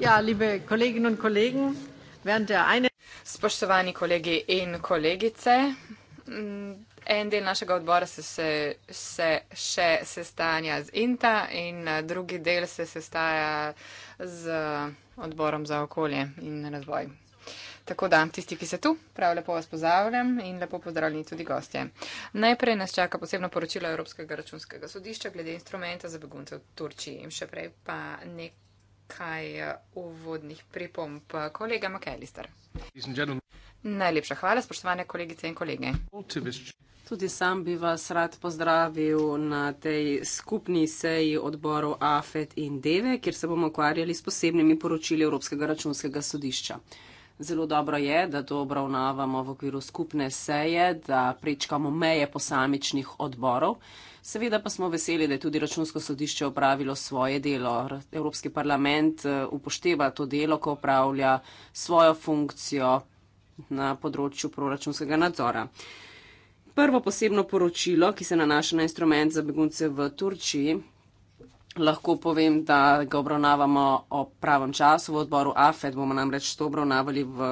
Ja, liebe Kolleginnen und Kollegen, während der eine Spoštovani kolegi in kolegice, en del našega odbora se, se, se še sestanja z INTA in eh, drugi del se sestaja z odborom za okolje in razvoj. Tako da, tisti, ki ste tu, prav lepo vas pozdravljam in lepo pozdravljeni tudi gostje. Najprej nas čaka posebno poročilo Evropskega računskega sodišča glede instrumenta za begunce v Turčiji in še prej pa nekaj kaj eh, uvodnih pripomp. Kolega McAllister. Najlepša hvala, spoštovane kolegice in kolege. Tudi sam bi vas rad pozdravil na tej skupni seji odborov AFED in DEVE, kjer se bomo ukvarjali s posebnimi poročili Evropskega računskega sodišča. Zelo dobro je, da to obravnavamo v okviru skupne seje, da prečkamo meje posamičnih odborov. Seveda pa smo veseli, da je tudi računsko sodišče opravilo svoje delo. Evropski parlament eh, upošteva to delo, ko upravlja svojo funkcijo na področju proračunskega nadzora. Prvo posebno poročilo, ki se nanaša na instrument za begunce v Turčiji, lahko povem, da ga obravnavamo o pravem času v odboru AFED. Bomo namreč to obravnavali v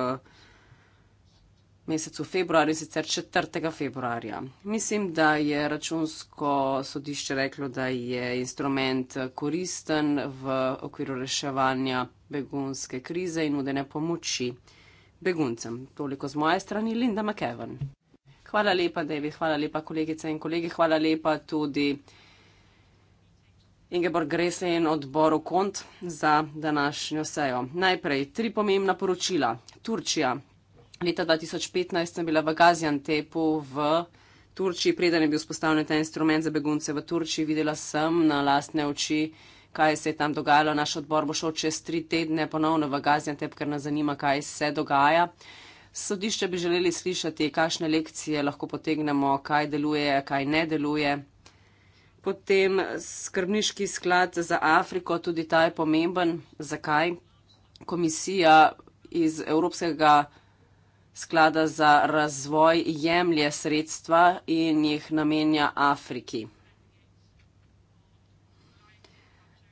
mesecu februarju, sicer 4. februarja. Mislim, da je računsko sodišče reklo, da je instrument koristen v okviru reševanja begunske krize in nudene pomoči beguncem. Toliko z moje strani, Linda McEwen. Hvala lepa, David, hvala lepa, kolegice in kolegi, hvala lepa tudi Ingeborg Gresen in odboru KONT za današnjo sejo. Najprej tri pomembna poročila. Turčija leta 2015 sem bila v Gaziantepu v Turčiji, preden je bil spostavljen ta instrument za begunce v Turčiji, videla sem na lastne oči, kaj se je tam dogajalo. Naš odbor bo šel čez tri tedne ponovno v Gaziantep, ker nas zanima, kaj se dogaja. Sodišče bi želeli slišati, kakšne lekcije lahko potegnemo, kaj deluje, kaj ne deluje. Potem skrbniški sklad za Afriko, tudi ta je pomemben. Zakaj? Komisija iz Evropskega sklada za razvoj jemlje sredstva in jih namenja Afriki.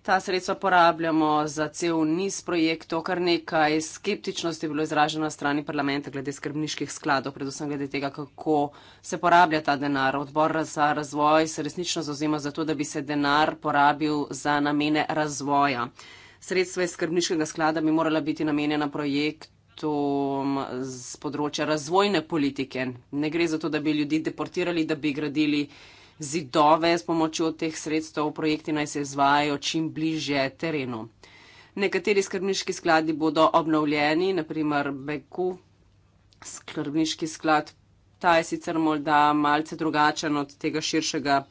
Ta sredstva porabljamo za cel niz projektov, kar nekaj skeptičnosti je bilo izraženo na strani parlamenta glede skrbniških skladov, predvsem glede tega, kako se porablja ta denar. Odbor za razvoj se resnično zauzema za to, da bi se denar porabil za namene razvoja. Sredstva iz skrbniškega sklada bi morala biti namenjena projektu to z področja razvojne politike. Ne gre za to, da bi ljudi deportirali, da bi gradili zidove s pomočjo teh sredstev, projekti naj se izvajajo čim bliže terenu. Nekateri skrbniški skladi bodo obnovljeni, naprimer Beku, skrbniški sklad, ta je sicer morda malce drugačen od tega širšega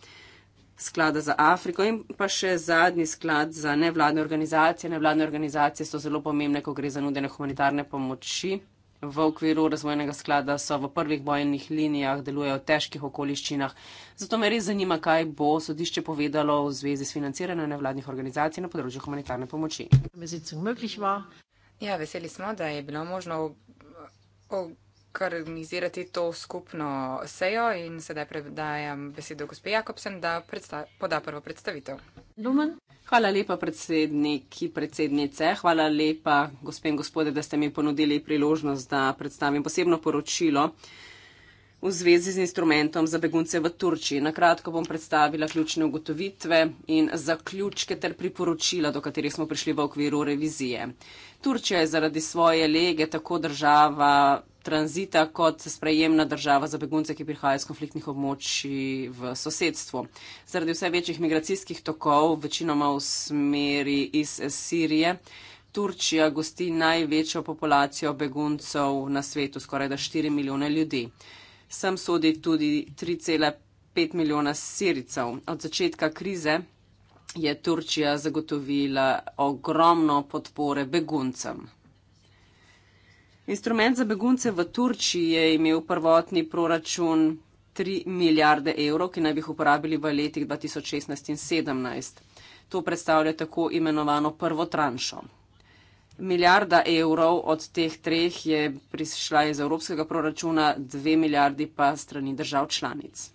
sklada za Afriko in pa še zadnji sklad za nevladne organizacije. Nevladne organizacije so zelo pomembne, ko gre za nudene humanitarne pomoči. V okviru razvojnega sklada so v prvih bojnih linijah, delujejo v težkih okoliščinah. Zato me res zanima, kaj bo sodišče povedalo v zvezi s financiranjem nevladnih organizacij na področju humanitarne pomoči. Ja, veseli smo, da je bilo možno kar organizirati to skupno sejo in sedaj predajam besedo gospe Jakobsen, da poda prvo predstavitev. Lumen. Hvala lepa predsedniki, predsednice, hvala lepa gospe in gospode, da ste mi ponudili priložnost, da predstavim posebno poročilo v zvezi z instrumentom za begunce v Turčiji. Na kratko bom predstavila ključne ugotovitve in zaključke ter priporočila, do katerih smo prišli v okviru revizije. Turčija je zaradi svoje lege tako država tranzita kot sprejemna država za begunce, ki prihajajo iz konfliktnih območij v sosedstvo. Zaradi vse večjih migracijskih tokov, večinoma v smeri iz Sirije, Turčija gosti največjo populacijo beguncev na svetu, skoraj da 4 milijone ljudi sem sodi tudi 3,5 milijona siricev. Od začetka krize je Turčija zagotovila ogromno podpore beguncem. Instrument za begunce v Turčiji je imel prvotni proračun 3 milijarde evrov, ki naj bi jih uporabili v letih 2016 in 2017. To predstavlja tako imenovano prvo tranšo. Milijarda evrov od teh treh je prišla iz evropskega proračuna, dve milijardi pa strani držav članic.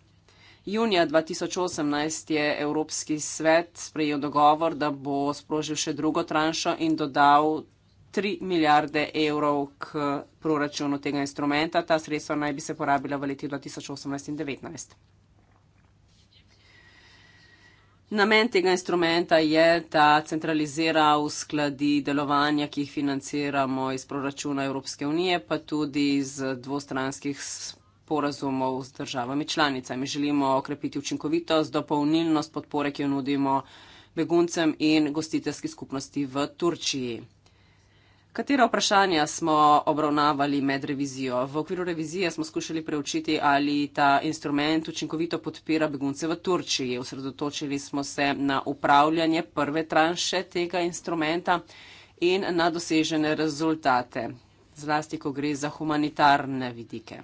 Junija 2018 je Evropski svet sprejel dogovor, da bo sprožil še drugo tranšo in dodal 3 milijarde evrov k proračunu tega instrumenta. Ta sredstva naj bi se porabila v letih 2018 in 2019. Namen tega instrumenta je, da centralizira v skladi delovanja, ki jih financiramo iz proračuna Evropske unije, pa tudi iz dvostranskih sporazumov z državami članicami. Želimo okrepiti učinkovitost, dopolnilnost podpore, ki jo nudimo beguncem in gostiteljski skupnosti v Turčiji. Katera vprašanja smo obravnavali med revizijo? V okviru revizije smo skušali preučiti, ali ta instrument učinkovito podpira begunce v Turčiji. Osredotočili smo se na upravljanje prve tranše tega instrumenta in na dosežene rezultate, zlasti, ko gre za humanitarne vidike.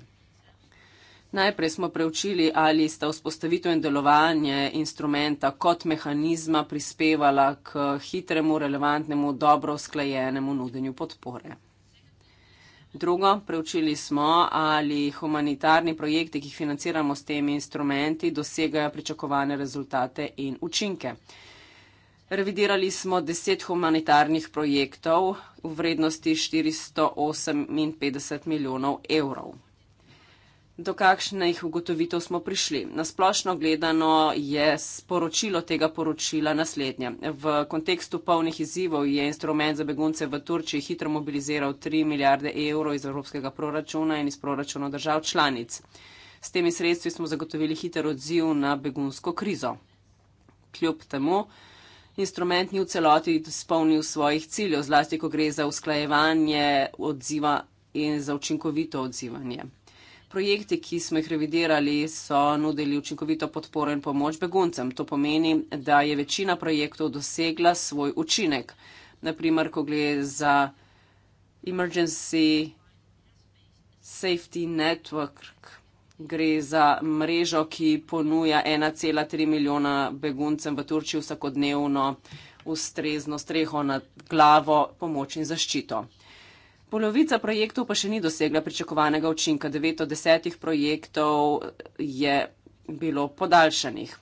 Najprej smo preučili, ali sta vzpostavitev in delovanje instrumenta kot mehanizma prispevala k hitremu, relevantnemu, dobro usklajenemu nudenju podpore. Drugo, preučili smo, ali humanitarni projekti, ki jih financiramo s temi instrumenti, dosegajo pričakovane rezultate in učinke. Revidirali smo deset humanitarnih projektov v vrednosti 458 milijonov evrov do kakšnih ugotovitev smo prišli. Nasplošno gledano je sporočilo tega poročila naslednje. V kontekstu polnih izzivov je instrument za begunce v Turčiji hitro mobiliziral 3 milijarde evrov iz evropskega proračuna in iz proračuna držav članic. S temi sredstvi smo zagotovili hiter odziv na begunsko krizo. Kljub temu, instrument ni v celoti izpolnil svojih ciljev, zlasti ko gre za usklajevanje odziva in za učinkovito odzivanje. Projekti, ki smo jih revidirali, so nudili učinkovito podporo in pomoč beguncem. To pomeni, da je večina projektov dosegla svoj učinek. Naprimer, ko gre za Emergency Safety Network, gre za mrežo, ki ponuja 1,3 milijona beguncem v Turčiji vsakodnevno ustrezno streho nad glavo, pomoč in zaščito. Polovica projektov pa še ni dosegla pričakovanega učinka. 9 od 10 projektov je bilo podaljšanih.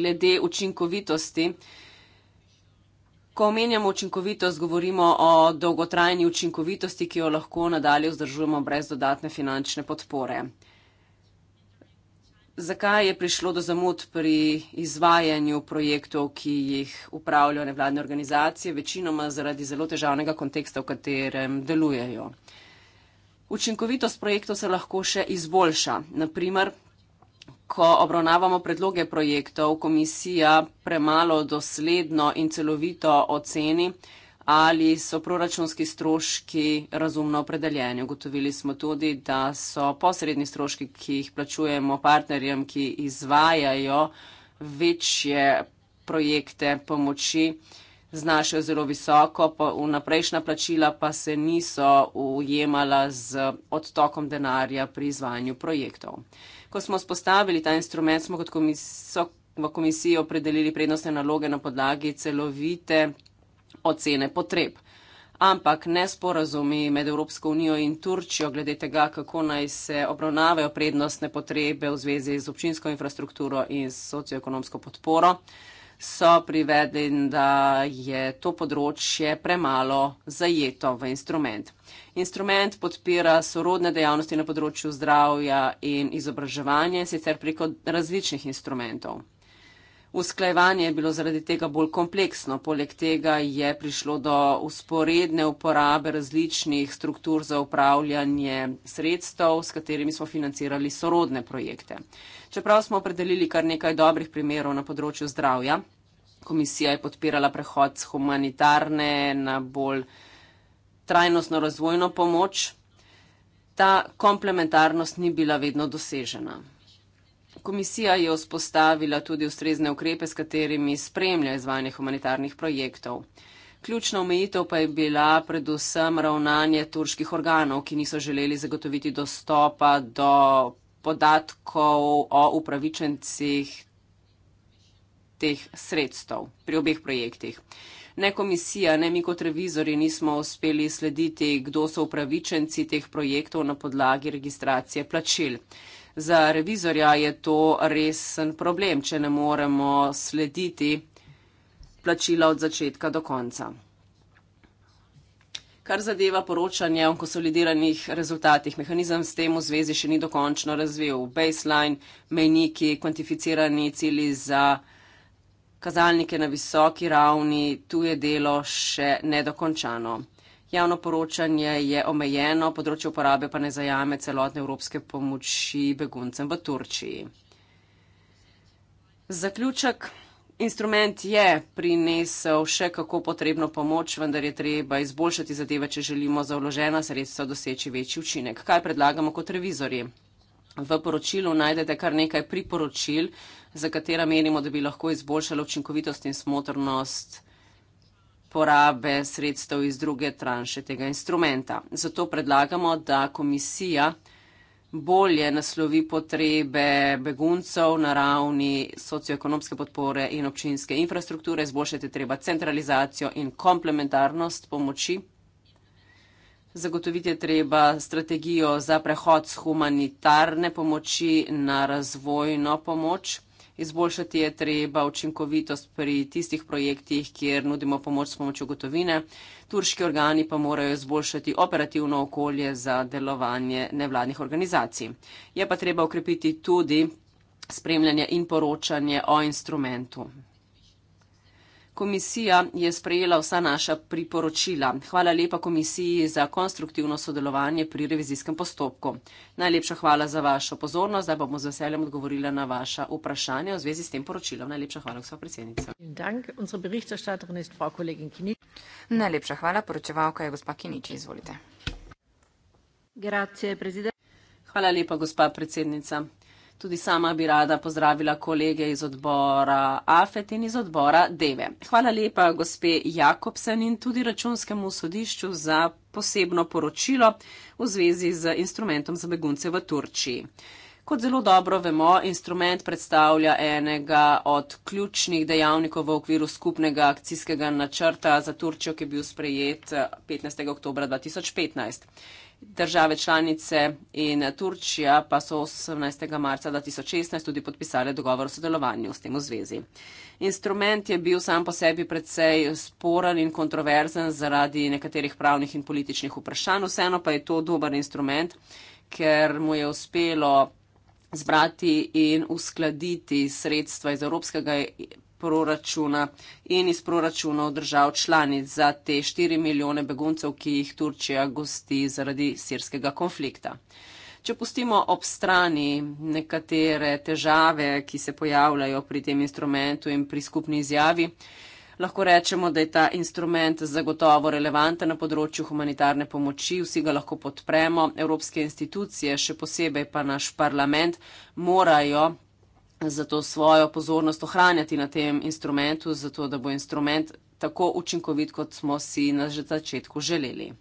Glede učinkovitosti, ko omenjamo učinkovitost, govorimo o dolgotrajni učinkovitosti, ki jo lahko nadalje vzdržujemo brez dodatne finančne podpore. Zakaj je prišlo do zamud pri izvajanju projektov, ki jih upravljajo nevladne organizacije, večinoma zaradi zelo težavnega konteksta, v katerem delujejo? Učinkovitost projektov se lahko še izboljša. Naprimer, ko obravnavamo predloge projektov, komisija premalo dosledno in celovito oceni, ali so proračunski stroški razumno opredeljeni. Ugotovili smo tudi, da so posredni stroški, ki jih plačujemo partnerjem, ki izvajajo večje projekte pomoči, znašajo zelo visoko, pa vnaprejšnja plačila pa se niso ujemala z odtokom denarja pri izvajanju projektov. Ko smo spostavili ta instrument, smo kot komisijo. V komisiji opredelili prednostne naloge na podlagi celovite ocene potreb. Ampak nesporazumi med Evropsko unijo in Turčijo glede tega, kako naj se obravnavajo prednostne potrebe v zvezi z občinsko infrastrukturo in socioekonomsko podporo, so privedli, da je to področje premalo zajeto v instrument. Instrument podpira sorodne dejavnosti na področju zdravja in izobraževanja, sicer preko različnih instrumentov. Usklajevanje je bilo zaradi tega bolj kompleksno. Poleg tega je prišlo do usporedne uporabe različnih struktur za upravljanje sredstev, s katerimi smo financirali sorodne projekte. Čeprav smo opredelili kar nekaj dobrih primerov na področju zdravja, komisija je podpirala prehod z humanitarne na bolj trajnostno razvojno pomoč, ta komplementarnost ni bila vedno dosežena. Komisija je vzpostavila tudi ustrezne ukrepe, s katerimi spremlja izvajanje humanitarnih projektov. Ključna omejitev pa je bila predvsem ravnanje turških organov, ki niso želeli zagotoviti dostopa do podatkov o upravičencih teh sredstev pri obeh projektih. Ne komisija, ne mi kot revizori nismo uspeli slediti, kdo so upravičenci teh projektov na podlagi registracije plačil. Za revizorja je to resen problem, če ne moremo slediti plačila od začetka do konca. Kar zadeva poročanje o konsolidiranih rezultatih, mehanizem s tem v zvezi še ni dokončno razvil. Baseline, mejniki, kvantificirani cili za kazalnike na visoki ravni, tu je delo še nedokončano. Javno poročanje je omejeno, področje uporabe pa ne zajame celotne evropske pomoči beguncem v Turčiji. Zaključek. Instrument je prinesel še kako potrebno pomoč, vendar je treba izboljšati zadeve, če želimo za vložena sredstva doseči večji učinek. Kaj predlagamo kot revizori? V poročilu najdete kar nekaj priporočil, za katera menimo, da bi lahko izboljšalo učinkovitost in smotrnost porabe sredstev iz druge tranše tega instrumenta. Zato predlagamo, da komisija bolje naslovi potrebe beguncev na ravni socioekonomske podpore in občinske infrastrukture, zboljšati treba centralizacijo in komplementarnost pomoči. Zagotoviti je treba strategijo za prehod z humanitarne pomoči na razvojno pomoč. Izboljšati je treba učinkovitost pri tistih projektih, kjer nudimo pomoč s pomočjo gotovine. Turški organi pa morajo izboljšati operativno okolje za delovanje nevladnih organizacij. Je pa treba ukrepiti tudi spremljanje in poročanje o instrumentu. Komisija je sprejela vsa naša priporočila. Hvala lepa komisiji za konstruktivno sodelovanje pri revizijskem postopku. Najlepša hvala za vašo pozornost. Zdaj bomo z veseljem odgovorila na vaša vprašanja v zvezi s tem poročilom. Najlepša hvala, gospod predsednica. Najlepša hvala, poročevalka je gospa Kiniči. Izvolite. Hvala lepa, gospa predsednica. Tudi sama bi rada pozdravila kolege iz odbora AFET in iz odbora DEVE. Hvala lepa gospe Jakobsen in tudi računskemu sodišču za posebno poročilo v zvezi z instrumentom za begunce v Turčiji. Kot zelo dobro vemo, instrument predstavlja enega od ključnih dejavnikov v okviru skupnega akcijskega načrta za Turčijo, ki je bil sprejet 15. oktober 2015. Države članice in Turčija pa so 18. marca 2016 tudi podpisali dogovor o sodelovanju s tem v zvezi. Instrument je bil sam po sebi precej sporen in kontroverzen zaradi nekaterih pravnih in političnih vprašanj, vseeno pa je to dober instrument, ker mu je uspelo zbrati in uskladiti sredstva iz evropskega proračuna in iz proračunov držav članic za te 4 milijone beguncev, ki jih Turčija gosti zaradi sirskega konflikta. Če pustimo ob strani nekatere težave, ki se pojavljajo pri tem instrumentu in pri skupni izjavi, lahko rečemo, da je ta instrument zagotovo relevanten na področju humanitarne pomoči, vsi ga lahko podpremo, evropske institucije, še posebej pa naš parlament, morajo zato svojo pozornost ohranjati na tem instrumentu, zato da bo instrument tako učinkovit, kot smo si na začetku želeli.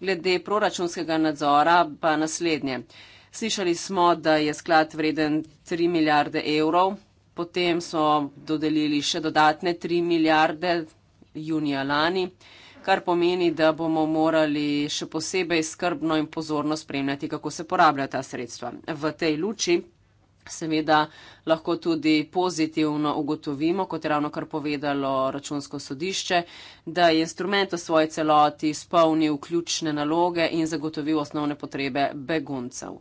Glede proračunskega nadzora pa naslednje. Slišali smo, da je sklad vreden 3 milijarde evrov, potem so dodelili še dodatne 3 milijarde junija lani, kar pomeni, da bomo morali še posebej skrbno in pozorno spremljati, kako se porabljajo ta sredstva. V tej luči seveda lahko tudi pozitivno ugotovimo, kot je ravno kar povedalo računsko sodišče, da je instrument v svoji celoti izpolnil ključne naloge in zagotovil osnovne potrebe beguncev.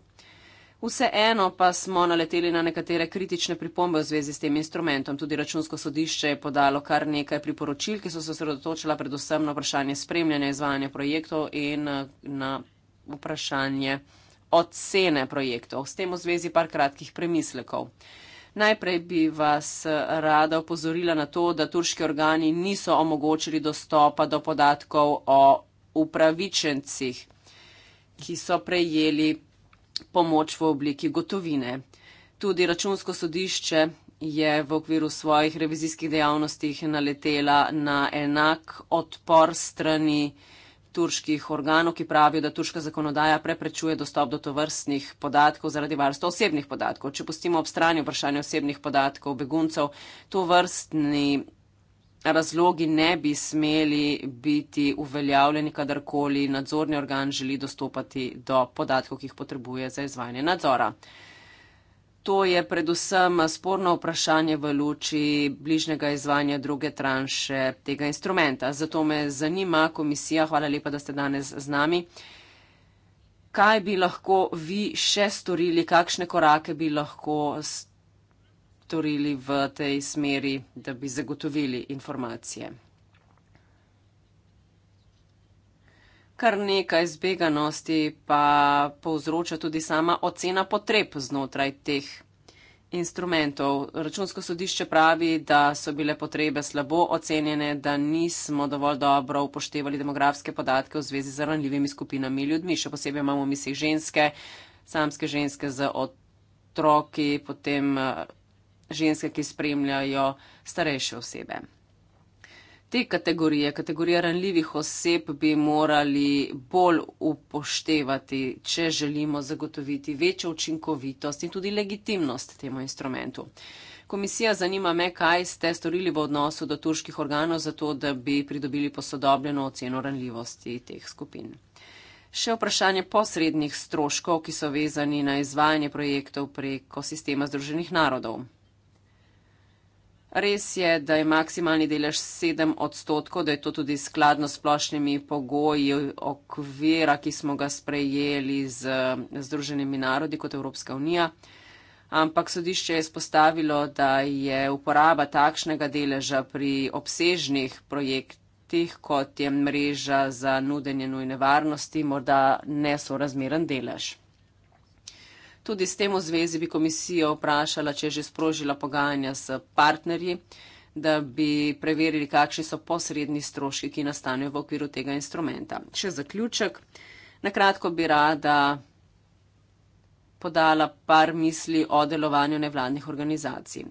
Vseeno pa smo naleteli na nekatere kritične pripombe v zvezi s tem instrumentom. Tudi računsko sodišče je podalo kar nekaj priporočil, ki so se osredotočila predvsem na vprašanje spremljanja izvajanja projektov in eh, na vprašanje ocene projektov. S tem v zvezi par kratkih premislekov. Najprej bi vas rada opozorila na to, da turški organi niso omogočili dostopa do podatkov o upravičencih, ki so prejeli pomoč v obliki gotovine. Tudi računsko sodišče je v okviru svojih revizijskih dejavnostih naletela na enak odpor strani turških organov, ki pravijo, da turška zakonodaja preprečuje dostop do tovrstnih podatkov zaradi varstva osebnih podatkov. Če pustimo ob strani vprašanje osebnih podatkov beguncev, to vrstni razlogi ne bi smeli biti uveljavljeni, kadarkoli nadzorni organ želi dostopati do podatkov, ki jih potrebuje za izvajanje nadzora to je predvsem sporno vprašanje v luči bližnjega izvanja druge tranše tega instrumenta. Zato me zanima, komisija, hvala lepa, da ste danes z nami. Kaj bi lahko vi še storili, kakšne korake bi lahko storili v tej smeri, da bi zagotovili informacije? kar nekaj zbeganosti pa povzroča tudi sama ocena potreb znotraj teh instrumentov. Računsko sodišče pravi, da so bile potrebe slabo ocenjene, da nismo dovolj dobro upoštevali demografske podatke v zvezi z ranljivimi skupinami ljudmi. Še posebej imamo misli ženske, samske ženske z otroki, potem eh, ženske, ki spremljajo starejše osebe te kategorije, kategorije ranljivih oseb, bi morali bolj upoštevati, če želimo zagotoviti večjo učinkovitost in tudi legitimnost temu instrumentu. Komisija zanima me, kaj ste storili v odnosu do turških organov, zato da bi pridobili posodobljeno oceno ranljivosti teh skupin. Še vprašanje posrednih stroškov, ki so vezani na izvajanje projektov preko sistema Združenih narodov. Res je, da je maksimalni delež 7 odstotkov, da je to tudi skladno s splošnimi pogoji okvira, ki smo ga sprejeli z Združenimi narodi kot Evropska unija. Ampak sodišče je spostavilo, da je uporaba takšnega deleža pri obsežnih projektih, kot je mreža za nudenje nujne varnosti, morda nesorazmeren delež. Tudi s tem v zvezi bi komisijo vprašala, če je že sprožila pogajanja s partnerji, da bi preverili, kakšni so posredni stroški, ki nastanejo v okviru tega instrumenta. Še zaključek. Nakratko bi rada podala par misli o delovanju nevladnih organizacij.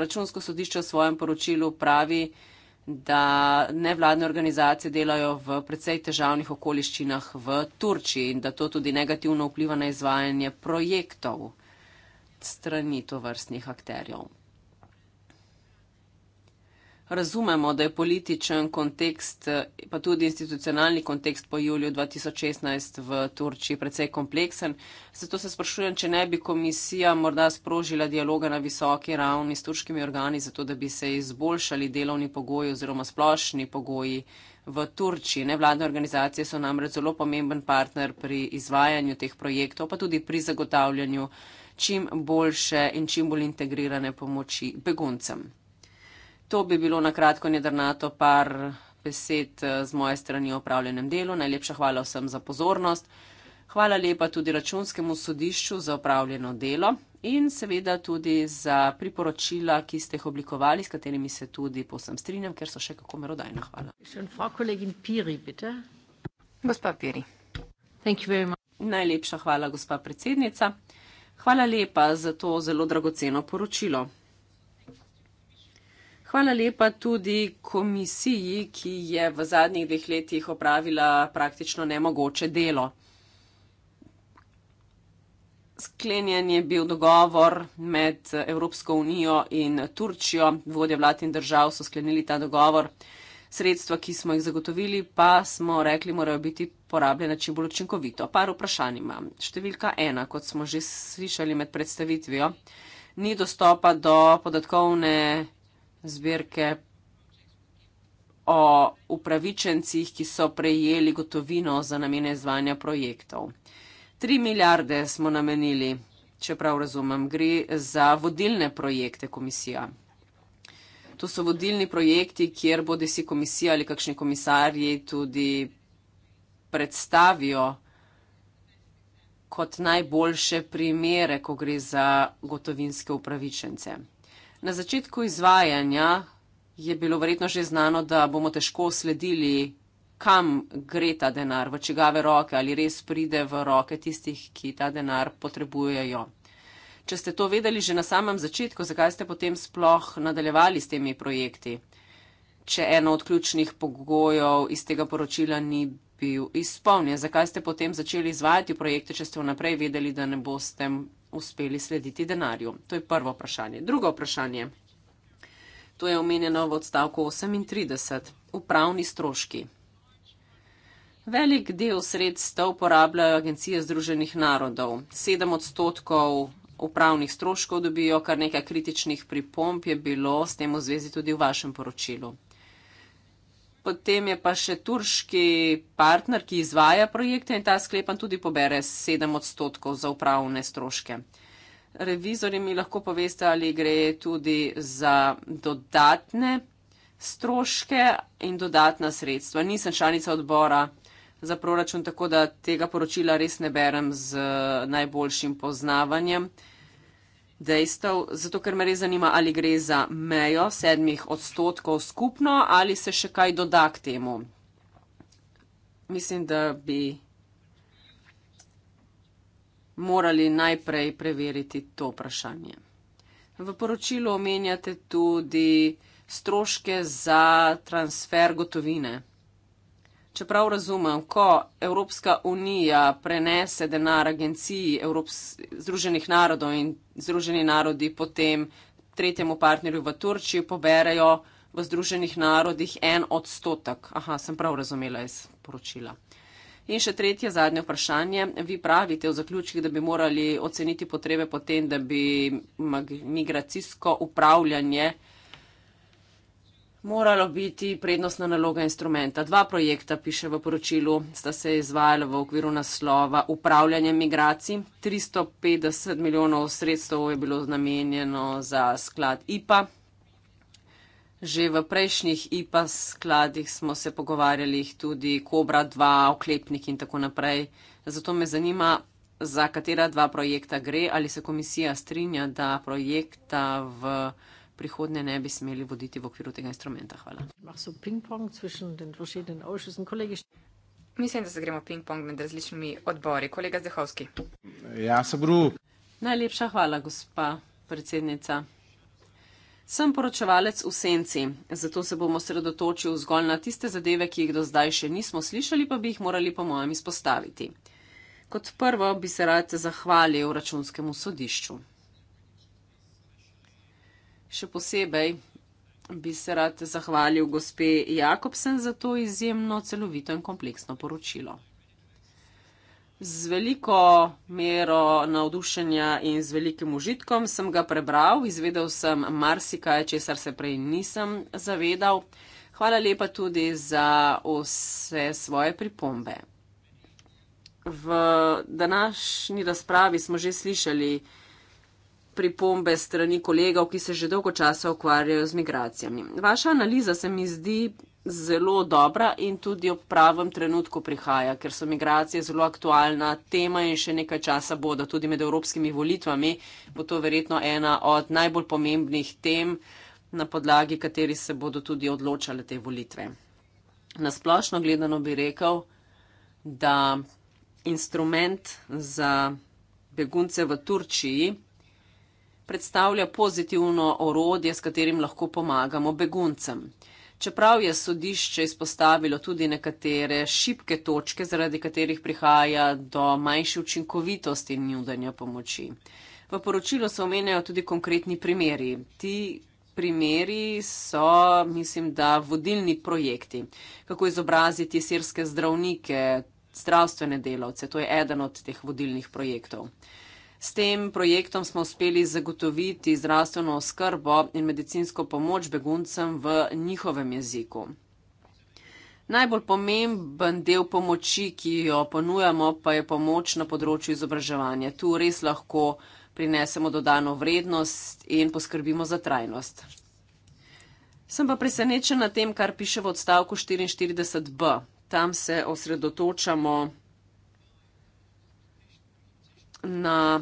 Računsko sodišče v svojem poročilu pravi, da da nevladne organizacije delajo v precej težavnih okoliščinah v Turčiji in da to tudi negativno vpliva na izvajanje projektov strani tovrstnih akterjev. Razumemo, da je političen kontekst, pa tudi institucionalni kontekst po juliju 2016 v Turčiji precej kompleksen. Zato se sprašujem, če ne bi komisija morda sprožila dialoga na visoki ravni s turškimi organi, zato da bi se izboljšali delovni pogoji oziroma splošni pogoji v Turčiji. Nevladne organizacije so namreč zelo pomemben partner pri izvajanju teh projektov, pa tudi pri zagotavljanju čim boljše in čim bolj integrirane pomoči beguncem. To bi bilo na kratko nedrnato par besed eh, z moje strani o opravljenem delu. Najlepša hvala vsem za pozornost. Hvala lepa tudi računskemu sodišču za opravljeno delo in seveda tudi za priporočila, ki ste jih oblikovali, s katerimi se tudi posem strinjam, ker so še kako merodajna. Hvala. Gospa Piri. Najlepša hvala, gospa predsednica. Hvala lepa za to zelo dragoceno poročilo. Hvala lepa tudi komisiji, ki je v zadnjih dveh letih opravila praktično nemogoče delo. Sklenjen je bil dogovor med Evropsko unijo in Turčijo. Vodje vlad in držav so sklenili ta dogovor. Sredstva, ki smo jih zagotovili, pa smo rekli, morajo biti porabljena čim bolj učinkovito. Par vprašanj imam. Številka ena, kot smo že slišali med predstavitvijo, ni dostopa do podatkovne zbirke o upravičencih, ki so prejeli gotovino za namene izvanja projektov. Tri milijarde smo namenili, če prav razumem, gre za vodilne projekte komisija. To so vodilni projekti, kjer bodi si komisija ali kakšni komisarji tudi predstavijo kot najboljše primere, ko gre za gotovinske upravičence. Na začetku izvajanja je bilo verjetno že znano, da bomo težko sledili, kam gre ta denar, v čigave roke ali res pride v roke tistih, ki ta denar potrebujejo. Če ste to vedeli že na samem začetku, zakaj ste potem sploh nadaljevali s temi projekti? Če eno od ključnih pogojev iz tega poročila ni bil izpolnjen, zakaj ste potem začeli izvajati projekte, če ste vnaprej vedeli, da ne boste uspeli slediti denarju? To je prvo vprašanje. Drugo vprašanje. To je omenjeno v odstavku 38. Upravni stroški. Velik del sredstev uporabljajo agencije Združenih narodov. Sedem odstotkov upravnih stroškov dobijo, kar nekaj kritičnih pripomp je bilo s tem v zvezi tudi v vašem poročilu potem je pa še turški partner, ki izvaja projekte in ta sklepan tudi pobere 7 odstotkov za upravne stroške. Revizori mi lahko poveste, ali gre tudi za dodatne stroške in dodatna sredstva. Nisem članica odbora za proračun, tako da tega poročila res ne berem z najboljšim poznavanjem dejstev, zato ker me res zanima, ali gre za mejo sedmih odstotkov skupno ali se še kaj doda k temu. Mislim, da bi morali najprej preveriti to vprašanje. V poročilu omenjate tudi stroške za transfer gotovine. Če prav razumem, ko Evropska unija prenese denar agenciji Evrops Združenih narodov in Združeni narodi potem tretjemu partnerju v Turčiji poberajo v Združenih narodih en odstotek. Aha, sem prav razumela iz poročila. In še tretje, zadnje vprašanje. Vi pravite v zaključkih, da bi morali oceniti potrebe potem, da bi migracijsko upravljanje moralo biti prednostna naloga instrumenta. Dva projekta, piše v poročilu, sta se izvajala v okviru naslova upravljanja migracij. 350 milijonov sredstev je bilo namenjeno za sklad IPA. Že v prejšnjih IPA skladih smo se pogovarjali tudi Kobra 2, Oklepnik in tako naprej. Zato me zanima, za katera dva projekta gre, ali se komisija strinja, da projekta v prihodnje ne bi smeli voditi v okviru tega instrumenta. Hvala. Mislim, da se gremo ping-pong med različnimi odbori. Kolega Zdehovski. Ja, se bru. Najlepša hvala, gospa predsednica. Sem poročevalec v senci, zato se bomo sredotočil zgolj na tiste zadeve, ki jih do zdaj še nismo slišali, pa bi jih morali po mojem izpostaviti. Kot prvo bi se rad zahvalil računskemu sodišču. Še posebej bi se rad zahvalil gospe Jakobsen za to izjemno celovito in kompleksno poročilo. Z veliko mero navdušenja in z velikim užitkom sem ga prebral, izvedel sem marsikaj, česar se prej nisem zavedal. Hvala lepa tudi za vse svoje pripombe. V današnji razpravi smo že slišali, pripombe strani kolegov, ki se že dolgo časa ukvarjajo z migracijami. Vaša analiza se mi zdi zelo dobra in tudi ob pravem trenutku prihaja, ker so migracije zelo aktualna tema in še nekaj časa bodo tudi med evropskimi volitvami. Bo to verjetno ena od najbolj pomembnih tem, na podlagi kateri se bodo tudi odločale te volitve. Nasplošno gledano bi rekel, da instrument za begunce v Turčiji, predstavlja pozitivno orodje, s katerim lahko pomagamo beguncem. Čeprav je sodišče izpostavilo tudi nekatere šibke točke, zaradi katerih prihaja do manjše učinkovitosti nudanja pomoči. V poročilu se omenjajo tudi konkretni primeri. Ti primeri so, mislim, da vodilni projekti. Kako izobraziti sirske zdravnike, zdravstvene delavce, to je eden od teh vodilnih projektov. S tem projektom smo uspeli zagotoviti zdravstveno oskrbo in medicinsko pomoč beguncem v njihovem jeziku. Najbolj pomemben del pomoči, ki jo ponujamo, pa je pomoč na področju izobraževanja. Tu res lahko prinesemo dodano vrednost in poskrbimo za trajnost. Sem pa presenečen na tem, kar piše v odstavku 44b. Tam se osredotočamo na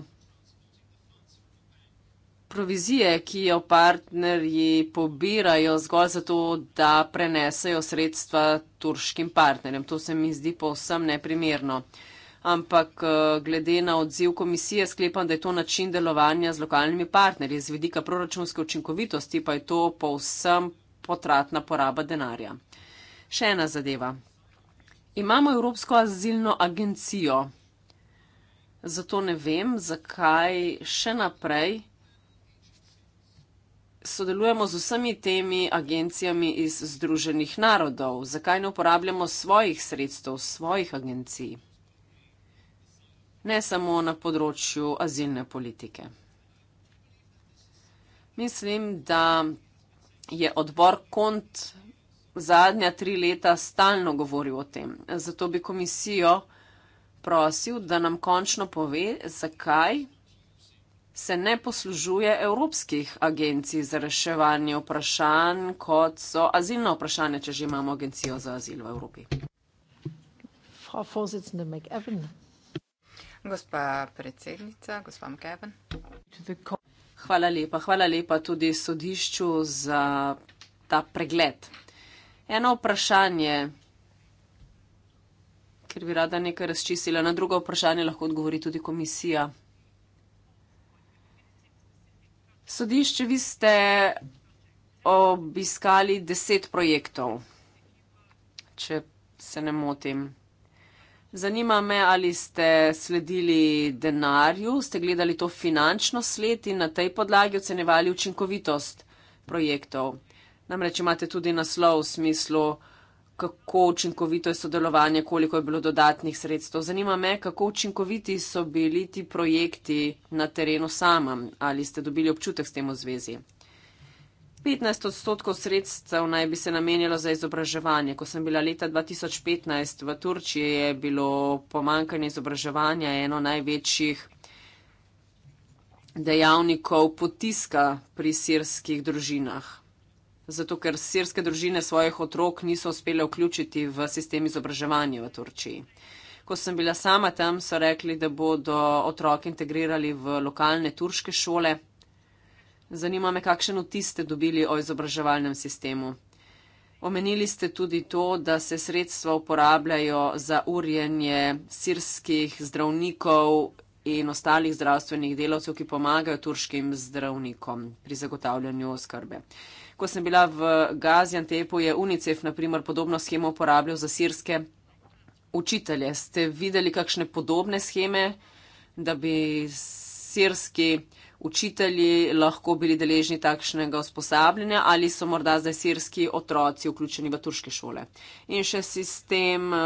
provizije, ki jo partnerji pobirajo zgolj zato, da prenesejo sredstva turškim partnerjem. To se mi zdi povsem neprimerno. Ampak eh, glede na odziv komisije sklepam, da je to način delovanja z lokalnimi partnerji. Z vidika proračunske učinkovitosti pa je to povsem potratna poraba denarja. Še ena zadeva. Imamo Evropsko azilno agencijo, zato ne vem, zakaj še naprej sodelujemo z vsemi temi agencijami iz Združenih narodov, zakaj ne uporabljamo svojih sredstev, svojih agencij, ne samo na področju azilne politike. Mislim, da je odbor KONT zadnja tri leta stalno govoril o tem. Zato bi komisijo prosil, da nam končno pove, zakaj se ne poslužuje evropskih agencij za reševanje vprašanj, kot so azilno vprašanje, če že imamo agencijo za azil v Evropi. Gospa predsednica, gospa McEwen. Hvala lepa, hvala lepa tudi sodišču za ta pregled. Eno vprašanje ker bi rada nekaj razčistila. Na drugo vprašanje lahko odgovori tudi komisija. Sodišče, vi ste obiskali deset projektov, če se ne motim. Zanima me, ali ste sledili denarju, ste gledali to finančno sled in na tej podlagi ocenjevali učinkovitost projektov. Namreč imate tudi naslov v smislu, kako učinkovito je sodelovanje, koliko je bilo dodatnih sredstev. Zanima me, kako učinkoviti so bili ti projekti na terenu samem, ali ste dobili občutek s tem v zvezi. 15 odstotkov sredstev naj bi se namenjalo za izobraževanje. Ko sem bila leta 2015 v Turčiji, je bilo pomankanje izobraževanja eno največjih dejavnikov potiska pri sirskih družinah zato ker sirske družine svojih otrok niso uspele vključiti v sistem izobraževanja v Turčiji. Ko sem bila sama tam, so rekli, da bodo otroke integrirali v lokalne turške šole. Zanima me, kakšen vtis ste dobili o izobraževalnem sistemu. Omenili ste tudi to, da se sredstva uporabljajo za urjenje sirskih zdravnikov in ostalih zdravstvenih delavcev, ki pomagajo turškim zdravnikom pri zagotavljanju oskrbe. Ko sem bila v Gaziantepu, je UNICEF naprimer podobno schemo uporabljal za sirske učitelje. Ste videli kakšne podobne scheme, da bi sirski učitelji lahko bili deležni takšnega usposabljanja ali so morda zdaj sirski otroci vključeni v turške šole? In še sistem eh,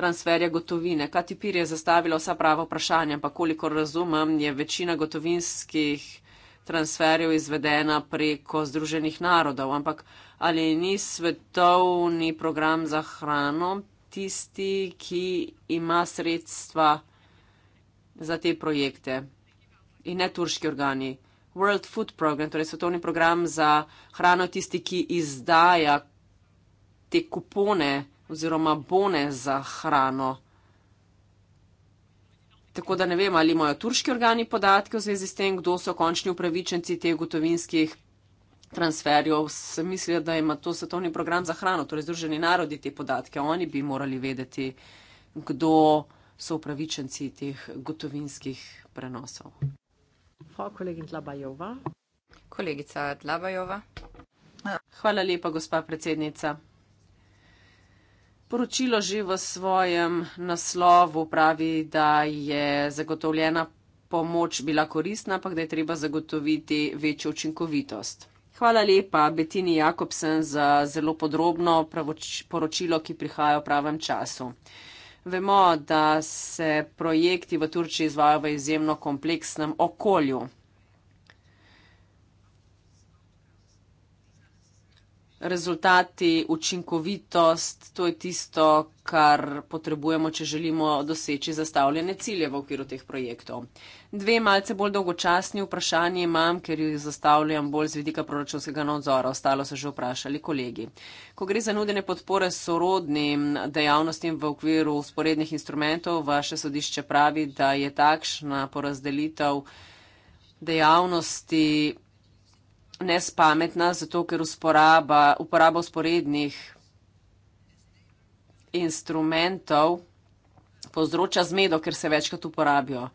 transferja gotovine. Katipir je zastavila vsa prava vprašanja, pa kolikor razumem, je večina gotovinskih transferjev izvedena preko Združenih narodov, ampak ali ni svetovni program za hrano tisti, ki ima sredstva za te projekte in ne turški organi? World Food Program, torej svetovni program za hrano, tisti, ki izdaja te kupone oziroma bone za hrano. Tako da ne vem, ali imajo turški organi podatke v zvezi s tem, kdo so končni upravičenci teh gotovinskih transferjev. Se misli, da ima to svetovni program za hrano, torej Združeni narodi te podatke. Oni bi morali vedeti, kdo so upravičenci teh gotovinskih prenosov. Kolegica Dlabajova. Hvala lepa, gospa predsednica. Poročilo že v svojem naslovu pravi, da je zagotovljena pomoč bila koristna, ampak da je treba zagotoviti večjo učinkovitost. Hvala lepa Betini Jakobsen za zelo podrobno poročilo, ki prihaja v pravem času. Vemo, da se projekti v Turčiji izvajo v izjemno kompleksnem okolju. rezultati, učinkovitost, to je tisto, kar potrebujemo, če želimo doseči zastavljene cilje v okviru teh projektov. Dve malce bolj dolgočasni vprašanje imam, ker jih zastavljam bolj z vidika proračunskega nadzora. Ostalo so že vprašali kolegi. Ko gre za nudene podpore sorodnim dejavnostim v okviru sporednih instrumentov, vaše sodišče pravi, da je takšna porazdelitev dejavnosti nespametna, zato ker usporaba, uporaba usporednih instrumentov povzroča zmedo, ker se večkrat uporabijo.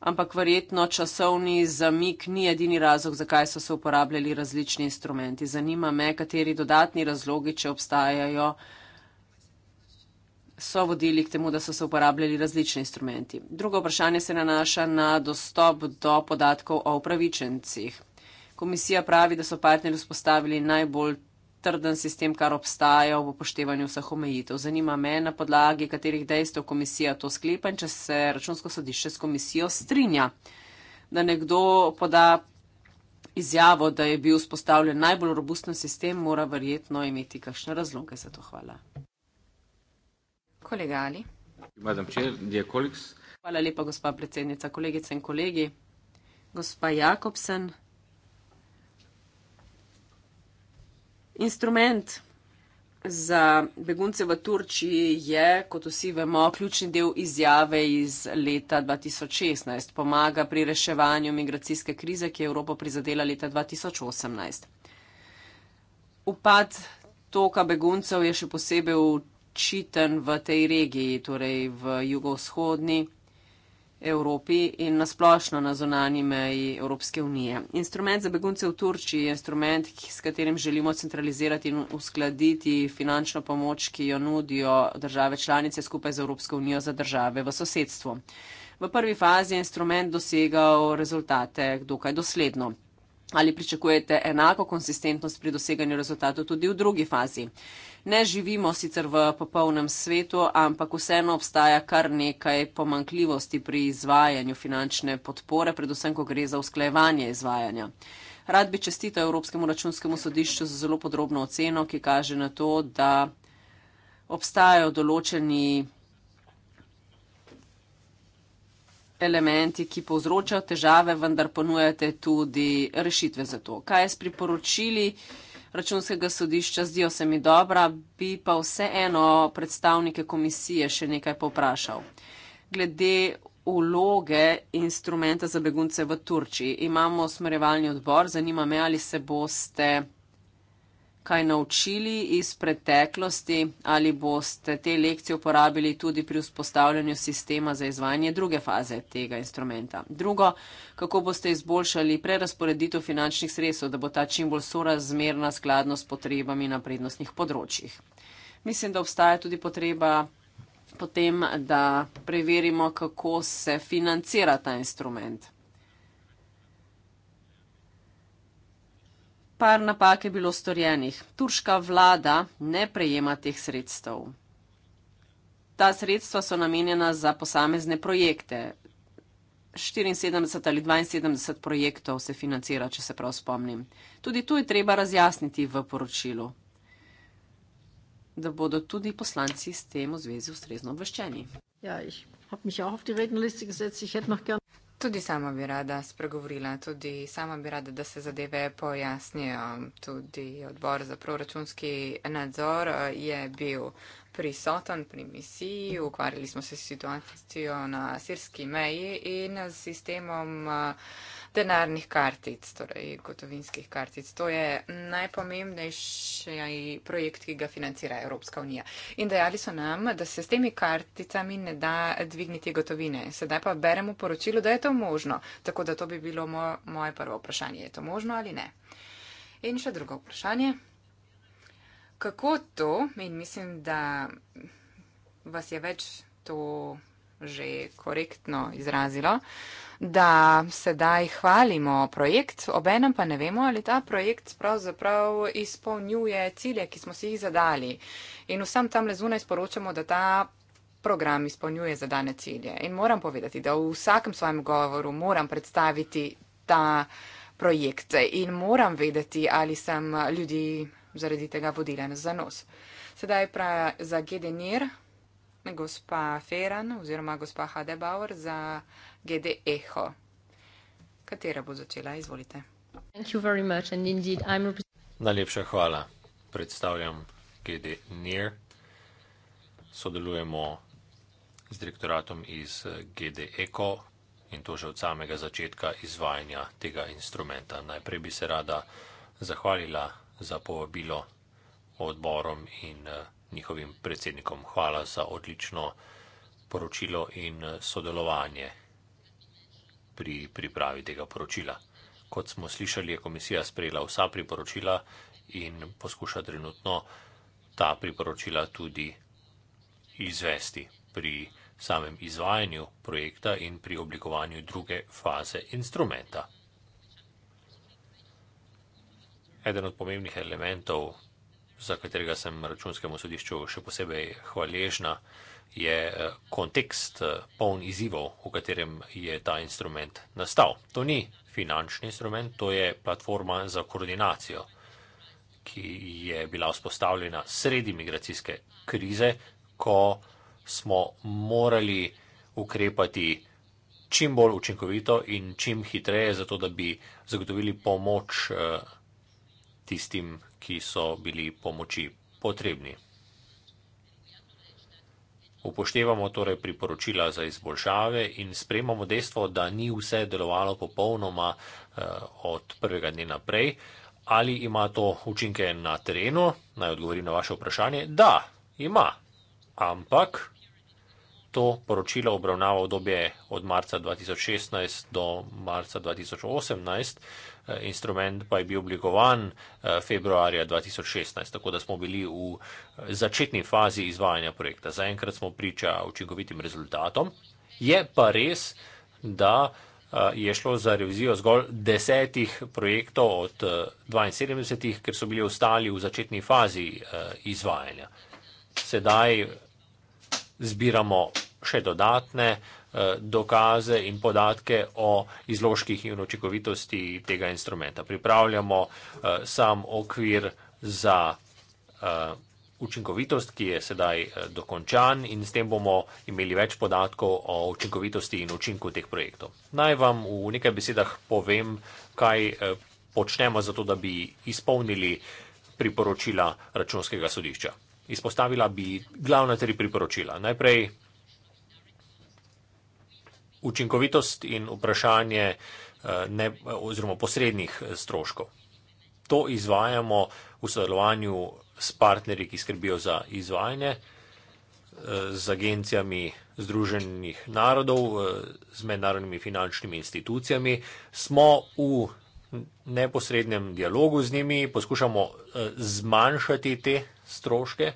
Ampak verjetno časovni zamik ni edini razlog, zakaj so se uporabljali različni instrumenti. Zanima me, kateri dodatni razlogi, če obstajajo, so vodili k temu, da so se uporabljali različni instrumenti. Drugo vprašanje se nanaša na dostop do podatkov o upravičencih. Komisija pravi, da so partnerji vzpostavili najbolj trden sistem, kar obstaja v upoštevanju vseh omejitev. Zanima me, na podlagi katerih dejstev komisija to sklepa in če se računsko sodišče s komisijo strinja, da nekdo poda izjavo, da je bil vzpostavljen najbolj robusten sistem, mora verjetno imeti kakšne razloge za to. Hvala. Kolega Ali. Hvala lepa, gospa predsednica. Kolegice in kolegi, gospa Jakobsen. Instrument za begunce v Turčiji je, kot vsi vemo, ključni del izjave iz leta 2016. Pomaga pri reševanju migracijske krize, ki je Evropo prizadela leta 2018. Upad toka beguncev je še posebej v očiten v tej regiji, torej v jugovzhodni Evropi in nasplošno na zonani meji Evropske unije. Instrument za begunce v Turčiji je instrument, s katerim želimo centralizirati in uskladiti finančno pomoč, ki jo nudijo države članice skupaj z Evropsko unijo za države v sosedstvu. V prvi fazi je instrument dosegal rezultate dokaj dosledno. Ali pričakujete enako konsistentnost pri doseganju rezultatov tudi v drugi fazi? ne živimo sicer v popolnem svetu, ampak vseeno obstaja kar nekaj pomankljivosti pri izvajanju finančne podpore, predvsem, ko gre za usklajevanje izvajanja. Rad bi čestito Evropskemu računskemu sodišču za zelo podrobno oceno, ki kaže na to, da obstajajo določeni elementi, ki povzročajo težave, vendar ponujate tudi rešitve za to. Kaj je s priporočili? računskega sodišča zdijo se mi dobra, bi pa vseeno predstavnike komisije še nekaj poprašal. Glede uloge instrumenta za begunce v Turčiji. Imamo smerevalni odbor, zanima me, ali se boste kaj naučili iz preteklosti ali boste te lekcije uporabili tudi pri vzpostavljanju sistema za izvajanje druge faze tega instrumenta. Drugo, kako boste izboljšali prerasporeditev finančnih sredstev, da bo ta čim bolj sorazmerna skladno s potrebami na prednostnih področjih. Mislim, da obstaja tudi potreba potem, da preverimo, kako se financira ta instrument. Par napak je bilo storjenih. Turška vlada ne prejema teh sredstev. Ta sredstva so namenjena za posamezne projekte. 74 ali 72 projektov se financira, če se prav spomnim. Tudi to je treba razjasniti v poročilu, da bodo tudi poslanci s tem v zvezi ustrezno obveščeni. Ja, Tudi sama bi rada spregovorila, tudi sama bi rada, da se zadeve pojasnijo. Tudi odbor za proračunski nadzor eh, je bil prisoten pri misiji, ukvarjali smo se s situacijo na sirski meji in s sistemom eh, denarnih kartic, torej gotovinskih kartic. To je najpomembnejši projekt, ki ga financira Evropska unija. In dejali so nam, da se s temi karticami ne da dvigniti gotovine. Sedaj pa beremo poročilo, da je to možno. Tako da to bi bilo moj, moje prvo vprašanje. Je to možno ali ne? In še drugo vprašanje. Kako to, in mislim, da vas je več to že korektno izrazilo, da sedaj hvalimo projekt, obenem pa ne vemo, ali ta projekt pravzaprav izpolnjuje cilje, ki smo si jih zadali. In vsem tam le zunaj sporočamo, da ta program izpolnjuje zadane cilje. In moram povedati, da v vsakem svojem govoru moram predstaviti ta projekt in moram vedeti, ali sem ljudi zaradi tega vodila za nos. Sedaj pa za GDNIR, gospa Feran oziroma gospa Hadebauer za GD Echo. Katera bo začela? Izvolite. Indeed, Najlepša hvala. Predstavljam GD NIR. Sodelujemo z direktoratom iz eh, GD Eko in to že od samega začetka izvajanja tega instrumenta. Najprej bi se rada zahvalila za povabilo odborom in eh, njihovim predsednikom. Hvala za odlično poročilo in eh, sodelovanje pri pripravi tega poročila. Kot smo slišali, je komisija sprejela vsa priporočila in poskuša trenutno ta priporočila tudi izvesti pri samem izvajanju projekta in pri oblikovanju druge faze instrumenta. eden od pomembnih elementov, za katerega sem računskemu sodišču še posebej hvaležna, je eh, kontekst eh, poln izzivov, v katerem je ta instrument nastal. To ni finančni instrument, to je platforma za koordinacijo, ki je bila vzpostavljena sredi migracijske krize, ko smo morali ukrepati čim bolj učinkovito in čim hitreje, zato da bi zagotovili pomoč eh, tistim, ki so bili pomoči potrebni. Upoštevamo torej priporočila za izboljšave in sprejmamo dejstvo, da ni vse delovalo popolnoma eh, od prvega dne naprej. Ali ima to učinke na terenu? Naj odgovori na vaše vprašanje. Da, ima. Ampak to poročilo obravnava obdobje od marca 2016 do marca 2018. Eh, instrument pa je bil oblikovan eh, februarja 2016, tako da smo bili v eh, začetni fazi izvajanja projekta. Zaenkrat smo priča učinkovitim rezultatom. Je pa res, da je šlo za revizijo zgolj desetih projektov od 72, ker so bili ostali v začetni fazi izvajanja. Sedaj zbiramo še dodatne eh, dokaze in podatke o izložkih in očekovitosti tega instrumenta. Pripravljamo eh, sam okvir za eh, učinkovitost, ki je sedaj dokončan in s tem bomo imeli več podatkov o učinkovitosti in učinku teh projektov. Naj vam v nekaj besedah povem, kaj počnemo za to, da bi izpolnili priporočila računskega sodišča. Izpostavila bi glavna tri priporočila. Najprej učinkovitost in vprašanje eh, ne, oziroma posrednih eh, stroškov. To izvajamo v sodelovanju s partnerji, ki skrbijo za izvajanje, eh, z agencijami Združenih narodov, z mednarodnimi finančnimi institucijami. Smo v neposrednem dialogu z njimi, poskušamo zmanjšati te stroške.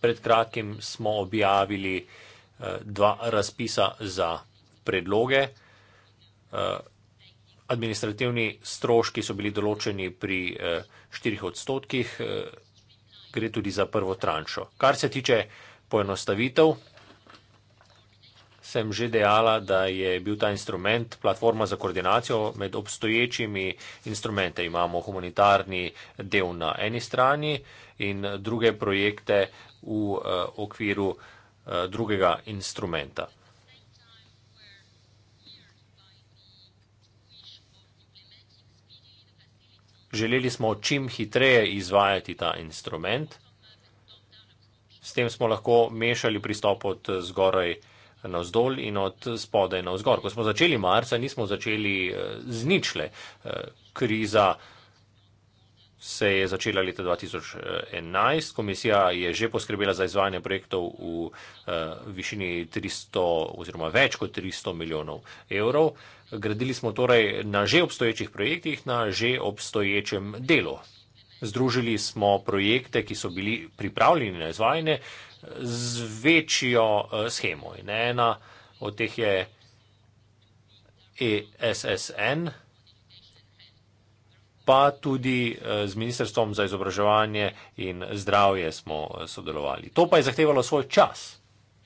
Pred kratkim smo objavili eh, dva razpisa za predloge. Eh, administrativni stroški so bili določeni pri 4 eh, odstotkih, gre tudi za prvo tranšo. Kar se tiče poenostavitev, sem že dejala, da je bil ta instrument platforma za koordinacijo med obstoječimi instrumente. Imamo humanitarni del na eni strani in druge projekte v eh, okviru eh, drugega instrumenta. Želeli smo čim hitreje izvajati ta instrument. S tem smo lahko mešali pristop od zgoraj navzdol in od spodaj navzgor. Ko smo začeli marca, nismo začeli eh, z ničle. Eh, kriza se je začela leta 2011, komisija je že poskrbela za izvajanje projektov v eh, višini 300 oziroma več kot 300 milijonov evrov. Gradili smo torej na že obstoječih projektih, na že obstoječem delu. Združili smo projekte, ki so bili pripravljeni na izvajanje, z večjo eh, schemo. In ena od teh je ESSN, pa tudi eh, z Ministrstvom za izobraževanje in zdravje smo eh, sodelovali. To pa je zahtevalo svoj čas.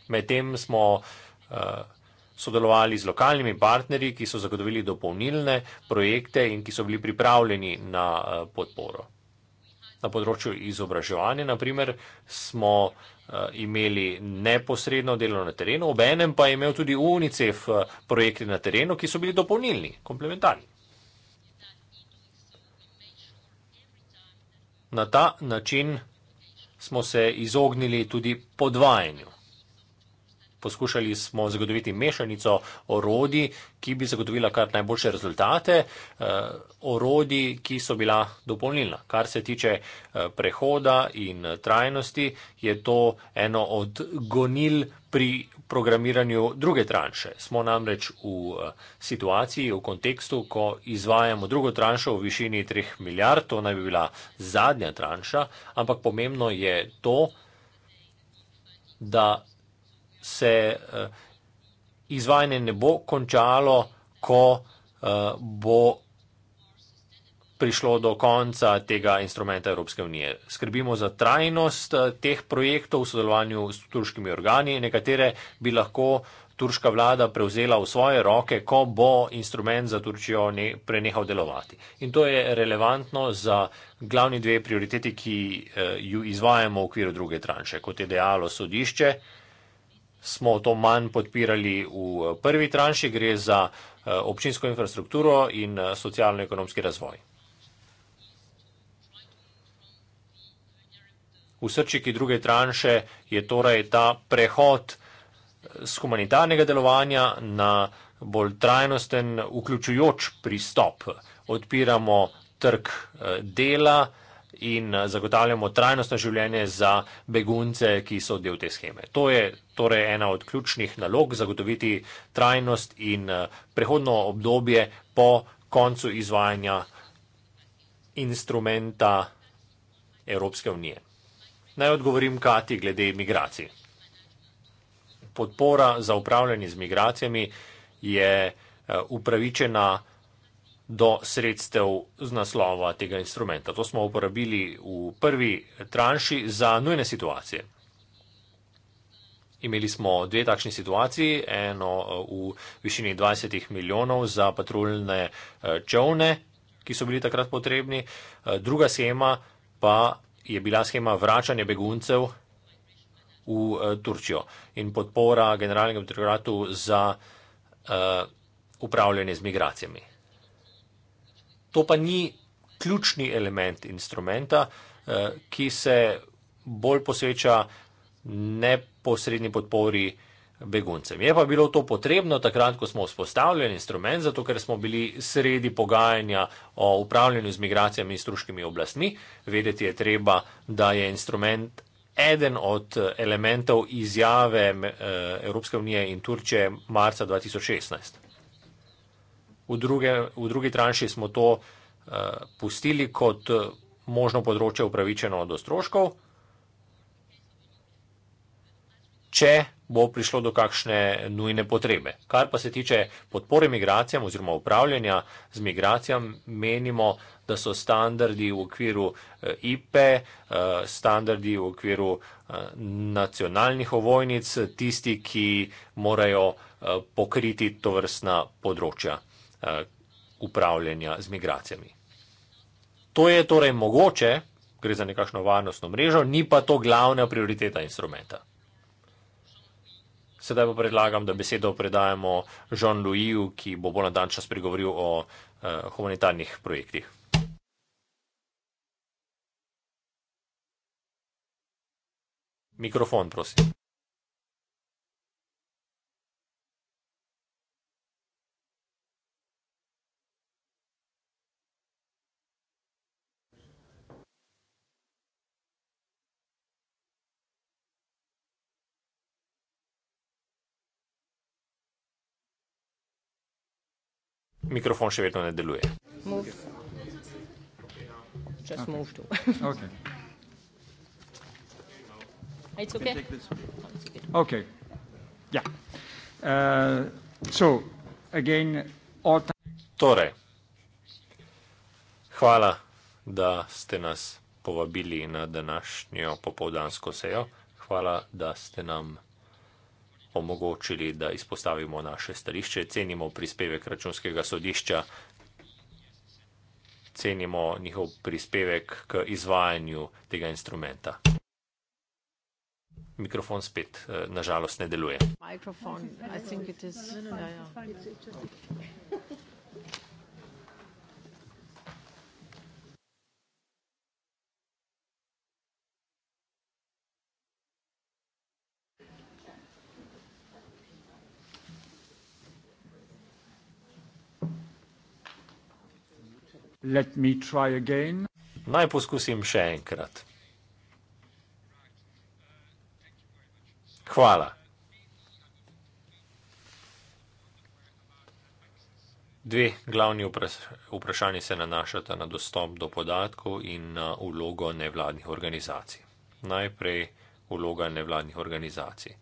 Medtem smo sodelovali z lokalnimi partnerji, ki so zagotovili dopolnilne projekte in ki so bili pripravljeni na podporo. Na področju izobraževanja, naprimer, smo uh, Eh, imeli neposredno delo na terenu, ob enem pa je imel tudi UNICEF eh, projekti na terenu, ki so bili dopolnilni, komplementarni. Na ta način smo se izognili tudi podvajanju poskušali smo zagotoviti mešanico orodij, ki bi zagotovila kar najboljše rezultate, eh, orodij, ki so bila dopolnilna. Kar se tiče eh, prehoda in eh, trajnosti, je to eno od gonil pri programiranju druge tranše. Smo namreč v situaciji, v kontekstu, ko izvajamo drugo tranšo v višini 3 milijard, to naj bi bila zadnja tranša, ampak pomembno je to, da se eh, izvajanje ne bo končalo, ko eh, bo prišlo do konca tega instrumenta Evropske unije. Skrbimo za trajnost eh, teh projektov v sodelovanju s turškimi organi, nekatere bi lahko turška vlada prevzela v svoje roke, ko bo instrument za Turčijo ne, prenehal delovati. In to je relevantno za glavni dve prioriteti, ki eh, ju izvajamo v okviru druge tranše, kot je dejalo sodišče. Eh, smo to manj podpirali v eh, prvi tranši, gre za eh, občinsko infrastrukturo in eh, socialno-ekonomski razvoj. V srčiki druge tranše je torej ta prehod z humanitarnega delovanja na bolj trajnosten, vključujoč pristop. Odpiramo trg dela in zagotavljamo trajnostno življenje za begunce, ki so del te scheme. To je torej ena od ključnih nalog zagotoviti trajnost in eh, prehodno obdobje po koncu izvajanja instrumenta Evropske unije. Naj odgovorim Kati glede migracij. Podpora za upravljanje z migracijami je eh, upravičena do sredstev z naslova tega instrumenta. To smo uporabili v prvi tranši za nujne situacije. Imeli smo dve takšni situaciji, eno eh, v višini 20 milijonov za patruljne eh, čovne, ki so bili takrat potrebni, eh, druga schema pa je bila schema vračanja beguncev v Turčijo in podpora generalnemu direktoratu za upravljanje z migracijami. To pa ni ključni element instrumenta, ki se bolj posveča neposredni podpori beguncem. Je pa bilo to potrebno takrat, ko smo vzpostavljali instrument, zato ker smo bili sredi pogajanja o upravljanju z migracijami in struškimi oblastmi. Vedeti je treba, da je instrument eden od elementov izjave eh, Evropske unije in Turčije marca 2016. V, druge, v drugi tranši smo to uh, pustili kot eh, možno področje upravičeno do stroškov. če bo prišlo do kakšne nujne potrebe. Kar pa se tiče podpore migracijam oziroma upravljanja z migracijam, menimo, da so standardi v okviru eh, IPE, eh, standardi v okviru eh, nacionalnih ovojnic tisti, ki morajo pokriti to vrstna področja upravljanja z migracijami. To je torej mogoče, gre za nekakšno varnostno mrežo, ni pa to glavna prioriteta instrumenta. Sedaj pa predlagam, da besedo predajemo Jean-Louisu, ki bo bolj na dan čas pregovoril o uh, humanitarnih projektih. Mikrofon, prosim. Mikrofon še vedno ne deluje. Torej, hvala, da ste nas povabili na današnjo popoldansko sejo. Hvala, da ste nam omogočili, da izpostavimo naše stališče, cenimo prispevek računskega sodišča, cenimo njihov prispevek k izvajanju tega instrumenta. Mikrofon spet, eh, nažalost, ne deluje. Mikrofon, mislim, da je. Let me try again. Naj poskusim še enkrat. Hvala. Dve glavni vprašanje se nanašata na dostop do podatkov in na ulogo nevladnih organizacij. Najprej uloga nevladnih organizacij.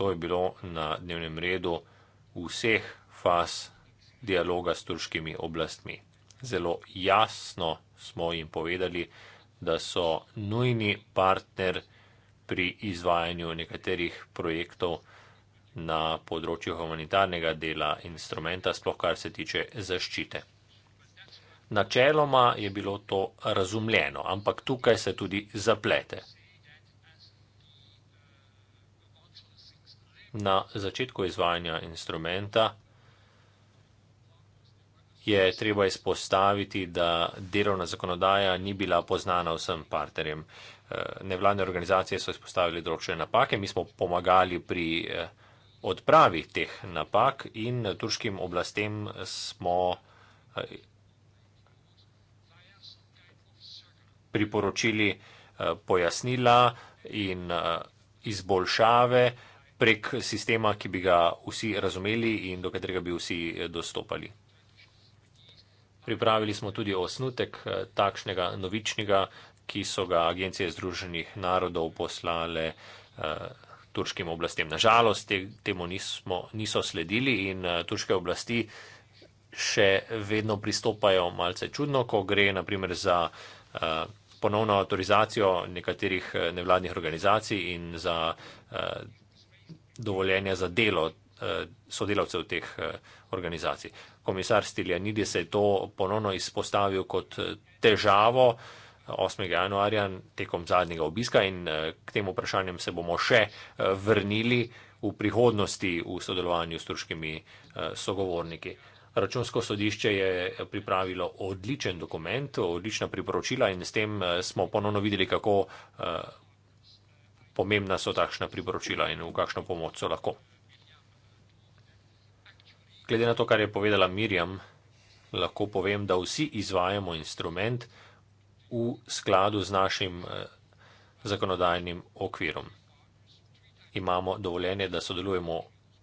To je bilo na dnevnem redu vseh faz dialoga s turškimi oblastmi zelo jasno smo jim povedali, da so nujni partner pri izvajanju nekaterih projektov na področju humanitarnega dela instrumenta, sploh kar se tiče zaščite. Načeloma je bilo to razumljeno, ampak tukaj se tudi zaplete. Na začetku izvajanja instrumenta je treba izpostaviti, da delovna zakonodaja ni bila poznana vsem partnerjem. Eh, nevladne organizacije so izpostavili določene napake, mi smo pomagali pri eh, odpravi teh napak in turškim oblastem smo eh, priporočili pojasnila in izboljšave prek sistema, ki bi ga vsi razumeli in do katerega bi vsi dostopali. Pripravili smo tudi osnutek eh, takšnega novičnega, ki so ga Agencije Združenih narodov poslale eh, turškim oblastem. Nažalost, te, temu nismo, niso sledili in eh, turške oblasti še vedno pristopajo malce čudno, ko gre naprimer za ponovno autorizacijo nekaterih nevladnih organizacij in za dovoljenje za delo sodelavcev teh organizacij komisar Stiljanidis je to ponovno izpostavil kot eh, težavo 8. januarja tekom zadnjega obiska in eh, k tem vprašanjem se bomo še eh, vrnili v prihodnosti v sodelovanju s turškimi sogovorniki. Računsko sodišče je pripravilo odličen dokument, odlična priporočila in s tem smo ponovno videli, kako pomembna so takšna priporočila in v kakšno pomoč so lahko. Glede na to, kar je povedala Mirjam, lahko povem, da vsi izvajamo instrument v skladu z našim eh, zakonodajnim okvirom. Imamo dovoljenje, da sodelujemo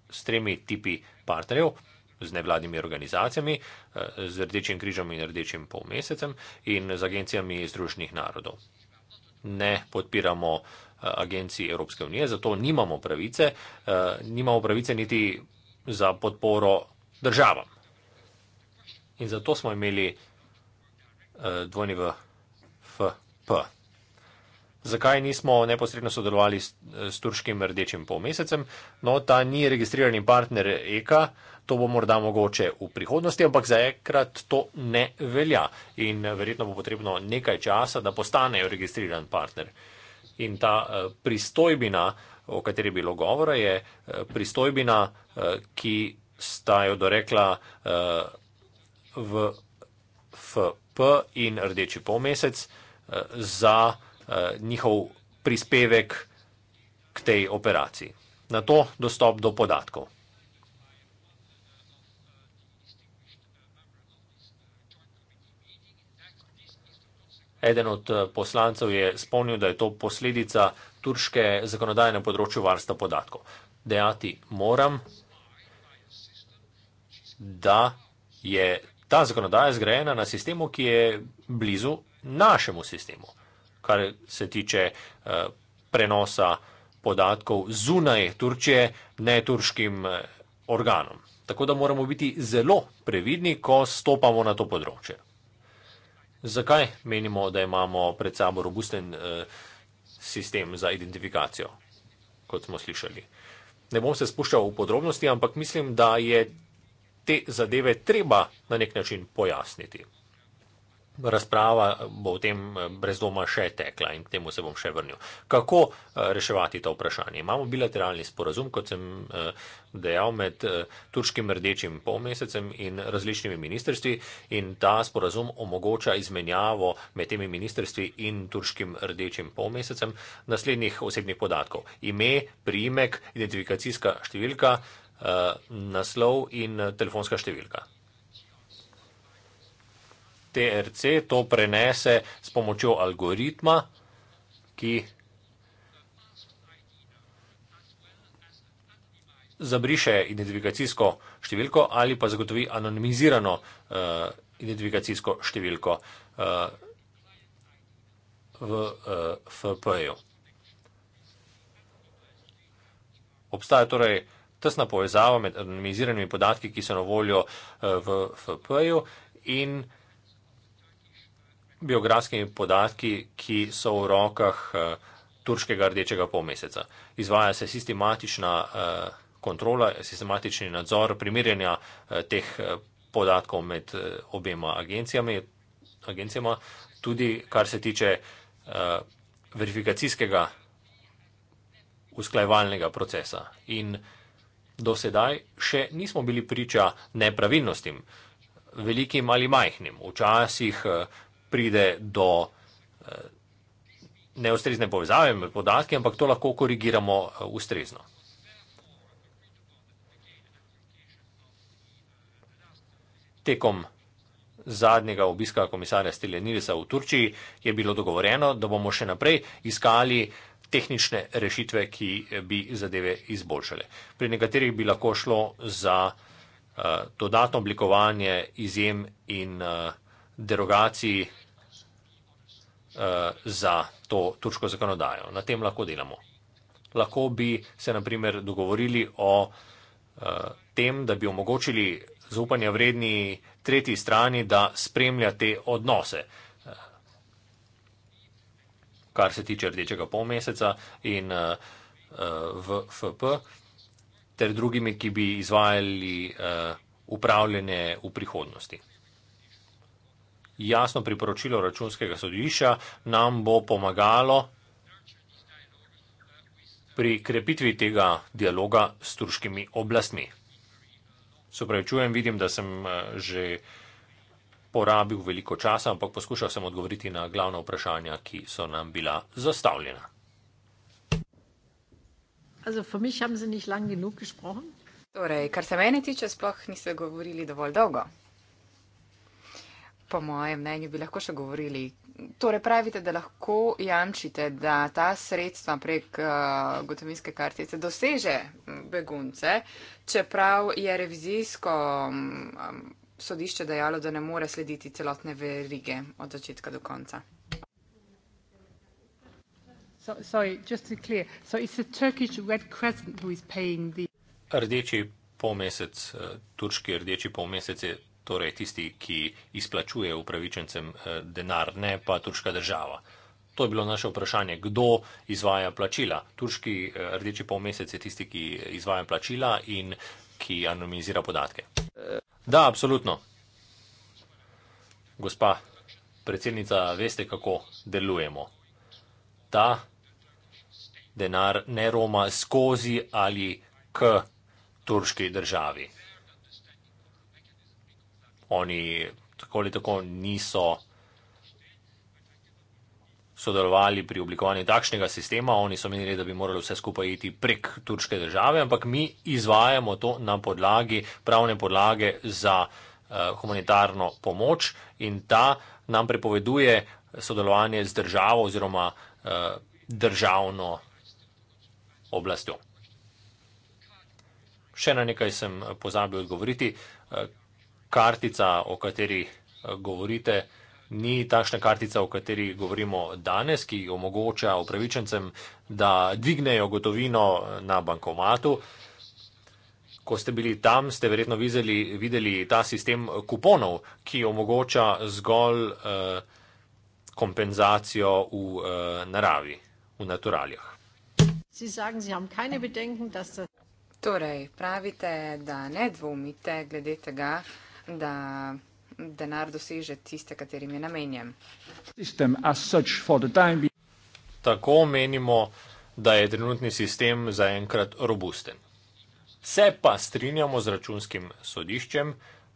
s tremi tipi partnerjev, z nevladnimi organizacijami, eh, z Rdečim križom in Rdečim polmesecem in z agencijami Združenih narodov. Ne podpiramo eh, agencij Evropske unije, zato nimamo pravice, nimamo pravice niti za podporo državam. In zato smo imeli uh, dvojni VFP. Zakaj nismo neposredno sodelovali s, eh, s turškim rdečim polmesecem? No, ta ni registrirani partner EKA, to bo morda mogoče v prihodnosti, ampak zaenkrat to ne velja in eh, verjetno bo potrebno nekaj časa, da postanejo registriran partner. In ta pristojbina, o kateri je bilo govora, je pristojbina, ki sta jo dorekla uh, eh, VFP in Rdeči polmesec uh, za uh, njihov prispevek k tej operaciji. Na to dostop do podatkov. Eden od poslancev je spomnil, da je to posledica turške zakonodaje na področju varstva podatkov. Dejati moram, da je ta zakonodaja zgrajena na sistemu, ki je blizu našemu sistemu, kar se tiče eh, prenosa podatkov zunaj Turčije neturškim eh, organom. Tako da moramo biti zelo previdni, ko stopamo na to področje. Zakaj menimo, da imamo pred sabo robusten eh, sistem za identifikacijo, kot smo slišali? Ne bom se spuščal v podrobnosti, ampak mislim, da je te zadeve treba na nek način pojasniti. Razprava bo v tem eh, brezdoma še tekla in k temu se bom še vrnil. Kako eh, reševati to vprašanje? Imamo bilateralni sporazum, kot sem eh, dejal, med turškim rdečim polmesecem in različnimi ministrstvi in ta sporazum omogoča izmenjavo med temi ministrstvi in turškim rdečim polmesecem naslednjih osebnih podatkov. Ime, priimek, identifikacijska številka, Eh, naslov in eh, telefonska številka. TRC to prenese s pomočjo algoritma, ki zabriše identifikacijsko številko ali pa zagotovi anonimizirano eh, identifikacijsko številko v FP-ju. Obstaja torej vsega, tesna povezava med anonimiziranimi podatki, ki so na voljo eh, v FP-ju in biografskimi podatki, ki so v rokah eh, turškega rdečega polmeseca. Izvaja se sistematična eh, kontrola, sistematični nadzor primirjanja teh podatkov med obema agencijami, agencijama, tudi kar se tiče verifikacijskega usklajevalnega procesa. In Do sedaj še nismo bili priča nepravilnostim, velikim ali majhnim. Včasih eh, pride do eh, neustrezne povezave med podatki, ampak to lahko korigiramo eh, ustrezno. Tekom zadnjega obiska komisarja Stelenilisa v Turčiji je bilo dogovorjeno, da bomo še naprej iskali uh, tehnične rešitve, ki eh, bi zadeve izboljšale. Pri nekaterih bi lahko šlo za eh, dodatno oblikovanje izjem in eh, derogacij za to turško zakonodajo. Na tem lahko delamo. Lahko bi se naprimer dogovorili o tem, da bi omogočili zaupanja vredni tretji strani, da spremlja te odnose kar se tiče rdečega polmeseca in uh, eh, eh, VFP, ter drugimi, ki bi izvajali uh, upravljanje v prihodnosti. Jasno priporočilo računskega sodišča nam bo pomagalo pri krepitvi tega dialoga s turškimi oblastmi. Se pravi, čujem, vidim, da sem uh, že uh, porabil veliko časa, ampak poskušal sem odgovoriti na glavna vprašanja, ki so nam bila zastavljena. Torej, kar se mene tiče, sploh niste govorili dovolj dolgo. Po mojem mnenju bi lahko še govorili. Torej, pravite, da lahko jamčite, da ta sredstva prek uh, gotovinske kartice doseže begunce, čeprav je revizijsko. Um, sodišče dejalo, da ne more slediti celotne verige od začetka do konca. Rdeči polmesec, eh, turški rdeči polmesec je torej tisti, ki izplačuje upravičencem eh, denar, ne pa turška država. To je bilo naše vprašanje, kdo izvaja plačila. Turški eh, rdeči polmesec je tisti, ki izvaja plačila in ki anonimizira podatke. Uh. Da, absolutno. Gospa predsednica, veste, kako delujemo. Ta denar ne roma skozi ali k turški državi. Oni tako ali tako niso sodelovali pri oblikovanju takšnega sistema. Oni so menili, da bi moralo vse skupaj iti prek turške države, ampak mi izvajamo to na podlagi pravne podlage za eh, humanitarno pomoč in ta nam prepoveduje sodelovanje z državo oziroma eh, državno oblastjo. Še na nekaj sem pozabil odgovoriti. Eh, kartica, o kateri govorite, ni takšna kartica, o kateri govorimo danes, ki omogoča upravičencem, da dvignejo gotovino na bankomatu. Ko ste bili tam, ste verjetno videli, videli ta sistem kuponov, ki omogoča zgolj eh, kompenzacijo v eh, naravi, v naturalijah. Torej, pravite, da ne dvomite glede tega, da denar doseže tiste, katerim je namenjen. Tako menimo, da je trenutni sistem zaenkrat robusten. Se pa strinjamo z računskim sodiščem,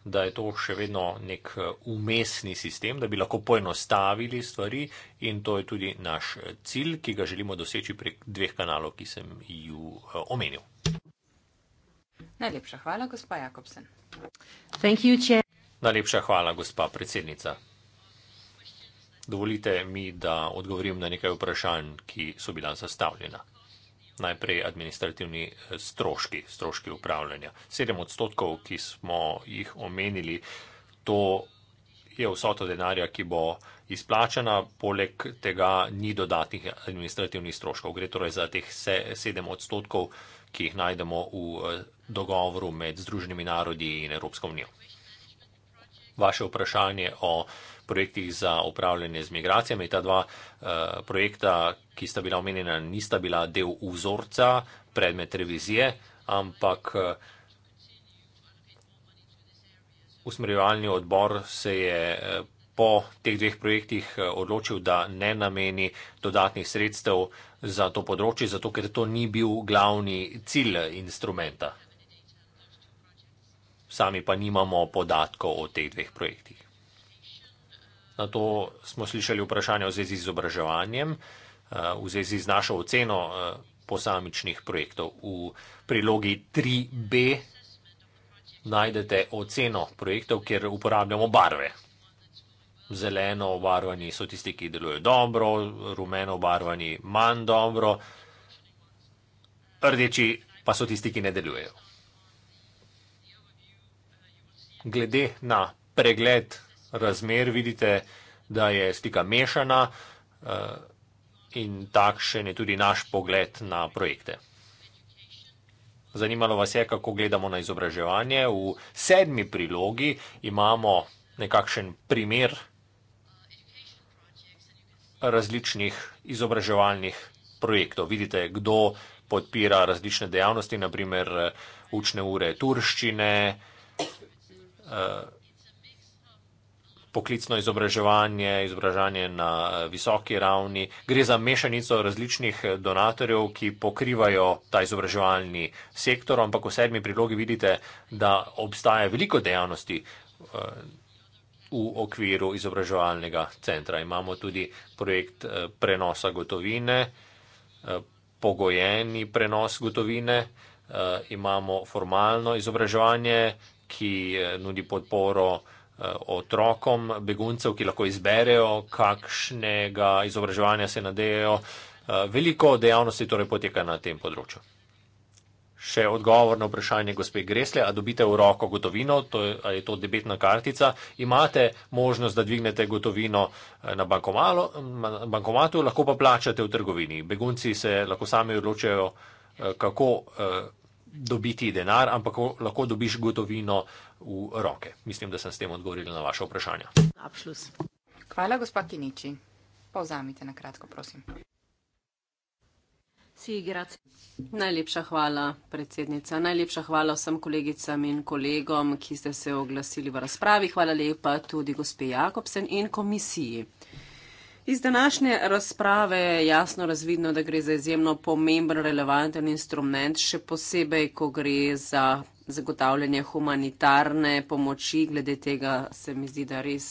da je to še vedno nek eh, umestni sistem, da bi lahko poenostavili stvari in to je tudi naš eh, cilj, ki ga želimo doseči prek dveh kanalov, ki sem ju eh, omenil. Najlepša hvala, gospa Jakobsen. Thank you, Chair. Najlepša hvala, gospa predsednica. Dovolite mi, da odgovorim na nekaj vprašanj, ki so bila zastavljena. Najprej administrativni eh, stroški, stroški upravljanja. Sedem odstotkov, ki smo jih omenili, to je vsota denarja, ki bo izplačena, poleg tega ni dodatnih administrativnih stroškov. Gre torej za teh sedem odstotkov, ki jih najdemo v eh, dogovoru med Združenimi narodi in Evropsko unijo vaše vprašanje o projektih za upravljanje z migracijami. Ta dva eh, projekta, ki sta bila omenjena, nista bila del vzorca, predmet revizije, ampak eh, usmerjevalni odbor se je eh, po teh dveh projektih odločil, da ne nameni dodatnih sredstev za to področje, zato ker to ni bil glavni cilj instrumenta sami pa nimamo podatkov o teh dveh projektih. Na to smo slišali vprašanje v zvezi z izobraževanjem, eh, v zvezi z našo oceno eh, posamičnih projektov. V prilogi 3b najdete oceno projektov, kjer uporabljamo barve. Zeleno obarvani so tisti, ki delujejo dobro, rumeno obarvani manj dobro, rdeči pa so tisti, ki ne delujejo. Glede na pregled razmer vidite, da je slika mešana eh, in takšen je tudi naš pogled na projekte. Zanimalo vas je, kako gledamo na izobraževanje. V sedmi prilogi imamo nekakšen primer različnih izobraževalnih projektov. Vidite, kdo podpira različne dejavnosti, naprimer eh, učne ure turščine, vsega. Eh, poklicno izobraževanje, izobraževanje na eh, visoki ravni. Gre za mešanico različnih eh, donatorjev, ki pokrivajo ta izobraževalni sektor, ampak v sedmi prilogi vidite, da obstaja veliko dejavnosti v okviru izobraževalnega centra. Imamo tudi projekt prenosa gotovine, pogojeni prenos gotovine, imamo formalno izobraževanje ki eh, nudi podporo eh, otrokom beguncev, ki lahko izberejo, kakšnega izobraževanja se nadejo. Eh, veliko dejavnosti torej poteka na tem področju. Še odgovor na vprašanje gospe Gresle, a dobite v roko gotovino, to je, ali je to debetna kartica, imate možnost, da dvignete gotovino na bankomatu, lahko pa plačate v trgovini. Begunci se lahko sami odločajo, kako dobiti denar, ampak lahko dobiš gotovino v roke. Mislim, da sem s tem odgovorila na vaše vprašanje. Abšlus. Hvala, gospa Kiniči. Povzamite na kratko, prosim. Najlepša hvala, predsednica. Najlepša hvala vsem kolegicam in kolegom, ki ste se oglasili v razpravi. Hvala lepa tudi gospe Jakobsen in komisiji. Iz današnje razprave je jasno razvidno, da gre za izjemno pomemben, relevanten instrument, še posebej, ko gre za zagotavljanje humanitarne pomoči. Glede tega se mi zdi, da res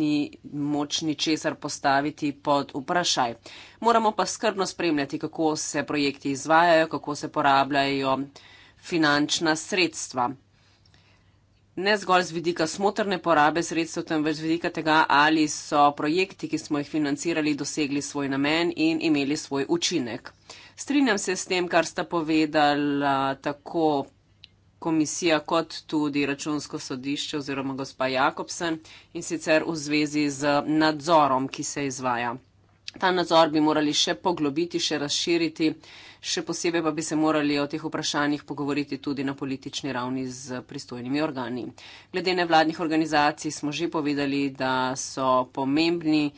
ni moč ničesar postaviti pod vprašaj. Moramo pa skrbno spremljati, kako se projekti izvajajo, kako se porabljajo finančna sredstva ne zgolj z vidika smotrne porabe sredstev, temveč z vidika tega, ali so projekti, ki smo jih financirali, dosegli svoj namen in imeli svoj učinek. Strinjam se s tem, kar sta povedala tako komisija kot tudi računsko sodišče oziroma gospa Jakobsen in sicer v zvezi z nadzorom, ki se izvaja. Ta nadzor bi morali še poglobiti, še razširiti še posebej pa bi se morali o teh vprašanjih pogovoriti tudi na politični ravni z pristojnimi organi. Glede nevladnih organizacij smo že povedali, da so pomembni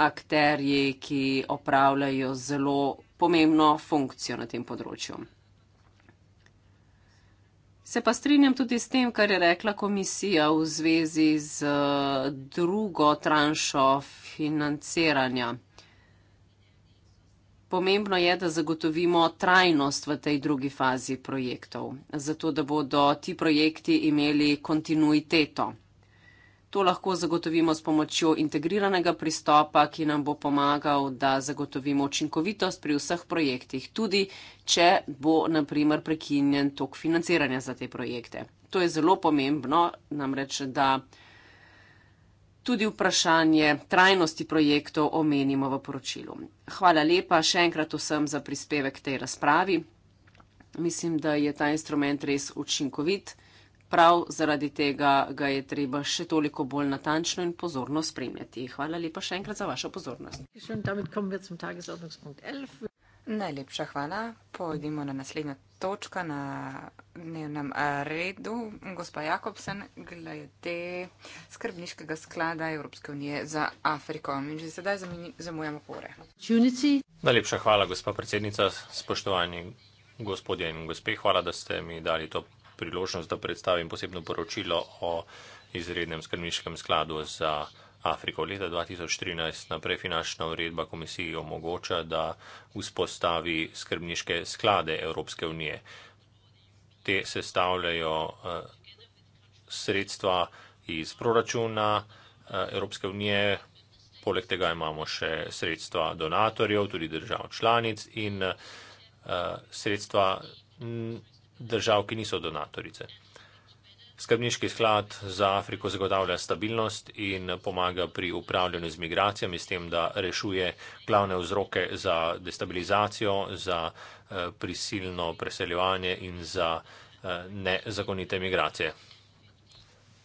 akterji, ki opravljajo zelo pomembno funkcijo na tem področju. Se pa strinjam tudi s tem, kar je rekla komisija v zvezi z drugo tranšo financiranja. Pomembno je, da zagotovimo trajnost v tej drugi fazi projektov, zato da bodo ti projekti imeli kontinuiteto. To lahko zagotovimo s pomočjo integriranega pristopa, ki nam bo pomagal, da zagotovimo učinkovitost pri vseh projektih, tudi če bo, naprimer, prekinjen tok financiranja za te projekte. To je zelo pomembno, namreč da tudi vprašanje trajnosti projektov omenimo v poročilu. Hvala lepa še enkrat vsem za prispevek tej razpravi. Mislim, da je ta instrument res učinkovit. Prav zaradi tega ga je treba še toliko bolj natančno in pozorno spremljati. Hvala lepa še enkrat za vašo pozornost. Najlepša hvala. Pojdimo na naslednjo točko na dnevnem eh, redu. Gospa Jakobsen, glede skrbniškega sklada Evropske unije za Afriko. In že sedaj zamujamo pore. Najlepša hvala, gospa predsednica. Spoštovani gospodje in gospe, hvala, da ste mi dali to priložnost, da predstavim posebno poročilo o izrednem skrbniškem skladu za Afriko. Afriko. Leta 2013 naprej finančna uredba komisiji omogoča, da vzpostavi skrbniške sklade Evropske unije. Te sestavljajo eh, sredstva iz proračuna eh, Evropske unije, poleg tega imamo še sredstva donatorjev, tudi držav članic in eh, sredstva držav, ki niso donatorice. Skrbniški sklad za Afriko zagotavlja stabilnost in pomaga pri upravljanju z migracijami, s tem, da rešuje glavne vzroke za destabilizacijo, za eh, prisilno preseljevanje in za eh, nezakonite migracije.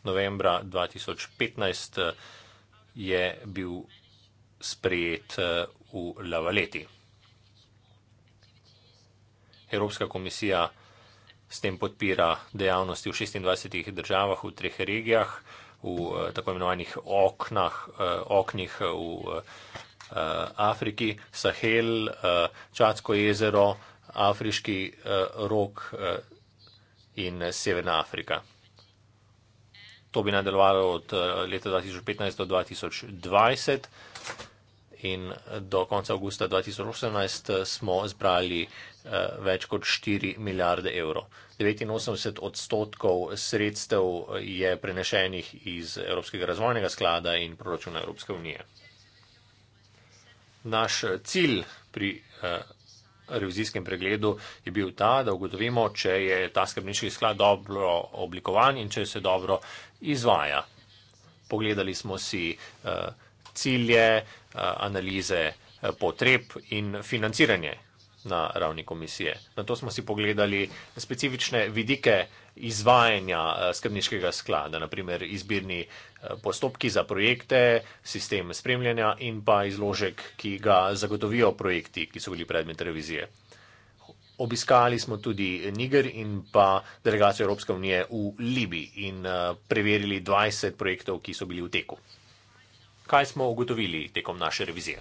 Novembra 2015 eh, je bil sprejet v Lavaleti. Evropska komisija. S tem podpira dejavnosti v 26 državah, v treh regijah, v eh, tako imenovanih oknah, eh, oknih eh, v Afriki, Sahel, Čadsko jezero, Afriški rok in Severna Afrika. To bi nadaljevalo od leta 2015 do 2020 in do konca avgusta 2018 smo zbrali Eh, več kot 4 milijarde evrov. 89 odstotkov sredstev eh, je prenešenih iz Evropskega razvojnega sklada in proračuna Evropske unije. Naš eh, cilj pri revizijskem pregledu je bil ta, da ugotovimo, če je ta skrbniški sklad dobro oblikovan in če se dobro izvaja. Pogledali smo si cilje, analize potreb in financiranje na ravni komisije. Na to smo si pogledali specifične vidike izvajanja eh, skrbniškega sklada, naprimer izbirni eh, postopki za projekte, sistem spremljanja in pa izložek, ki ga zagotovijo projekti, ki so bili predmet revizije. Obiskali smo tudi Niger in pa delegacijo Evropske unije v Libiji in eh, preverili 20 projektov, ki so bili v teku. Kaj smo ugotovili tekom naše revizije?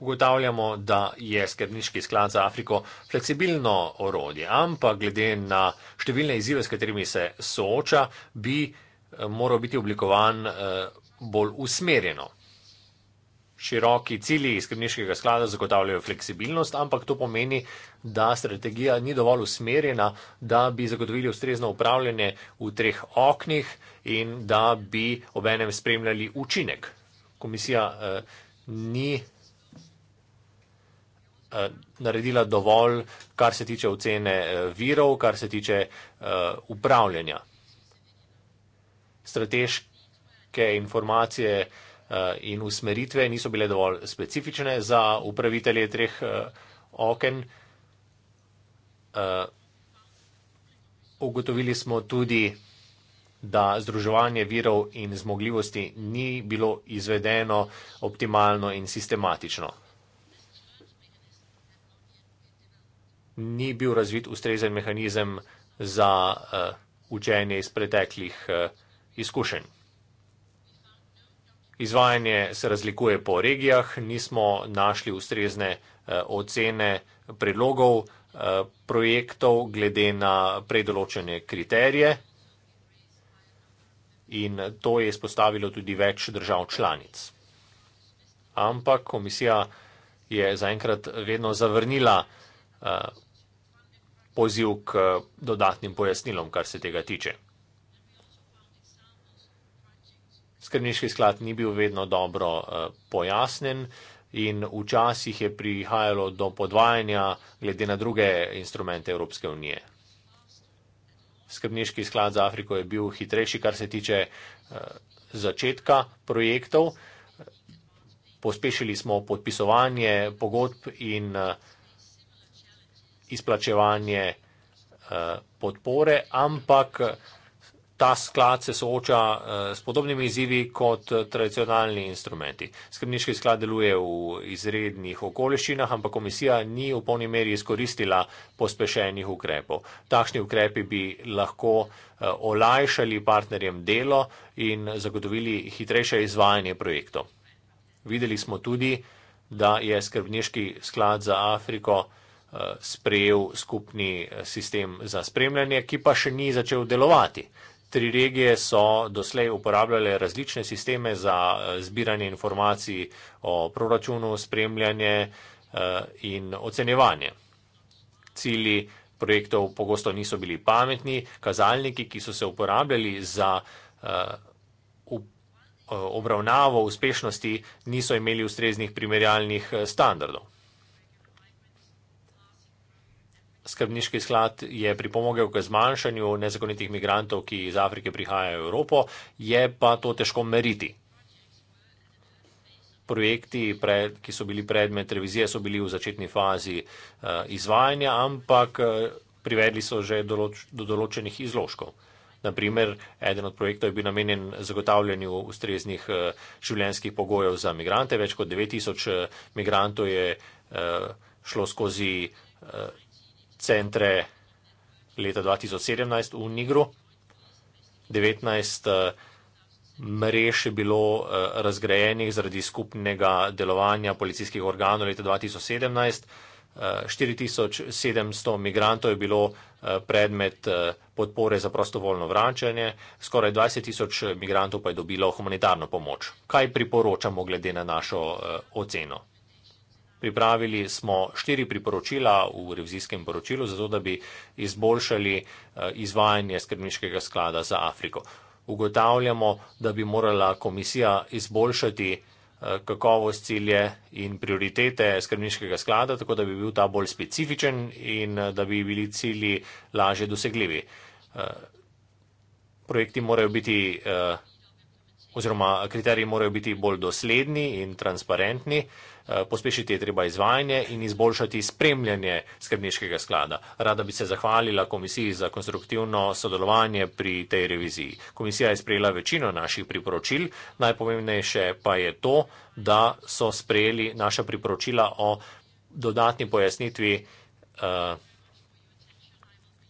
ugotavljamo, da je skrbniški sklad za Afriko fleksibilno orodje, ampak glede na številne izzive, s katerimi se sooča, bi eh, moral biti oblikovan eh, bolj usmerjeno. Široki cilji skrbniškega sklada zagotavljajo fleksibilnost, ampak to pomeni, da strategija ni dovolj usmerjena, da bi zagotovili ustrezno upravljanje v treh oknih in da bi obenem spremljali učinek. Komisija eh, ni Eh, naredila dovolj, kar se tiče ocene eh, virov, kar se tiče eh, upravljanja. Strateške informacije in usmeritve niso bile dovolj specifične za upravitelje treh oken. Ugotovili smo tudi, da združevanje virov in zmogljivosti ni bilo izvedeno optimalno in sistematično. ni bil razvit ustrezen mehanizem za uh, učenje iz preteklih uh, izkušenj. Izvajanje se razlikuje po regijah, nismo našli ustrezne uh, ocene predlogov uh, projektov glede na predoločene kriterije in to je izpostavilo tudi več držav članic. Ampak komisija je zaenkrat vedno zavrnila uh, poziv k eh, dodatnim pojasnilom, kar se tega tiče. Skrbniški sklad ni bil vedno dobro eh, pojasnen in včasih je prihajalo do podvajanja glede na druge instrumente Evropske unije. Skrbniški sklad za Afriko je bil hitrejši, kar se tiče eh, začetka projektov. Pospešili smo podpisovanje pogodb in izplačevanje eh, podpore, ampak ta sklad se sooča eh, s podobnimi izzivi kot tradicionalni instrumenti. Skrbniški sklad deluje v izrednih okoliščinah, ampak komisija ni v polni meri izkoristila pospešenih ukrepov. Takšni ukrepi bi lahko eh, olajšali partnerjem delo in zagotovili hitrejše izvajanje projektov. Videli smo tudi, da je skrbniški sklad za Afriko sprejel skupni eh, sistem za spremljanje, ki pa še ni začel delovati. Tri regije so doslej uporabljale različne sisteme za eh, zbiranje informacij o proračunu, spremljanje eh, in ocenjevanje. Cili projektov pogosto niso bili pametni, kazalniki, ki so se uporabljali za obravnavo uspešnosti, niso imeli ustreznih primerjalnih standardov. Skrbniški sklad je pripomogel k zmanjšanju nezakonitih migrantov, ki iz Afrike prihajajo v Evropo, je pa to težko meriti. Projekti, pred, ki so bili predmet revizije, so bili v začetni fazi eh, izvajanja, ampak eh, privedli so že določ, do določenih izložkov. Naprimer, eden od projektov je bil namenjen zagotavljanju ustreznih eh, življenjskih pogojev za migrante. Več kot 9000 migrantov je šlo skozi centre leta 2017 v Nigru. 19 eh, mrež je bilo eh, razgrajenih zaradi skupnega delovanja policijskih organov leta 2017. 4700 eh, migrantov je bilo predmet podpore za prostovoljno vračanje, skoraj 20 tisoč migrantov pa je dobilo humanitarno pomoč. Kaj priporočamo glede na našo oceno? Pripravili smo štiri priporočila v revizijskem poročilu, zato da bi izboljšali eh, izvajanje skrbniškega sklada za Afriko. Ugotavljamo, da bi morala komisija izboljšati eh, kakovost cilje in prioritete skrbniškega sklada, tako da bi bil ta bolj specifičen in eh, da bi bili cilji lažje dosegljivi. Projekti morajo biti oziroma kriteriji morajo biti bolj dosledni in transparentni. Eh, pospešiti je treba izvajanje in izboljšati spremljanje skrbniškega sklada. Rada bi se zahvalila komisiji za konstruktivno sodelovanje pri tej reviziji. Komisija je sprejela večino naših priporočil, najpomembnejše pa je to, da so sprejeli naša priporočila o dodatni pojasnitvi uh,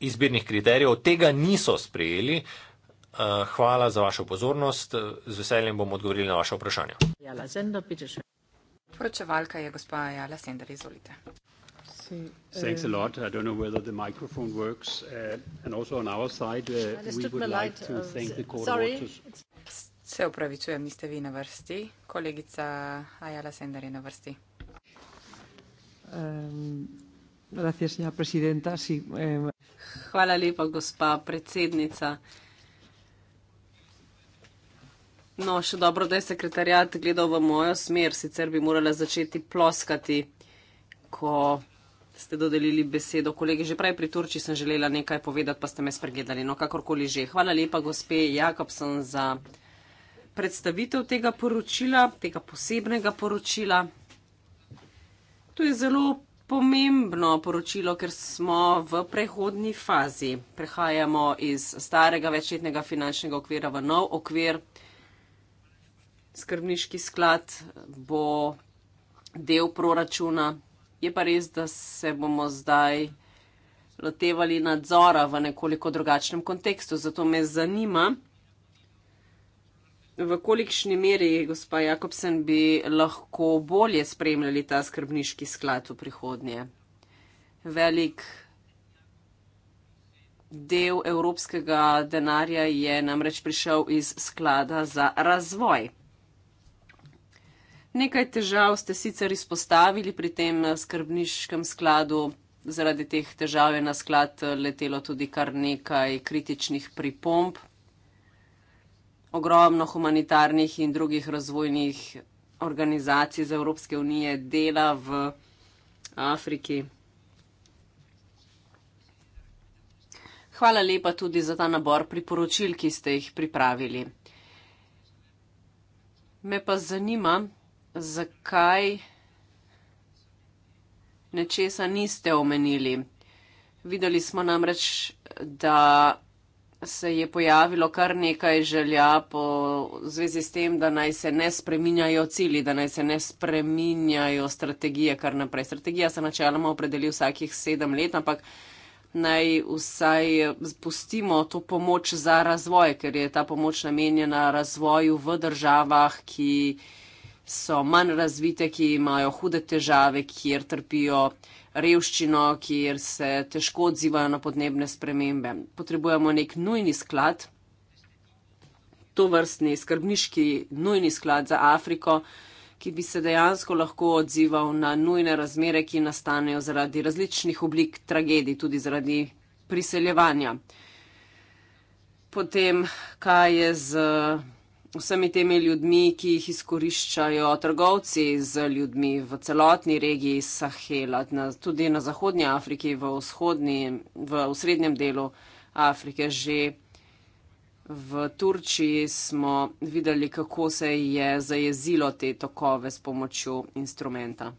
izbirnih kriterijev. Tega niso sprejeli. Uh, hvala za vašo pozornost. Z veseljem bom odgovorila na vaše vprašanje. Ja, poročevalka je gospa Jala Sender, izvolite. Thanks a eh, lot. I don't know whether the microphone works. Uh, and also on our side, uh, we would like to thank the court Sorry. watchers. Se upravičujem, niste vi na vrsti. Kolegica Ayala Sender je na vrsti. Um, gracias, ja, presidenta. Sí, um. Hvala lepa, gospa predsednica. Uh, No, še dobro, da je sekretarjat gledal v mojo smer, sicer bi morala začeti ploskati, ko ste dodelili besedo. Kolegi, že prej pri Turči sem želela nekaj povedati, pa ste me spregledali. No, kakorkoli že. Hvala lepa, gospe Jakobson, za predstavitev tega poročila, tega posebnega poročila. To je zelo pomembno poročilo, ker smo v prehodni fazi. Prehajamo iz starega večletnega finančnega okvira v nov okvir skrbniški sklad bo del proračuna. Je pa res, da se bomo zdaj lotevali nadzora v nekoliko drugačnem kontekstu. Zato me zanima, v kolikšni meri, gospa Jakobsen, bi lahko bolje spremljali ta skrbniški sklad v prihodnje. Velik del evropskega denarja je namreč prišel iz sklada za razvoj. Nekaj težav ste sicer izpostavili pri tem skrbniškem skladu. Zaradi teh težav je na sklad eh, letelo tudi kar nekaj kritičnih pripomb. Ogromno humanitarnih in drugih razvojnih organizacij z Evropske unije dela v Afriki. Hvala lepa tudi za ta nabor priporočil, ki ste jih pripravili. Me pa zanima, zakaj nečesa niste omenili. Videli smo namreč, da se je pojavilo kar nekaj želja po zvezi s tem, da naj se ne spreminjajo cili, da naj se ne spreminjajo strategije kar naprej. Strategija se načeloma opredeli vsakih sedem let, ampak naj vsaj spustimo to pomoč za razvoj, ker je ta pomoč namenjena razvoju v državah, ki so manj razvite, ki imajo hude težave, kjer trpijo revščino, kjer se težko odzivajo na podnebne spremembe. Potrebujemo nek nujni sklad, to vrstni skrbniški nujni sklad za Afriko, ki bi se dejansko lahko odzival na nujne razmere, ki nastanejo zaradi različnih oblik tragedij, tudi zaradi priseljevanja. Potem, kaj je z vsemi temi ljudmi, ki jih izkoriščajo trgovci z ljudmi v celotni regiji Sahela, na, tudi na Zahodnji Afriki, v, vzhodni, v osrednjem delu Afrike. Že v Turčiji smo videli, kako se je zajezilo te tokove s pomočjo instrumenta.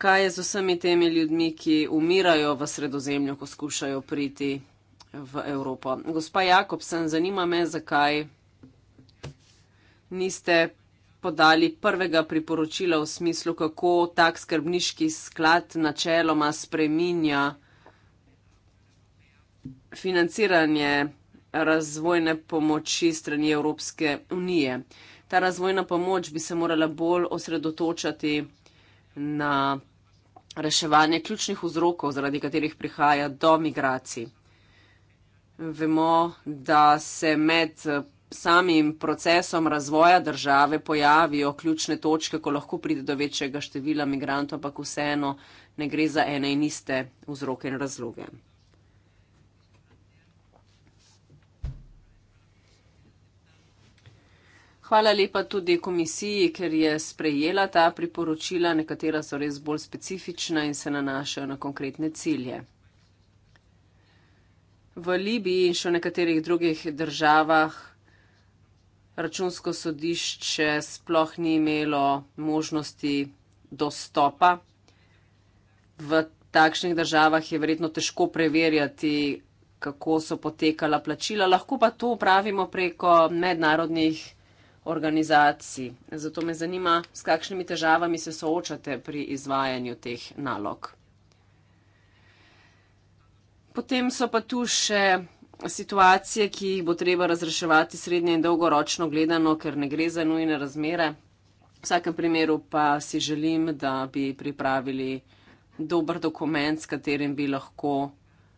Kaj je z vsemi temi ljudmi, ki umirajo v sredozemlju, ko skušajo priti v Evropo. Gospa Jakobsen, zanima me, zakaj niste podali prvega priporočila v smislu, kako tak skrbniški sklad načeloma spreminja financiranje razvojne pomoči strani Evropske unije. Ta razvojna pomoč bi se morala bolj osredotočati na reševanje ključnih vzrokov, zaradi katerih prihaja do migracij vemo, da se med eh, samim procesom razvoja države pojavijo ključne točke, ko lahko pride do večjega števila migrantov, ampak vseeno ne gre za ene in iste vzroke in razloge. Hvala lepa tudi komisiji, ker je sprejela ta priporočila, nekatera so res bolj specifična in se nanašajo na konkretne cilje v Libiji in še v nekaterih drugih državah računsko sodišče sploh ni imelo možnosti dostopa. V takšnih državah je verjetno težko preverjati, kako so potekala plačila, lahko pa to upravimo preko mednarodnih organizacij. Zato me zanima, s kakšnimi težavami se soočate pri izvajanju teh nalog. Potem so pa tu še situacije, ki jih bo treba razreševati srednje in dolgoročno gledano, ker ne gre za nujne razmere. V vsakem primeru pa si želim, da bi pripravili dober dokument, s katerim bi lahko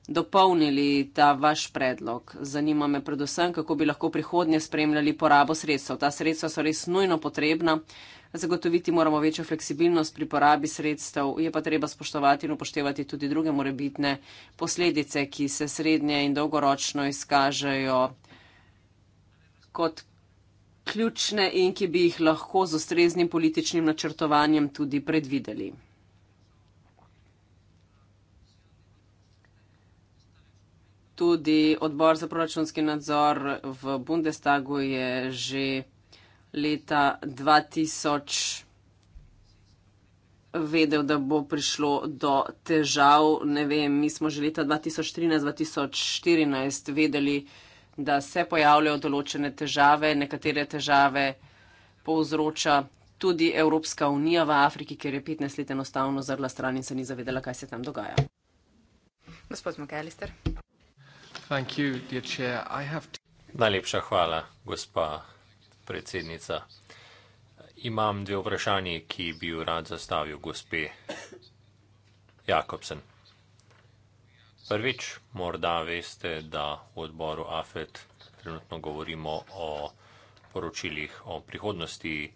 dopolnili ta vaš predlog. Zanima me predvsem, kako bi lahko prihodnje spremljali porabo sredstev. Ta sredstva so res nujno potrebna. Zagotoviti moramo večjo fleksibilnost pri porabi sredstev, je pa treba spoštovati in upoštevati tudi druge morebitne posledice, ki se srednje in dolgoročno izkažejo kot ključne in ki bi jih lahko z ustreznim političnim načrtovanjem tudi predvideli. Tudi odbor za proračunski nadzor v Bundestagu je že leta 2000 vedel, da bo prišlo do težav. Ne vem, mi smo že leta 2013-2014 vedeli, da se pojavljajo določene težave, nekatere težave povzroča tudi Evropska unija v Afriki, ker je 15 let enostavno zrla stran in se ni zavedala, kaj se tam dogaja. Gospod McAllister. Najlepša hvala, gospa predsednica. Imam dve vprašanje, ki bi jo rad zastavil gospe Jakobsen. Prvič, morda veste, da v odboru AFET trenutno govorimo o poročilih o prihodnosti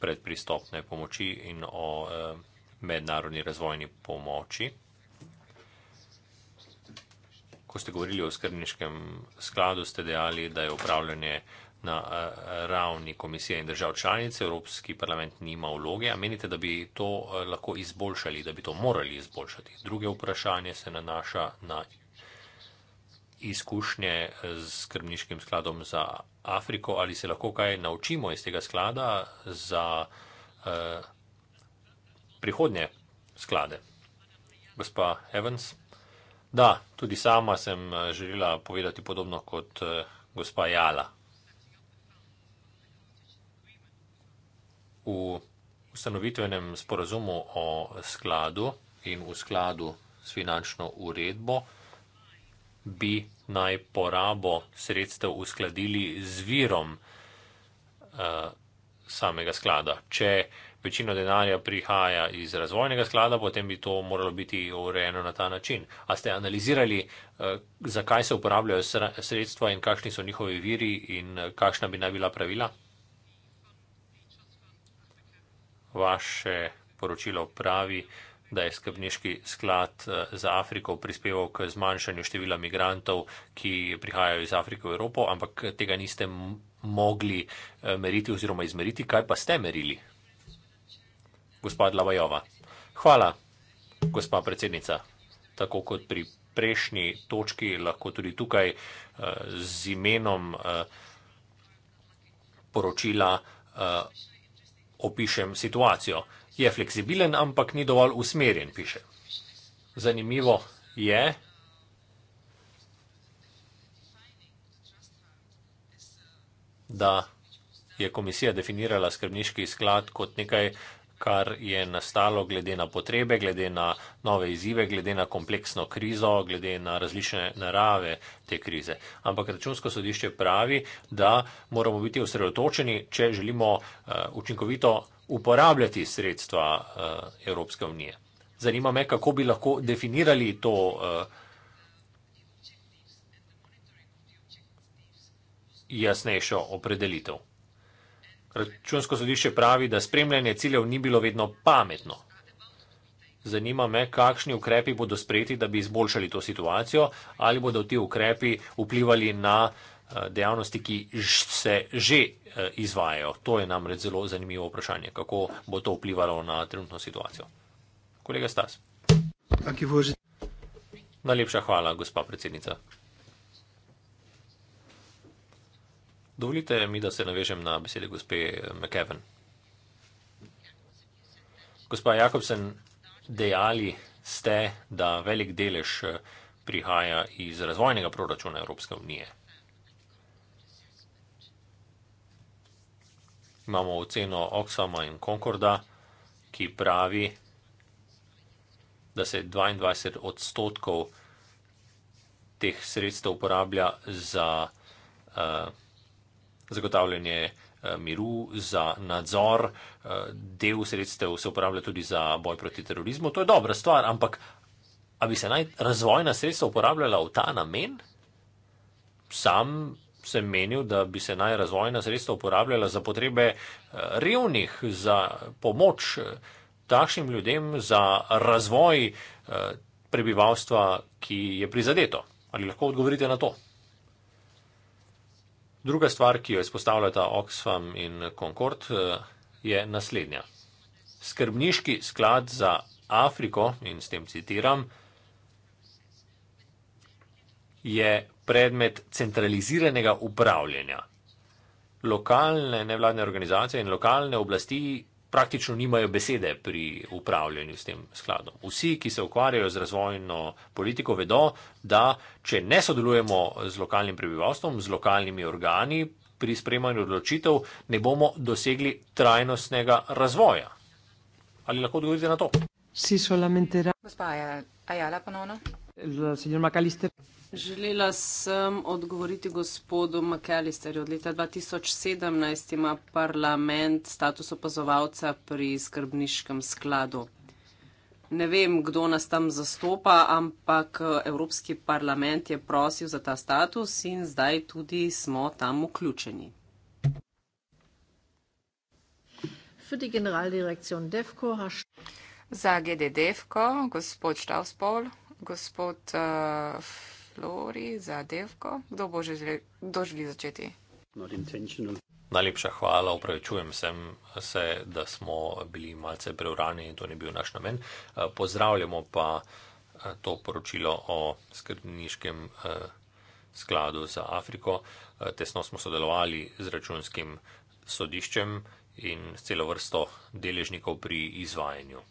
predpristopne pomoči in o eh, mednarodni razvojni pomoči. Ko ste govorili o skrbniškem skladu, ste dejali, da je upravljanje na eh, ravni komisije in držav članice, Evropski parlament nima vloge. A menite, da bi to eh, lahko izboljšali, da bi to morali izboljšati? Druge vprašanje se nanaša na izkušnje z eh, skrbniškim skladom za Afriko. Ali se lahko kaj naučimo iz tega sklada za eh, prihodnje sklade? Gospa Evans. Da, tudi sama sem želela povedati podobno kot gospa Jala. v ustanovitvenem sporazumu o skladu in v skladu s finančno uredbo bi naj porabo sredstev uskladili z virom uh, samega sklada. Če večino denarja prihaja iz razvojnega sklada, potem bi to moralo biti urejeno na ta način. A ste analizirali, uh, zakaj se uporabljajo sredstva in kakšni so njihovi viri in eh, kakšna bi naj bila pravila? vaše poročilo pravi, da je skrbniški sklad eh, za Afriko prispeval k zmanjšanju števila migrantov, ki prihajajo iz Afrike v Evropo, ampak tega niste mogli eh, meriti oziroma izmeriti. Kaj pa ste merili? Gospod Lavajova. Hvala, gospa predsednica. Tako kot pri prejšnji točki, lahko tudi tukaj eh, z imenom poročila opišem situacijo. Je fleksibilen, ampak ni dovolj usmerjen, piše. Zanimivo je, da je komisija definirala skrbniški sklad kot nekaj, kar je nastalo glede na potrebe, glede na nove izzive, glede na kompleksno krizo, glede na različne narave te krize. Ampak računsko sodišče pravi, da moramo biti osredotočeni, če želimo uh, učinkovito uporabljati sredstva uh, Evropske unije. Zanima me, kako bi lahko definirali to. Uh, jasnejšo opredelitev. Računsko sodišče pravi, da spremljanje ciljev ni bilo vedno pametno. Zanima me, kakšni ukrepi bodo sprejeti, da bi izboljšali to situacijo, ali bodo ti ukrepi vplivali na eh, dejavnosti, ki se že eh, izvajajo. To je namreč zelo zanimivo vprašanje, kako bo to vplivalo na trenutno situacijo. Kolega Stas. Najlepša hvala, gospa predsednica. Dovolite mi, da se navežem na besede gospe McKeven. Gospa Jakobsen, dejali ste, da velik delež eh, prihaja iz razvojnega proračuna Evropske unije. Imamo oceno Oxfama in Concorda, ki pravi, da se 22 odstotkov teh sredstev uporablja za uh, zagotavljanje eh, miru, za nadzor, eh, del sredstev se uporablja tudi za boj proti terorizmu. To je dobra stvar, ampak a bi se naj razvojna sredstva uporabljala v ta namen? Sam sem menil, da bi se naj razvojna sredstva uporabljala za potrebe eh, revnih, za pomoč takšnim ljudem, za razvoj prebivalstva, ki je prizadeto. Ali lahko odgovorite na to? Druga stvar, ki jo izpostavljata Oxfam in Concord, eh, je naslednja. Skrbniški sklad za Afriko, in s tem citiram, je predmet centraliziranega upravljanja. Lokalne nevladne organizacije in lokalne oblasti praktično nimajo besede pri upravljanju s tem skladom. Vsi, ki se ukvarjajo z razvojno politiko, vedo, da če ne sodelujemo z lokalnim prebivalstvom, z lokalnimi organi pri sprejemanju odločitev, ne bomo dosegli trajnostnega razvoja. Ali lahko odgovorite na to? Si solamente. Gospa Ajala ponovno. Signor Makalister. Želela sem odgovoriti gospodu McAllisterju. Od leta 2017 ima parlament status opazovalca pri skrbniškem skladu. Ne vem, kdo nas tam zastopa, ampak Evropski parlament je prosil za ta status in zdaj tudi smo tam vključeni. Za GDDFko, gospod Štavspol, gospod. Uh, Flori za Devko. Kdo bo že zle, kdo želi začeti? Najlepša hvala, upravičujem sem se, da smo bili malce preurani in to ni bil naš namen. Eh, pozdravljamo pa eh, to poročilo o skrbniškem eh, skladu za Afriko. Tesno smo sodelovali z računskim sodiščem in celo vrsto deležnikov pri izvajanju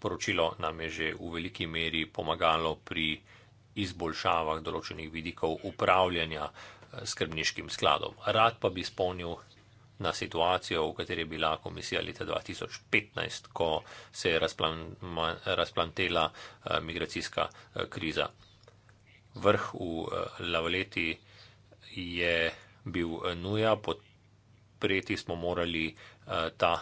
poročilo nam je že v veliki meri pomagalo pri izboljšavah določenih vidikov upravljanja eh, skrbniškim skladom. Rad pa bi spomnil na situacijo, v kateri je bila komisija leta 2015, ko se je razplantela eh, migracijska eh, kriza. Vrh v Lavleti je bil nuja, podpreti smo morali ta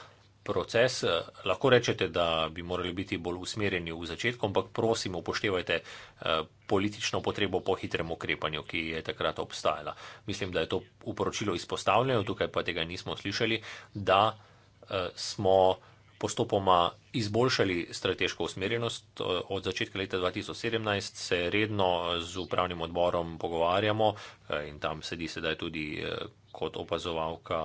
proces. Eh, lahko rečete, da bi morali biti bolj usmerjeni v začetku, ampak prosim upoštevajte eh, politično potrebo po hitrem ukrepanju, ki je takrat obstajala. Mislim, da je to uporočilo izpostavljeno, tukaj pa tega nismo slišali, da eh, smo postopoma izboljšali strateško usmerjenost. Od začetka leta 2017 se redno z upravnim odborom pogovarjamo in tam sedi sedaj tudi kot opazovalka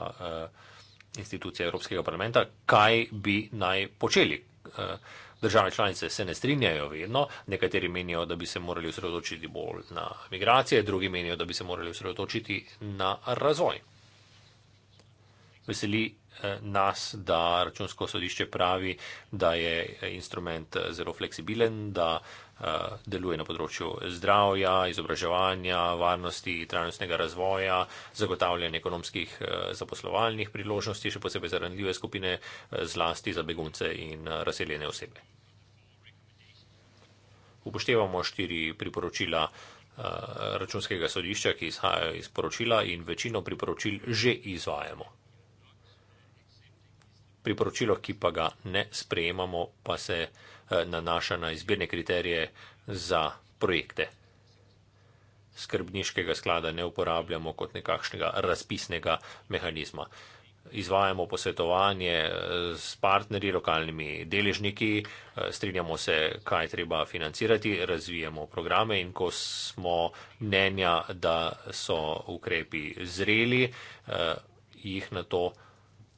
institucije Evropskega parlamenta, kaj bi naj počeli. Eh, države članice se ne strinjajo vedno, nekateri menijo, da bi se morali osredotočiti bolj na migracije, drugi menijo, da bi se morali osredotočiti na razvoj. Veseli eh, nas, da računsko sodišče pravi, da je instrument eh, zelo fleksibilen, da Eh, deluje na področju zdravja, izobraževanja, varnosti, trajnostnega razvoja, zagotavljanja ekonomskih eh, zaposlovalnih priložnosti, še posebej za ranljive skupine, eh, zlasti za begunce in razseljene osebe. Upoštevamo štiri priporočila računskega sodišča, ki izhajajo iz poročila in večino priporočil že izvajamo. Priporočilo, ki pa ga ne sprejemamo, pa se Eh, nanaša na izbirne kriterije za projekte. Skrbniškega sklada ne uporabljamo kot nekakšnega razpisnega mehanizma. Izvajamo posvetovanje eh, s partnerji, lokalnimi deležniki, eh, strinjamo se, kaj treba financirati, razvijamo programe in ko smo mnenja, da so ukrepi zreli, jih na to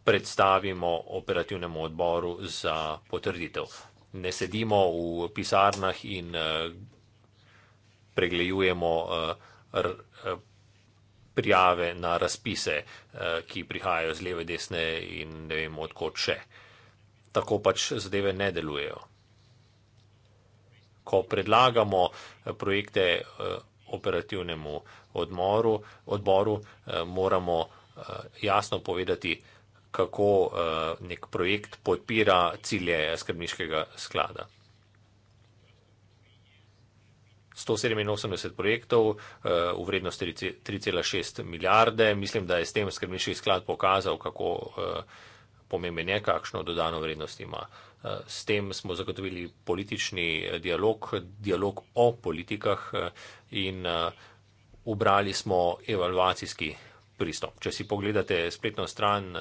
predstavimo operativnemu odboru za potrditev ne sedimo v pisarnah in eh, preglejujemo eh, eh, prijave na razpise, ki prihajajo z leve, desne in ne vemo odkot še. Tako pač zadeve ne delujejo. Ko predlagamo projekte operativnemu odmoru, odboru, moramo jasno povedati, kako uh, nek projekt podpira cilje skrbniškega sklada. 187 projektov uh, v vrednosti 3,6 milijarde. Mislim, da je s tem skrbniški sklad pokazal, kako uh, pomemben je, kakšno dodano vrednost ima. S tem smo zagotovili politični dialog, dialog o politikah in ubrali smo evalvacijski pristop. Če si pogledate spletno stran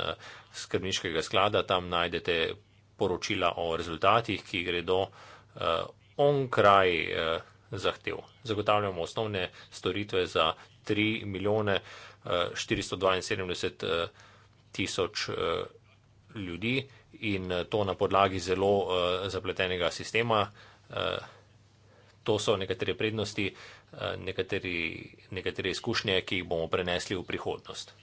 skrbniškega sklada, tam najdete poročila o rezultatih, ki gredo uh, on kraj uh, zahtev. Zagotavljamo osnovne storitve za 3 milijone uh, 472 uh, tisoč uh, ljudi in to na podlagi zelo uh, zapletenega sistema. Uh, to so nekatere prednosti, uh, nekateri, nekatere izkušnje, ki jih bomo prenesli v prihodnost.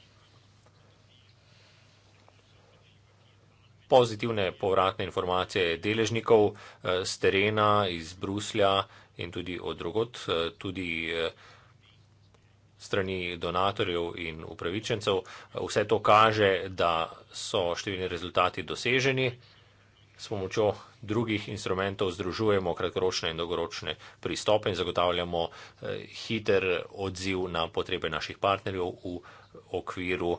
pozitivne povratne informacije deležnikov z eh, terena, iz Bruslja in tudi od drugot, eh, tudi eh, strani donatorjev in upravičencev. Vse to kaže, da so številni rezultati doseženi. S pomočjo drugih instrumentov združujemo kratkoročne in dolgoročne pristope in zagotavljamo hiter odziv na potrebe naših partnerjev v okviru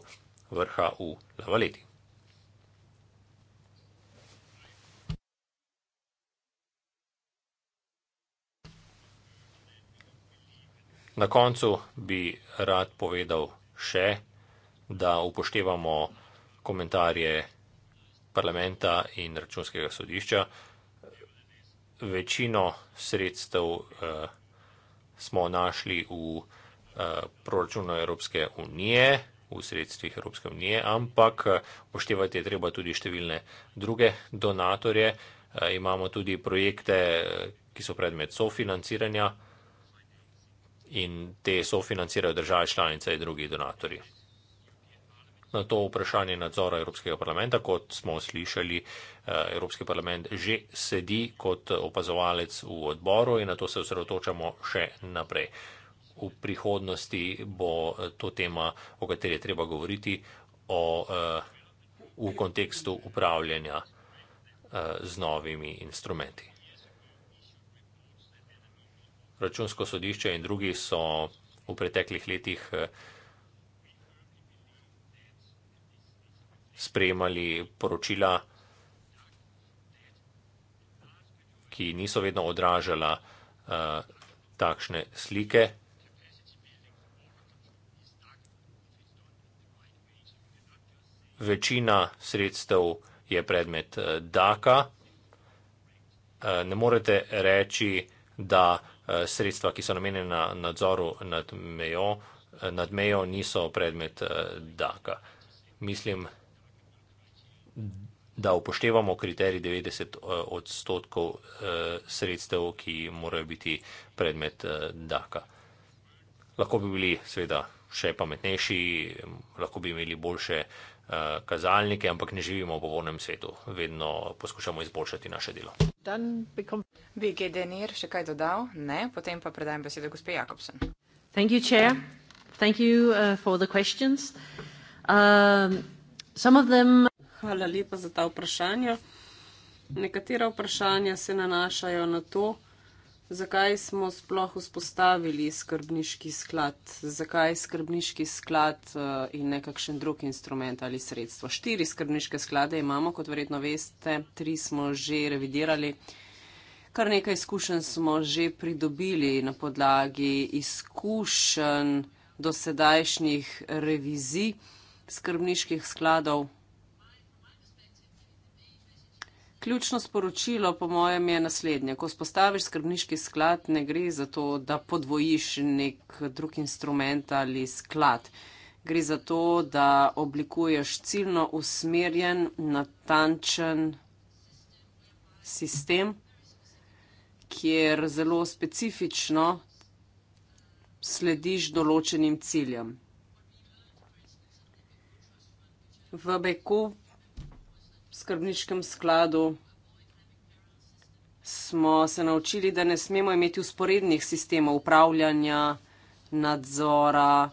vrha v Lavaleti. Na koncu bi rad povedal še, da upoštevamo komentarje parlamenta in računskega sodišča. Večino sredstev uh, smo našli v uh, proračunu Evropske unije, v sredstvih Evropske unije, ampak eh, upoštevati je treba tudi številne druge donatorje. Uh, imamo tudi projekte, ki so predmet sofinanciranja. Uh, in te sofinancirajo države članice in drugi donatori. Na to vprašanje nadzora Evropskega parlamenta, kot smo slišali, eh, Evropski parlament že sedi kot opazovalec v odboru in na to se osredotočamo še naprej. V prihodnosti bo eh, to tema, o kateri je treba govoriti, o, eh, v kontekstu upravljanja z novimi instrumenti. Računsko sodišče in drugi so v preteklih letih eh, sprejemali poročila, ki niso vedno odražala eh, takšne slike. Večina sredstev je predmet eh, DAKA. Ne morete reči, da Eh, sredstva, ki so namenjena nadzoru nad mejo, eh, nad mejo niso predmet eh, DAKA. Mislim, da upoštevamo kriterij 90 odstotkov sredstev, ki morajo biti predmet DAKA. Lahko bi bili seveda še pametnejši, lahko bi imeli boljše Eh, kazalnike, ampak ne živimo v povornem svetu. Vedno poskušamo izboljšati naše delo. Bi Gedenir še kaj dodal? Ne, potem pa predajem besedo gospe Jakobsen. Thank you, chair. Thank you uh, for the questions. Um, them... Hvala lepa za ta vprašanja. Nekatera vprašanja se nanašajo na to, zakaj smo sploh vzpostavili skrbniški sklad, zakaj skrbniški sklad eh, in nekakšen drug instrument ali sredstvo. Štiri skrbniške sklade imamo, kot verjetno veste, tri smo že revidirali. Kar nekaj izkušenj smo že pridobili na podlagi izkušenj do sedajšnjih revizij skrbniških skladov, ključno sporočilo, po mojem, je naslednje. Ko spostaviš skrbniški sklad, ne gre za to, da podvojiš nek drug instrument ali sklad. Gre za to, da oblikuješ ciljno usmerjen, natančen sistem, kjer zelo specifično slediš določenim ciljem. V Bekov skrbniškem skladu smo se naučili, da ne smemo imeti usporednih sistemov upravljanja, nadzora,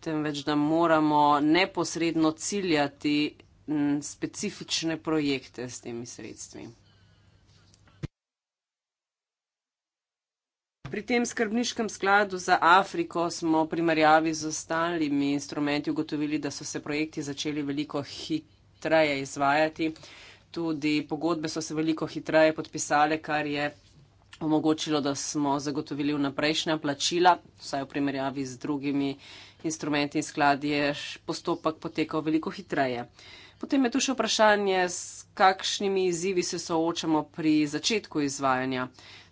temveč da moramo neposredno ciljati specifične projekte s temi sredstvi. Pri tem skrbniškem skladu za Afriko smo v primerjavi z ostalimi instrumenti ugotovili, da so se projekti začeli veliko hitreje izvajati. Tudi pogodbe so se veliko hitreje podpisale, kar je omogočilo, da smo zagotovili vnaprejšnja plačila, vsaj v primerjavi z drugimi instrumenti in skladi je postopek potekal veliko hitreje. Potem je tu še vprašanje, s kakšnimi izzivi se soočamo pri začetku izvajanja.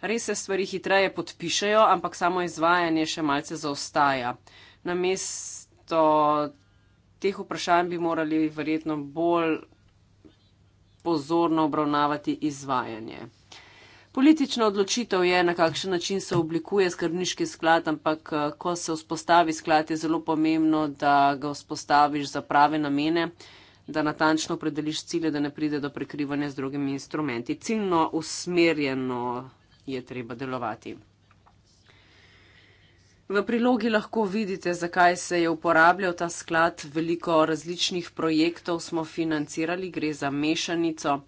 Res se stvari hitreje podpišajo, ampak samo izvajanje še malce zaostaja. Na mesto teh vprašanj bi morali verjetno bolj pozorno obravnavati izvajanje. Politična odločitev je, na kakšen način se oblikuje skrbniški sklad, ampak eh, ko se vzpostavi sklad, je zelo pomembno, da ga vzpostaviš za prave namene. Uh, da natančno predeliš cilje, da ne pride do prekrivanja z drugimi instrumenti. Ciljno usmerjeno je treba delovati. V prilogi lahko vidite, zakaj se je uporabljal ta sklad. Veliko različnih projektov smo financirali, gre za mešanico.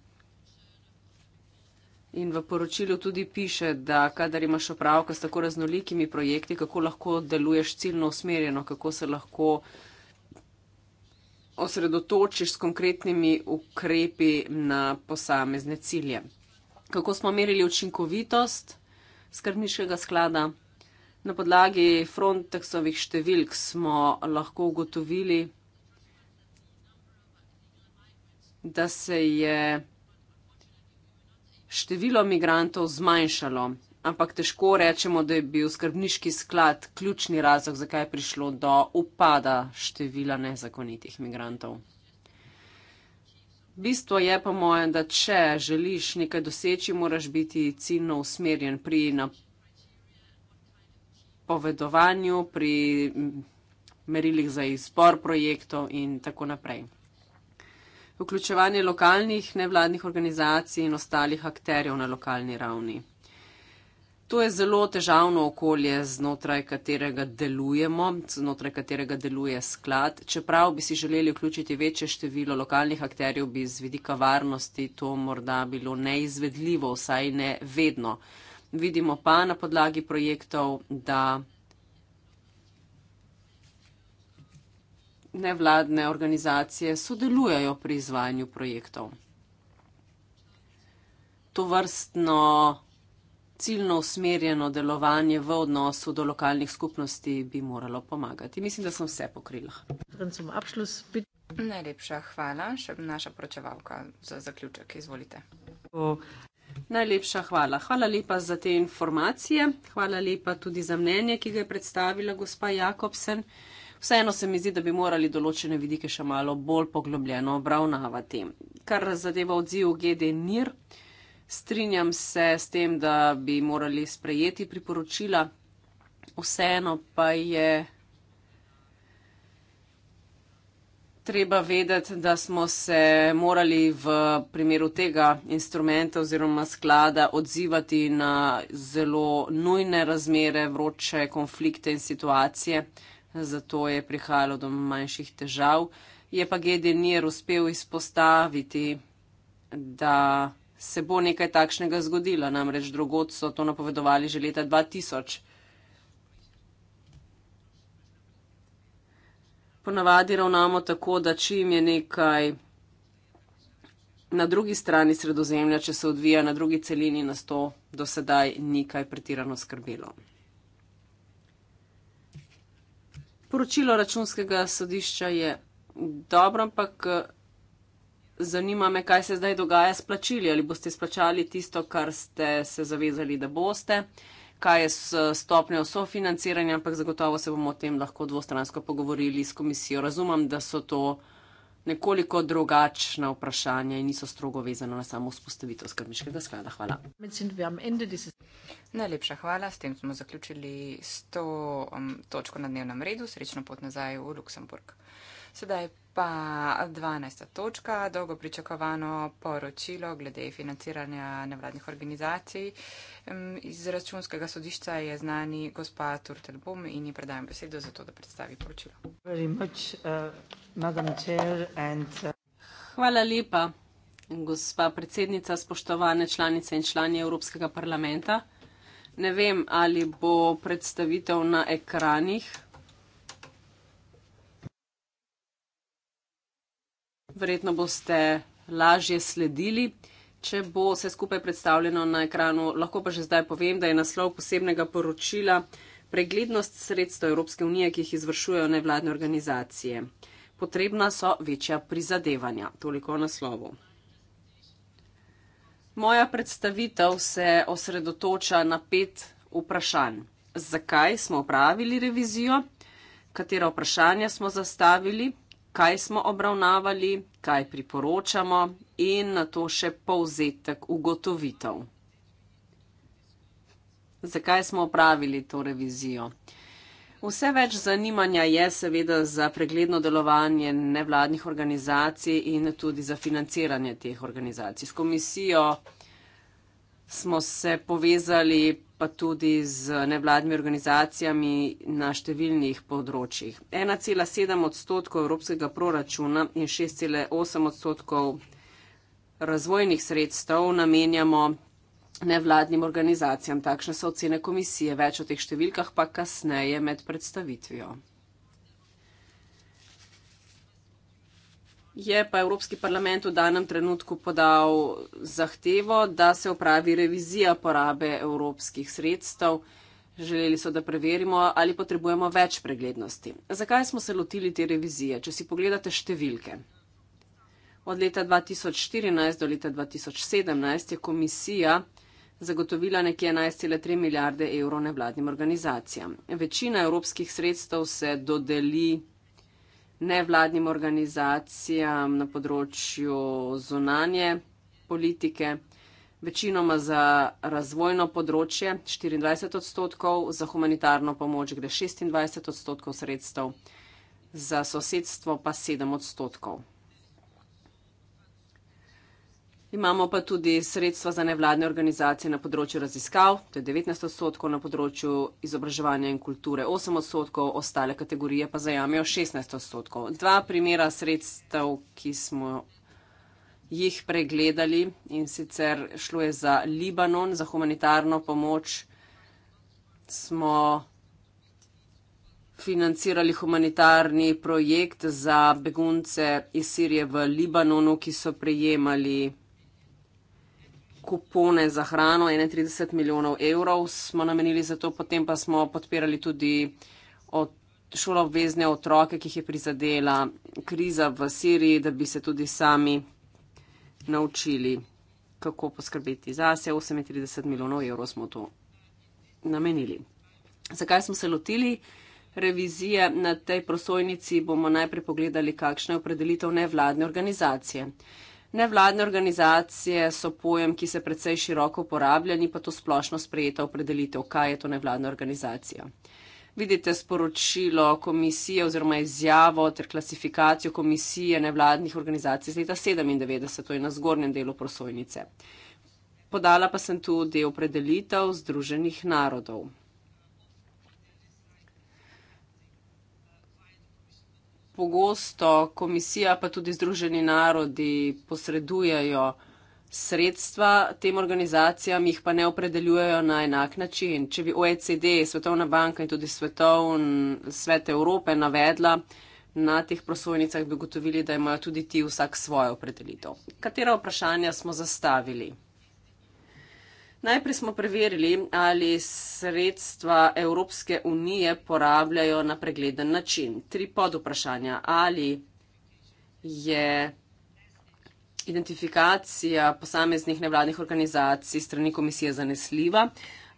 In v poročilu tudi piše, da kadar imaš opravka s tako raznolikimi projekti, kako lahko deluješ ciljno usmerjeno, kako se lahko osredotočiš s konkretnimi ukrepi na posamezne cilje. Kako smo merili učinkovitost skrbniškega sklada? Na podlagi Frontexovih številk smo lahko ugotovili, da se je število migrantov zmanjšalo ampak težko rečemo, da je bil skrbniški sklad ključni razlog, zakaj je prišlo do upada števila nezakonitih migrantov. Bistvo je pa moje, da če želiš nekaj doseči, moraš biti ciljno usmerjen pri napovedovanju, pri mm, merilih za izbor projektov in tako naprej. Vključevanje lokalnih nevladnih organizacij in ostalih akterjev na lokalni ravni. To je zelo težavno okolje, znotraj katerega delujemo, znotraj katerega deluje sklad. Čeprav bi si želeli vključiti večje število lokalnih akterjev, bi z vidika varnosti to morda bilo neizvedljivo, vsaj ne vedno. Vidimo pa na podlagi projektov, da nevladne organizacije sodelujajo pri izvajanju projektov. To vrstno ciljno usmerjeno delovanje v odnosu do lokalnih skupnosti bi moralo pomagati. Mislim, da sem vse pokrila. Najlepša hvala, še naša poročevalka za zaključek. Izvolite. Najlepša hvala. Hvala lepa za te informacije, hvala lepa tudi za mnenje, ki ga je predstavila gospa Jakobsen. Vseeno se mi zdi, da bi morali določene vidike še malo bolj poglobljeno obravnavati. Kar zadeva odziv GD-NIR strinjam se s tem, da bi morali sprejeti priporočila, vseeno pa je treba vedeti, da smo se morali v primeru tega instrumenta oziroma sklada odzivati na zelo nujne razmere, vroče konflikte in situacije, zato je prihajalo do manjših težav. Je pa GDNR uspel izpostaviti, da se bo nekaj takšnega zgodilo. Namreč drugot so to napovedovali že leta 2000. Ponavadi ravnamo tako, da čim je nekaj na drugi strani sredozemlja, če se odvija na drugi celini, nas to do sedaj ni kaj pretirano skrbelo. Poročilo računskega sodišča je dobro, ampak zanima me, kaj se zdaj dogaja s plačili. Ali boste izplačali tisto, kar ste se zavezali, da boste? Kaj je s stopnjo sofinanciranja, ampak zagotovo se bomo o tem lahko dvostransko pogovorili s komisijo. Razumem, da so to nekoliko drugačna vprašanja in niso strogo vezana na samo vzpostavitev skrbniškega sklada. Hvala. Najlepša hvala. S tem smo zaključili 100 um, točko na dnevnem redu. Srečno pot nazaj v Luksemburg. Sedaj pa 12. točka, dolgo pričakovano poročilo glede financiranja nevladnih organizacij. Mm, iz računskega sodišča je znani gospa Turtelbom in ji predajam besedo za to, da predstavi poročilo. Much, uh, and, uh... Hvala lepa, gospa predsednica, spoštovane članice in člani Evropskega parlamenta. Ne vem, ali bo predstavitev na ekranih. verjetno boste lažje sledili, če bo vse skupaj predstavljeno na ekranu. Lahko pa že zdaj povem, da je naslov posebnega poročila preglednost sredstev Evropske unije, ki jih izvršujejo nevladne organizacije. Potrebna so večja prizadevanja. Toliko o naslovu. Moja predstavitev se osredotoča na pet vprašanj. Zakaj smo upravili revizijo, katera vprašanja smo zastavili, kaj smo obravnavali, kaj priporočamo in na to še povzetek ugotovitev. Zakaj smo opravili to revizijo? Vse več zanimanja je seveda za pregledno delovanje nevladnih organizacij in tudi za financiranje teh organizacij. S komisijo smo se povezali pa tudi z nevladnimi organizacijami na številnih področjih. 1,7 odstotkov evropskega proračuna in 6,8 odstotkov razvojnih sredstev namenjamo nevladnim organizacijam. Takšne so ocene komisije, več o teh številkah pa kasneje med predstavitvijo. Je pa Evropski parlament v danem trenutku podal zahtevo, da se opravi revizija porabe evropskih sredstev. Želeli so, da preverimo, ali potrebujemo več preglednosti. Zakaj smo se lotili te revizije? Če si pogledate številke. Od leta 2014 do leta 2017 je komisija zagotovila nekje 11,3 milijarde evrov nevladnim organizacijam. Večina evropskih sredstev se dodeli nevladnim organizacijam na področju zunanje politike, večinoma za razvojno področje 24 odstotkov, za humanitarno pomoč gre 26 odstotkov sredstev, za sosedstvo pa 7 odstotkov. Imamo pa tudi sredstva za nevladne organizacije na področju raziskav, to je 19 odstotkov, na področju izobraževanja in kulture 8 odstotkov, ostale kategorije pa zajamejo 16 odstotkov. Dva primera sredstev, ki smo jih pregledali in sicer šlo je za Libanon, za humanitarno pomoč smo financirali humanitarni projekt za begunce iz Sirije v Libanonu, ki so prejemali kupone za hrano, 31 milijonov evrov smo namenili za to, potem pa smo podpirali tudi šolo obvezne otroke, ki jih je prizadela kriza v Siriji, da bi se tudi sami naučili, kako poskrbeti za se. 38 milijonov evrov smo to namenili. Zakaj smo se lotili revizije na tej prosojnici, bomo najprej pogledali, kakšna je opredelitev nevladne organizacije. Nevladne organizacije so pojem, ki se precej široko uporablja, ni pa to splošno sprejeta opredelitev, kaj je to nevladna organizacija. Vidite sporočilo komisije oziroma izjavo ter klasifikacijo komisije nevladnih organizacij iz leta 1997, to je na zgornjem delu prosojnice. Podala pa sem tudi opredelitev Združenih narodov. pogosto komisija, pa tudi Združeni narodi posredujejo sredstva tem organizacijam, jih pa ne opredeljujejo na enak način. Če bi OECD, Svetovna banka in tudi Svetovn svet Evrope navedla na teh prosojnicah, bi gotovili, da imajo tudi ti vsak svojo opredelitev. Katera vprašanja smo zastavili? Najprej smo preverili, ali sredstva Evropske unije porabljajo na pregleden način. Tri podvprašanja. Ali je identifikacija posameznih nevladnih organizacij strani komisije zanesljiva?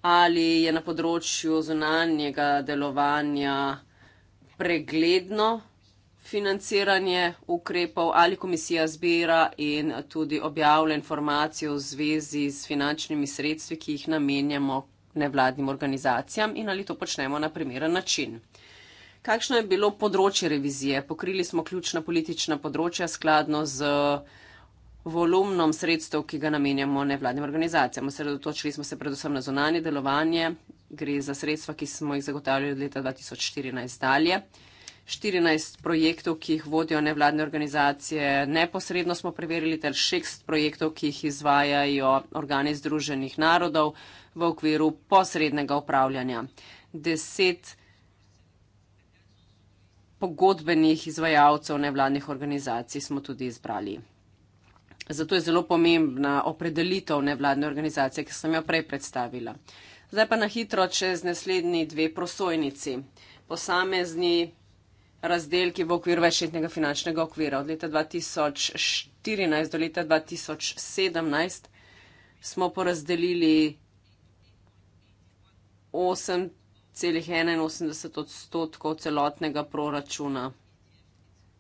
Ali je na področju zunanjega delovanja pregledno financiranje ukrepov ali komisija zbira in tudi objavlja informacijo v zvezi z finančnimi sredstvi, ki jih namenjamo nevladnim organizacijam in ali to počnemo na primeren način. Kakšno je bilo področje revizije? Pokrili smo ključna politična področja skladno z volumnom sredstev, ki ga namenjamo nevladnim organizacijam. Osredotočili smo se predvsem na zonanje delovanje, gre za sredstva, ki smo jih zagotavljali od leta 2014 dalje. 14 projektov, ki jih vodijo nevladne organizacije. Neposredno smo preverili ter 6 projektov, ki jih izvajajo organi Združenih narodov v okviru posrednega upravljanja. 10 pogodbenih izvajalcev nevladnih organizacij smo tudi izbrali. Zato je zelo pomembna opredelitev nevladne organizacije, ki sem jo prej predstavila. Zdaj pa na hitro čez naslednji dve prosojnici. Posamezni razdelki v okviru večletnega finančnega okvira. Od leta 2014 do leta 2017 smo porazdelili 8,81 odstotkov celotnega proračuna.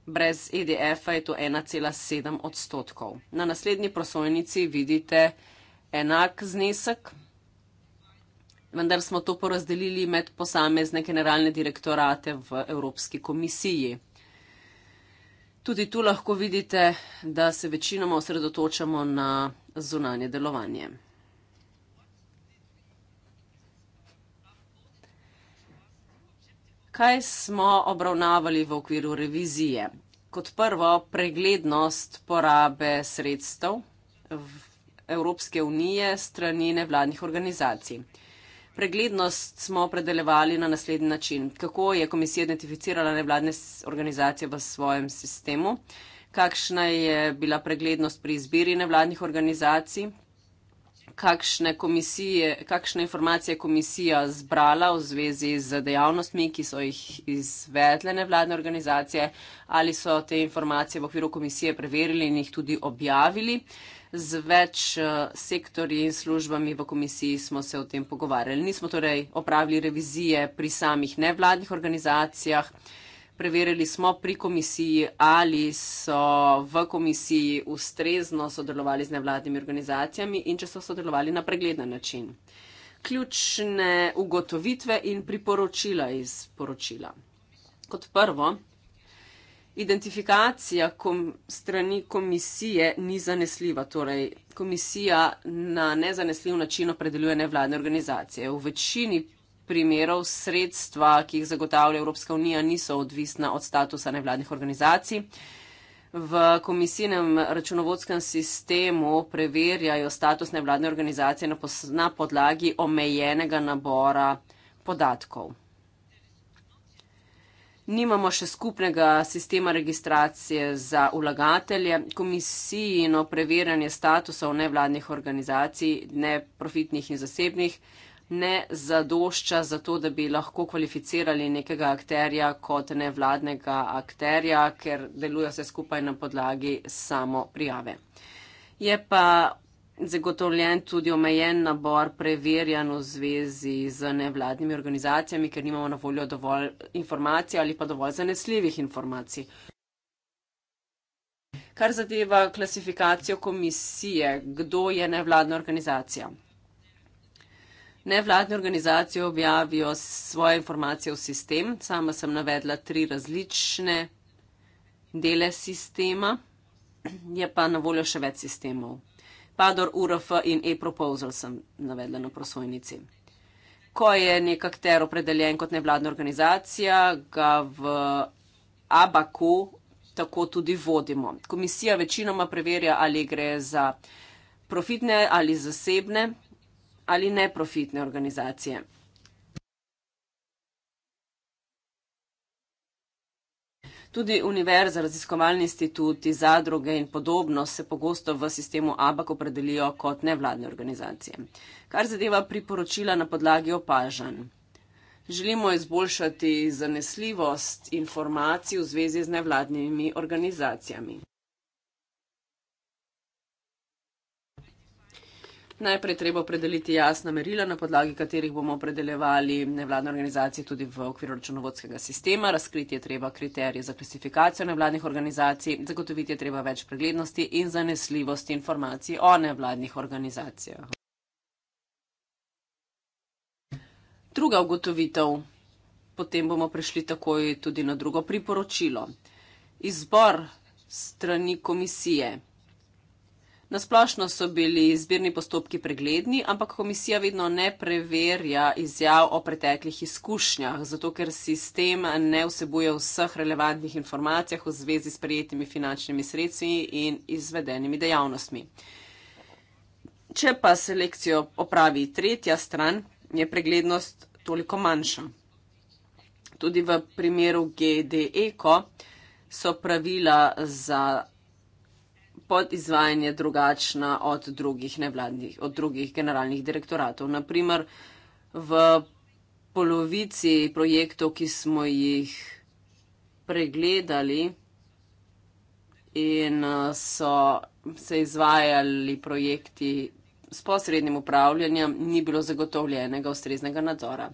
Brez EDF-a je to 1,7 odstotkov. Na naslednji prosojnici vidite enak znesek vendar smo to porazdelili med posamezne generalne direktorate v Evropski komisiji. Tudi tu lahko vidite, da se večinoma osredotočamo na zunanje delovanje. Kaj smo obravnavali v okviru revizije? Kot prvo, preglednost porabe sredstev v Evropske unije strani nevladnih organizacij. Preglednost smo opredeljevali na naslednji način. Kako je komisija identificirala nevladne organizacije v svojem sistemu? Kakšna je bila preglednost pri izbiri nevladnih organizacij? Kakšne, kakšne informacije je komisija zbrala v zvezi z dejavnostmi, ki so jih izvedle nevladne organizacije, ali so te informacije v okviru komisije preverili in jih tudi objavili? Uh, z več eh, sektorji in službami v komisiji smo se o tem pogovarjali. Nismo torej opravili revizije pri samih nevladnih organizacijah. Preverili smo pri komisiji, ali so v komisiji ustrezno sodelovali z nevladnimi organizacijami in če so sodelovali na pregleden način. Ključne ugotovitve in priporočila iz poročila. Kot prvo, identifikacija kom, strani komisije ni zanesljiva. Torej, komisija na nezanesljiv način opredeljuje nevladne organizacije. V večini primerov sredstva, ki jih zagotavlja Evropska unija, niso odvisna od statusa nevladnih organizacij. V komisijnem računovodskem sistemu preverjajo status nevladne organizacije na, pos, na podlagi omejenega nabora podatkov nimamo še skupnega sistema registracije za vlagatelje, komisijino preverjanje statusov nevladnih organizacij, neprofitnih in zasebnih, ne zadošča za to, da bi lahko kvalificirali nekega akterja kot nevladnega akterja, ker deluje vse skupaj na podlagi samo prijave. Je pa zagotovljen tudi omejen nabor preverjan v zvezi z nevladnimi organizacijami, ker nimamo na voljo dovolj informacij ali pa dovolj zanesljivih informacij. Kar zadeva klasifikacijo komisije, kdo je nevladna organizacija? Nevladne organizacije objavijo svoje informacije v sistem. Sama sem navedla tri različne dele sistema, je pa na voljo še več sistemov. Pador, URF in e-proposal sem navedla na prosojnici. Ko je nek akter opredeljen kot nevladna organizacija, ga v ABAKU tako tudi vodimo. Komisija večinoma preverja, ali gre za profitne ali zasebne ali neprofitne organizacije. Tudi univerze, raziskovalni instituti, zadruge in podobno se pogosto v sistemu ABAK opredelijo kot nevladne organizacije. Kar zadeva priporočila na podlagi opažanj. Želimo izboljšati zanesljivost informacij v zvezi z nevladnimi organizacijami. Najprej treba opredeliti jasna merila, na podlagi katerih bomo opredeljevali nevladne organizacije tudi v okviru računovodskega sistema. Razkriti je treba kriterije za klasifikacijo nevladnih organizacij, zagotoviti je treba več preglednosti in zanesljivosti informacij o nevladnih organizacijah. Druga ugotovitev, potem bomo prišli takoj tudi na drugo priporočilo. Izbor strani komisije. Nasplošno so bili zbirni postopki pregledni, ampak komisija vedno ne preverja izjav o preteklih izkušnjah, zato ker sistem ne vsebuje vseh relevantnih informacij v zvezi s prijetimi finančnimi sredstvi in izvedenimi dejavnostmi. Če pa selekcijo opravi tretja stran, je preglednost toliko manjša. Tudi v primeru GDE-ko so pravila za pod izvajanje drugačna od drugih nevladnih, od drugih generalnih direktoratov. Naprimer, v polovici projektov, ki smo jih pregledali in eh, so se izvajali projekti s posrednim upravljanjem, ni bilo zagotovljenega ustreznega nadzora.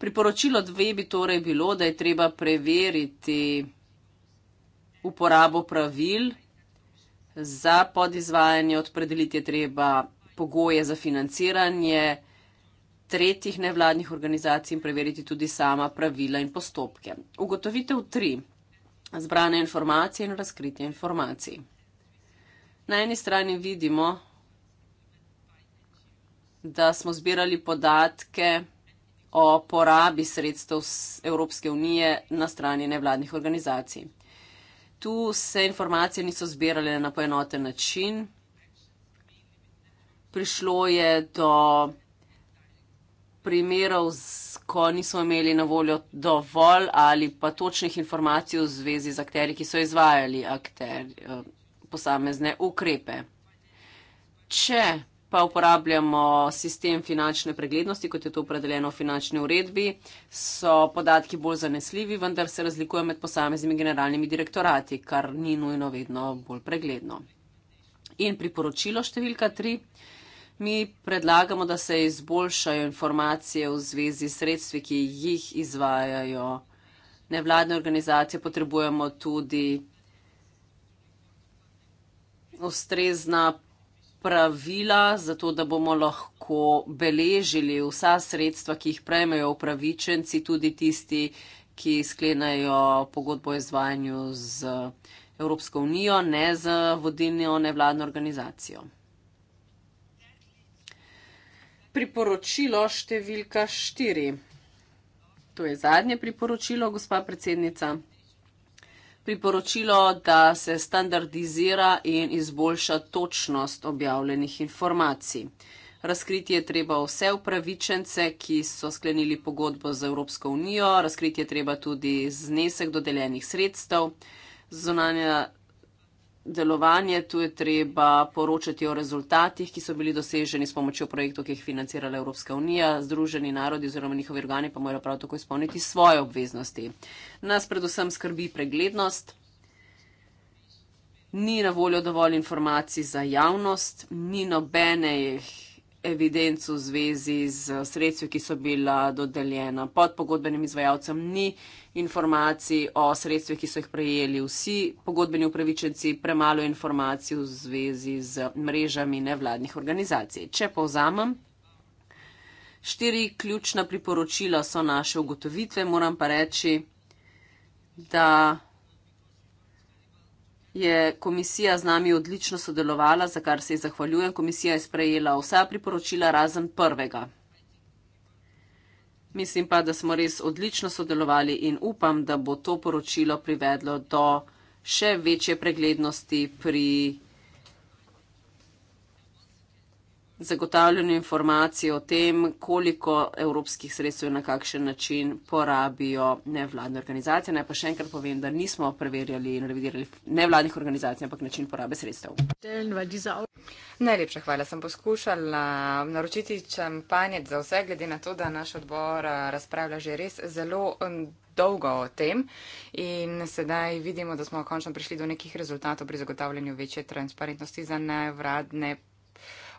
Priporočilo dve bi torej bilo, da je treba preveriti uporabo pravil za podizvajanje, odprediti je treba pogoje za financiranje tretjih nevladnih organizacij in preveriti tudi sama pravila in postopke. Ugotovitev tri. Zbrane informacije in razkritje informacij. Na eni strani vidimo, da smo zbirali podatke o porabi sredstev Evropske unije na strani nevladnih organizacij tu se informacije niso zbirale na poenoten način. Prišlo je do primerov, ko nismo imeli na voljo dovolj ali pa točnih informacij v zvezi z akteri, ki so izvajali akter, eh, posamezne ukrepe. Če pa uporabljamo sistem finančne preglednosti, kot je to opredeljeno v finančni uredbi, so podatki bolj zanesljivi, vendar se razlikuje med posameznimi generalnimi direktorati, kar ni nujno vedno bolj pregledno. In priporočilo številka tri. Mi predlagamo, da se izboljšajo informacije v zvezi s sredstvi, ki jih izvajajo nevladne organizacije. Potrebujemo tudi ustrezna pravila za to, da bomo lahko beležili vsa sredstva, ki jih prejmejo upravičenci, tudi tisti, ki sklenajo pogodbo o izvajanju z Evropsko unijo, ne z vodilno nevladno organizacijo. Priporočilo številka štiri. To je zadnje priporočilo, gospa predsednica priporočilo, da se standardizira in izboljša točnost objavljenih informacij. Razkriti je treba vse upravičence, ki so sklenili pogodbo z Evropsko unijo, razkriti je treba tudi znesek dodeljenih sredstev. Zunanja delovanje, tu je treba poročati o rezultatih, ki so bili doseženi s pomočjo projektov, ki jih financirala Evropska unija. Združeni narodi oziroma njihovi organi pa morajo prav tako izpolniti svoje obveznosti. Nas predvsem skrbi preglednost. Ni na voljo dovolj informacij za javnost, ni nobene jih evidenc v zvezi z eh, sredstvi, ki so bila dodeljena pod pogodbenim izvajalcem, ni informacij o sredstvi, ki so jih prejeli vsi pogodbeni upravičenci, premalo informacij v zvezi z mrežami nevladnih organizacij. Če povzamem, štiri ključna priporočila so naše ugotovitve, moram pa reči, da je komisija z nami odlično sodelovala, za kar se ji zahvaljujem. Komisija je sprejela vsa priporočila razen prvega. Mislim pa, da smo res odlično sodelovali in upam, da bo to poročilo privedlo do še večje preglednosti pri. zagotavljanju informacij o tem, koliko evropskih sredstev na kakšen način porabijo nevladne organizacije. Naj pa še enkrat povem, da nismo preverjali in revidirali nevladnih organizacij, ampak način porabe sredstev. Najlepša hvala. Sem poskušala naročiti čampanjec za vse, glede na to, da naš odbor eh, razpravlja že res zelo eh, dolgo o tem in sedaj vidimo, da smo končno prišli do nekih rezultatov pri zagotavljanju večje transparentnosti za nevladne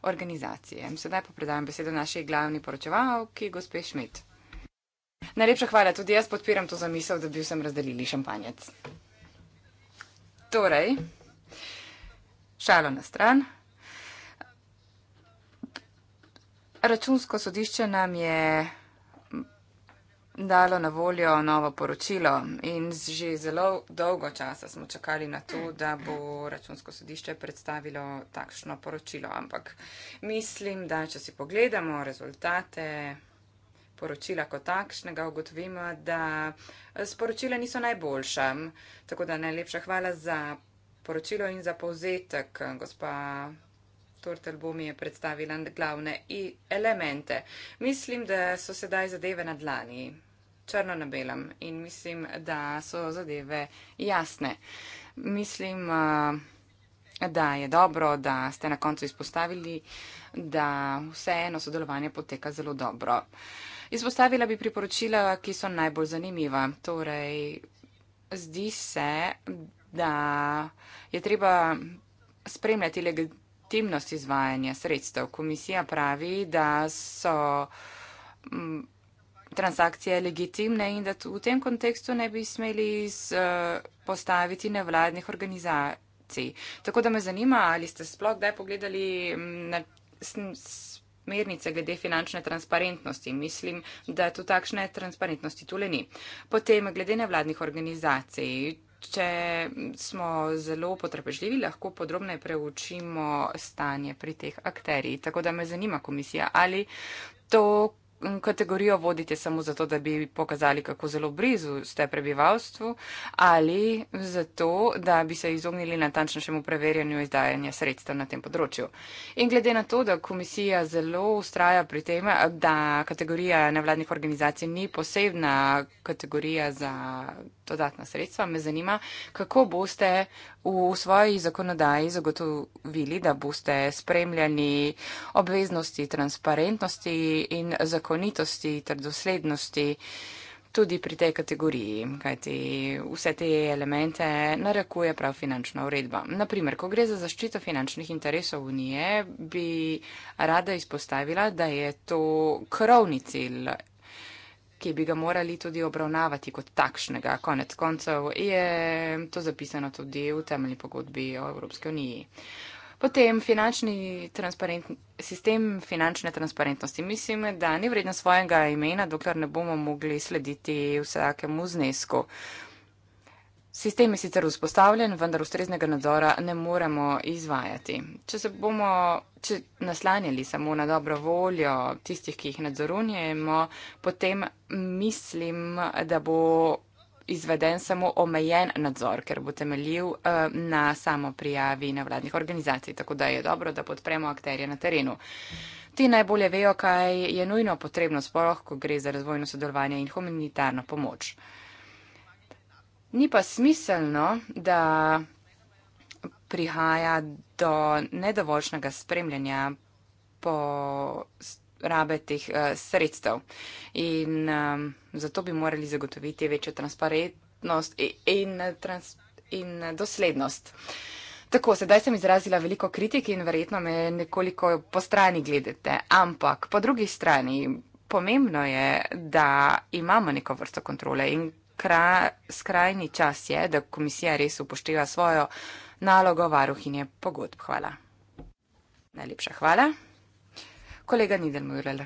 organizacije. Sedaj pa predajam besedo naši glavni poročevalki, gospe Šmit. Najlepša hvala, tudi jaz podpiram to zamisel, da bi vsem razdelili šampanjec. Torej, šalo na stran. Računsko sodišče nam je dalo na voljo novo poročilo in že zelo dolgo časa smo čakali na to, da bo računsko sodišče predstavilo takšno poročilo. Ampak mislim, da če si pogledamo rezultate poročila kot takšnega, ugotovimo, da sporočila niso najboljša. Tako da najlepša hvala za poročilo in za povzetek, gospa. Tortel bo mi je predstavila glavne elemente. Mislim, da so sedaj zadeve na dlani črno na belem in mislim, da so zadeve jasne. Mislim, eh, da je dobro, da ste na koncu izpostavili, da vseeno sodelovanje poteka zelo dobro. Izpostavila bi priporočila, ki so najbolj zanimiva. Torej, zdi se, da je treba spremljati legitimnost izvajanja sredstev. Komisija pravi, da so. Mm, transakcije legitimne in da v tem kontekstu ne bi smeli z, uh, eh, postaviti nevladnih organizacij. Tako da me zanima, ali ste sploh kdaj pogledali mm, na smernice glede finančne transparentnosti. Mislim, da tu takšne transparentnosti tule ni. Potem glede nevladnih organizacij. Če smo zelo potrpežljivi, lahko podrobno preučimo stanje pri teh akterjih. Tako da me zanima komisija, ali to kategorijo vodite samo zato, da bi pokazali, kako zelo blizu ste prebivalstvu ali zato, da bi se izognili natančnejšemu preverjanju izdajanja sredstva na tem področju. In glede na to, da komisija zelo ustraja pri tem, da kategorija nevladnih organizacij ni posebna kategorija za dodatna sredstva, me zanima, kako boste v svoji zakonodaji zagotovili, da boste spremljali obveznosti transparentnosti in zakonitosti ter doslednosti tudi pri tej kategoriji, kajti vse te elemente narekuje prav finančna uredba. Naprimer, ko gre za zaščito finančnih interesov Unije, bi rada izpostavila, da je to krovni cilj ki bi ga morali tudi obravnavati kot takšnega. Konec koncev je to zapisano tudi v temeljni pogodbi o Evropski uniji. Potem finančni sistem finančne transparentnosti. Mislim, da ni vredno svojega imena, dokler ne bomo mogli slediti vsakemu znesku. Sistem je sicer vzpostavljen, vendar ustreznega nadzora ne moremo izvajati. Če se bomo če naslanjali samo na dobro voljo tistih, ki jih nadzorujemo, potem mislim, da bo izveden samo omejen nadzor, ker bo temeljil eh, na samo prijavi na vladnih organizacij. Tako da je dobro, da podpremo akterje na terenu. Ti najbolje vejo, kaj je nujno potrebno sploh, ko gre za razvojno sodelovanje in humanitarno pomoč. Ni pa smiselno, da prihaja do nedovoljšnega spremljanja po rabe teh uh, sredstev. In um, zato bi morali zagotoviti večjo transparentnost e-, in, in, eh, trans, in doslednost. Tako, sedaj sem izrazila veliko kritik in verjetno me nekoliko po strani gledate, ampak po drugi strani pomembno je, da imamo neko vrsto kontrole in kra, skrajni čas je, da komisija res upošteva svojo nalogo varuhinje pogodb. Hvala. Najlepša hvala. Kolega Nidelmurel.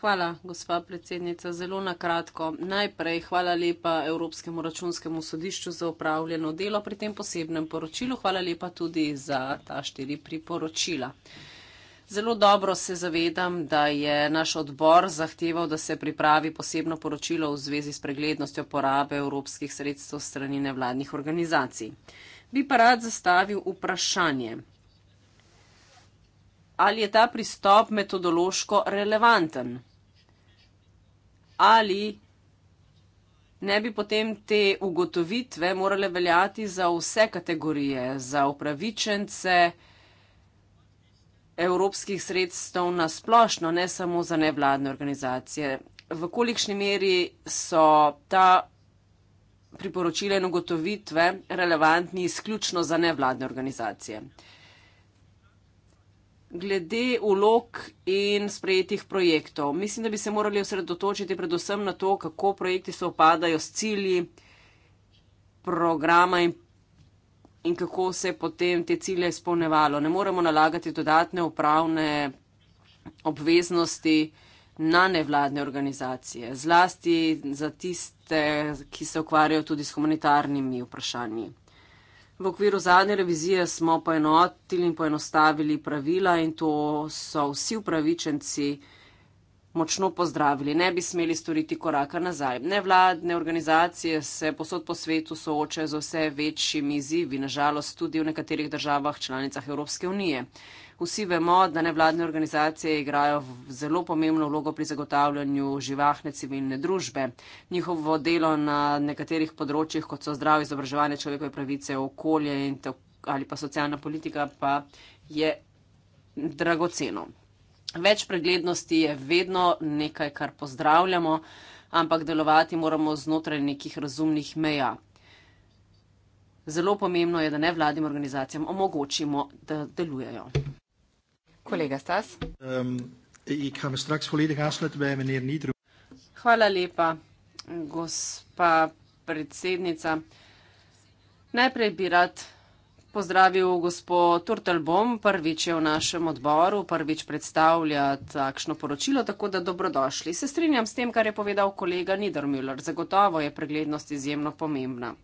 Hvala, gospa predsednica. Zelo na kratko. Najprej hvala lepa Evropskemu računskemu sodišču za upravljeno delo pri tem posebnem poročilu. Hvala lepa tudi za ta štiri priporočila. Zelo dobro se zavedam, da je naš odbor zahteval, da se pripravi posebno poročilo v zvezi s preglednostjo porabe evropskih sredstev strani nevladnih organizacij. Bi pa rad zastavil vprašanje, ali je ta pristop metodološko relevanten? Ali ne bi potem te ugotovitve morale veljati za vse kategorije, za upravičence, evropskih sredstev na splošno, ne samo za nevladne organizacije. V kolikšni meri so ta priporočila in ugotovitve relevantni izključno za nevladne organizacije? Glede ulog in sprejetih projektov, mislim, da bi se morali osredotočiti predvsem na to, kako projekti se opadajo s cilji programa in projekta in kako se je potem te cilje izpolnevalo. Ne moremo nalagati dodatne upravne obveznosti na nevladne organizacije, zlasti za tiste, ki se ukvarjajo tudi s humanitarnimi vprašanji. V okviru zadnje revizije smo poenotili in poenostavili pravila in to so vsi upravičenci, močno pozdravili, ne bi smeli storiti koraka nazaj. Nevladne organizacije se posod po svetu soočajo z vse večjimi izzivi, nažalost tudi v nekaterih državah članicah Evropske unije. Vsi vemo, da nevladne organizacije igrajo zelo pomembno vlogo pri zagotavljanju živahne civilne družbe. Njihovo delo na nekaterih področjih, kot so zdravje, izobraževanje človekove pravice, okolje ali pa socialna politika, pa je dragoceno. Več preglednosti je vedno nekaj, kar pozdravljamo, ampak delovati moramo znotraj nekih razumnih meja. Zelo pomembno je, da ne vladim organizacijam omogočimo, da delujejo. Kolega Stas. Um, Hvala lepa, gospa predsednica. Najprej bi rad pozdravil gospod Turtelbom, prvič je v našem odboru, prvič predstavlja takšno poročilo, tako da dobrodošli. Se strinjam s tem, kar je povedal kolega Niedermüller. Zagotovo je preglednost izjemno pomembna.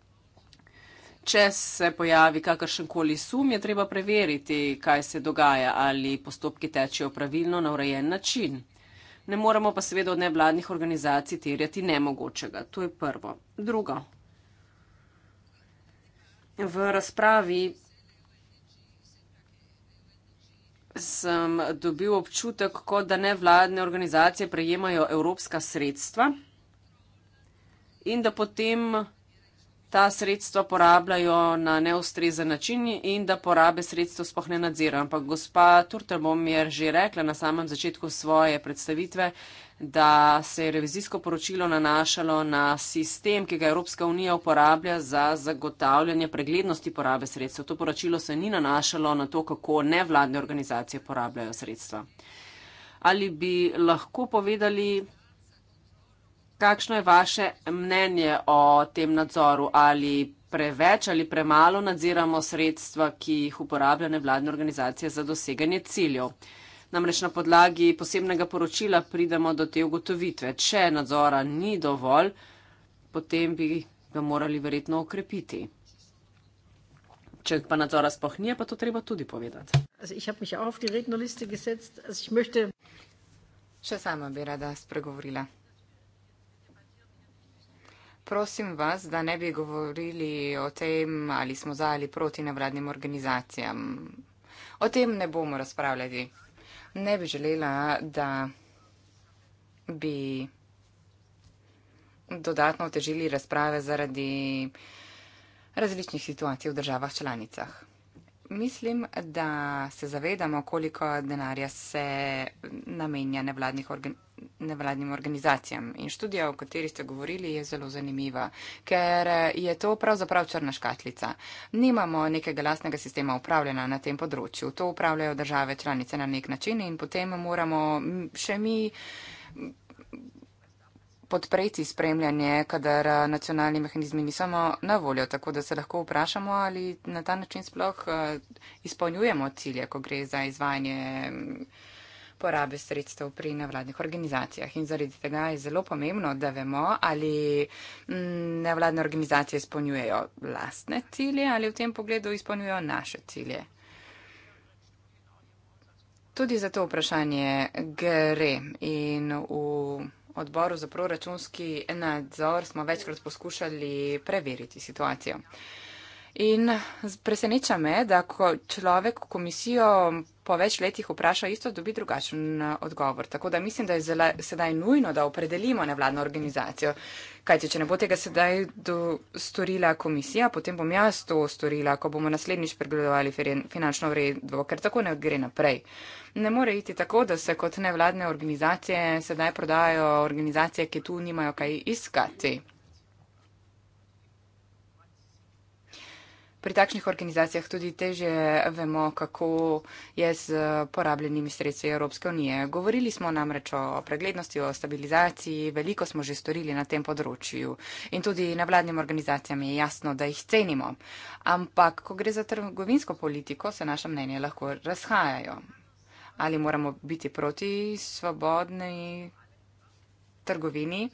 Če se pojavi kakršenkoli sum, je treba preveriti, kaj se dogaja, ali postopki tečejo pravilno na urejen način. Ne moremo pa seveda od nevladnih organizacij terjati nemogočega. To je prvo. Drugo. V razpravi sem dobil občutek, kot da nevladne organizacije prejemajo evropska sredstva in da potem ta sredstva porabljajo na neustrezen način in da porabe sredstva spoh ne nadzira. Ampak gospa Turtelbom je že rekla na samem začetku svoje predstavitve, da se je revizijsko poročilo nanašalo na sistem, ki ga Evropska unija uporablja za zagotavljanje preglednosti porabe sredstev. To poročilo se ni nanašalo na to, kako nevladne organizacije porabljajo sredstva. Ali bi lahko povedali, kakšno je vaše mnenje o tem nadzoru, ali preveč ali premalo nadziramo sredstva, ki jih uporabljajo nevladne organizacije za doseganje ciljev? Namreč na podlagi posebnega poročila pridemo do te ugotovitve. Če nadzora ni dovolj, potem bi ga morali verjetno okrepiti. Če pa nadzora sploh ni, pa to treba tudi povedati. Še sama bi rada spregovorila. Prosim vas, da ne bi govorili o tem, ali smo za ali proti navradnim organizacijam. O tem ne bomo razpravljali ne bi želela, da bi dodatno otežili razprave zaradi različnih situacij v državah članicah. Mislim, da se zavedamo, koliko denarja se namenja nevladnih organizacij nevladnim organizacijam. In študija, o kateri ste govorili, je zelo zanimiva, ker je to pravzaprav črna škatlica. Nimamo nekega lastnega sistema upravljena na tem področju. To upravljajo države članice na nek način in potem moramo še mi podpreti spremljanje, kadar nacionalni mehanizmi nismo na voljo, tako da se lahko vprašamo, ali na ta način sploh eh, izpolnjujemo cilje, ko gre za izvajanje porabe sredstev pri nevladnih organizacijah. In zaradi tega je zelo pomembno, da vemo, ali mm, nevladne organizacije izpolnjujejo lastne cilje ali v tem pogledu izpolnjujejo naše cilje. Tudi za to vprašanje gre in v odboru za proračunski nadzor smo večkrat poskušali preveriti situacijo. In preseneča me, da ko človek komisijo po več letih vpraša isto, dobi drugačen eh, odgovor. Tako da mislim, da je zela, sedaj nujno, da opredelimo nevladno organizacijo. Kajti, če ne bo tega sedaj do, storila komisija, potem bom jaz to storila, ko bomo naslednjič pregledovali finančno vredno, ker tako ne gre naprej. Ne more iti tako, da se kot nevladne organizacije sedaj prodajo organizacije, ki tu nimajo kaj iskati. pri takšnih organizacijah tudi teže vemo, kako je z porabljenimi sredstvi Evropske unije. Govorili smo namreč o preglednosti, o stabilizaciji, veliko smo že storili na tem področju in tudi nevladnim organizacijam je jasno, da jih cenimo. Ampak, ko gre za trgovinsko politiko, se naša mnenja lahko razhajajo. Ali moramo biti proti svobodni trgovini?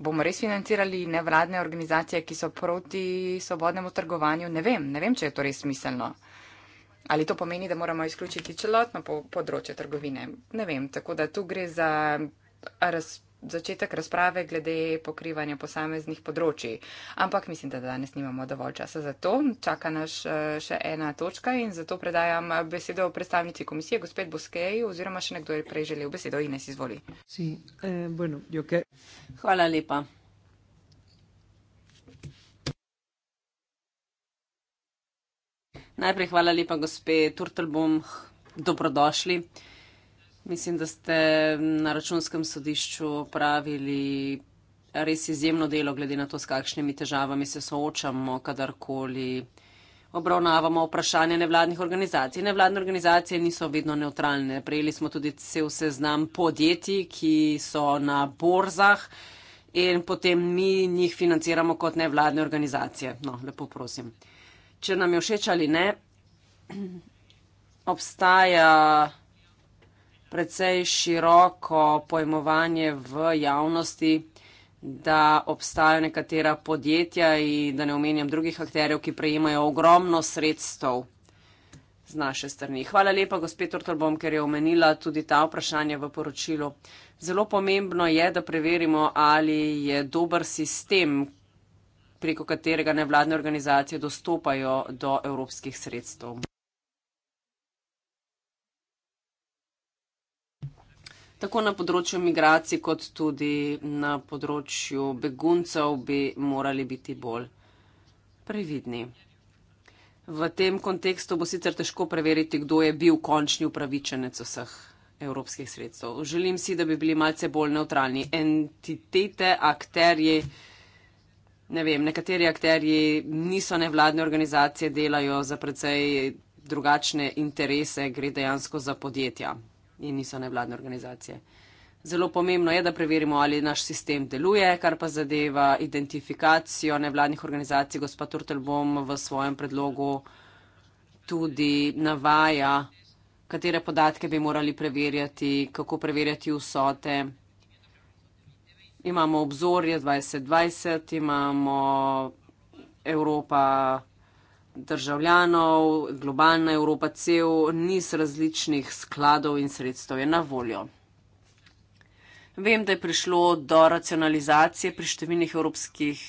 bomo res financirali nevladne organizacije, ki so proti svobodnemu trgovanju, ne vem, ne vem, če je to res smiselno. Ali to pomeni, da moramo izključiti celotno po področje trgovine? Ne vem. Tako da tu gre za razpoložljivost začetek razprave glede pokrivanja posameznih področji. Ampak mislim, da danes nimamo dovolj časa za to. Čaka nas eh, še ena točka in zato predajam eh, besedo predstavnici komisije, gospod Boskej, oziroma še nekdo je prej želel besedo in nas izvoli. Si, eh, bueno, okay. Hvala lepa. Najprej hvala lepa, gospe Turtelbom, dobrodošli. Uh, Mislim, da ste na računskem sodišču opravili res izjemno delo, glede na to, s kakšnimi težavami se soočamo, kadarkoli obravnavamo vprašanje nevladnih organizacij. Nevladne organizacije niso vedno neutralne. Prejeli smo tudi cel seznam podjetij, ki so na borzah in potem mi njih financiramo kot nevladne organizacije. No, lepo prosim. Če nam je všeč ali ne, obstaja precej široko pojmovanje v javnosti, da obstajajo nekatera podjetja in da ne omenjam drugih akterjev, ki prejemajo ogromno sredstev z naše strani. Hvala lepa, gospod Tortolbom, ker je omenila tudi ta vprašanja v poročilu. Zelo pomembno je, da preverimo, ali je dober sistem, preko katerega nevladne organizacije dostopajo do evropskih sredstev. tako na področju migracij, kot tudi na področju beguncev, bi morali biti bolj previdni. V tem kontekstu bo sicer težko preveriti, kdo je bil končni upravičenec vseh evropskih sredstev. Želim si, da bi bili malce bolj neutralni. Entitete, akterji, ne vem, nekateri akterji niso nevladne organizacije, delajo za precej drugačne interese, gre dejansko za podjetja in niso nevladne organizacije. Zelo pomembno je, da preverimo, ali naš sistem deluje, kar pa zadeva identifikacijo nevladnih organizacij. Gospa Turtel bom v svojem predlogu tudi navaja, katere podatke bi morali preverjati, kako preverjati vsote. Imamo obzorje 2020, imamo Evropa državljanov, globalna Evropa, cel niz različnih skladov in sredstev je na voljo. Vem, da je prišlo do racionalizacije pri številnih evropskih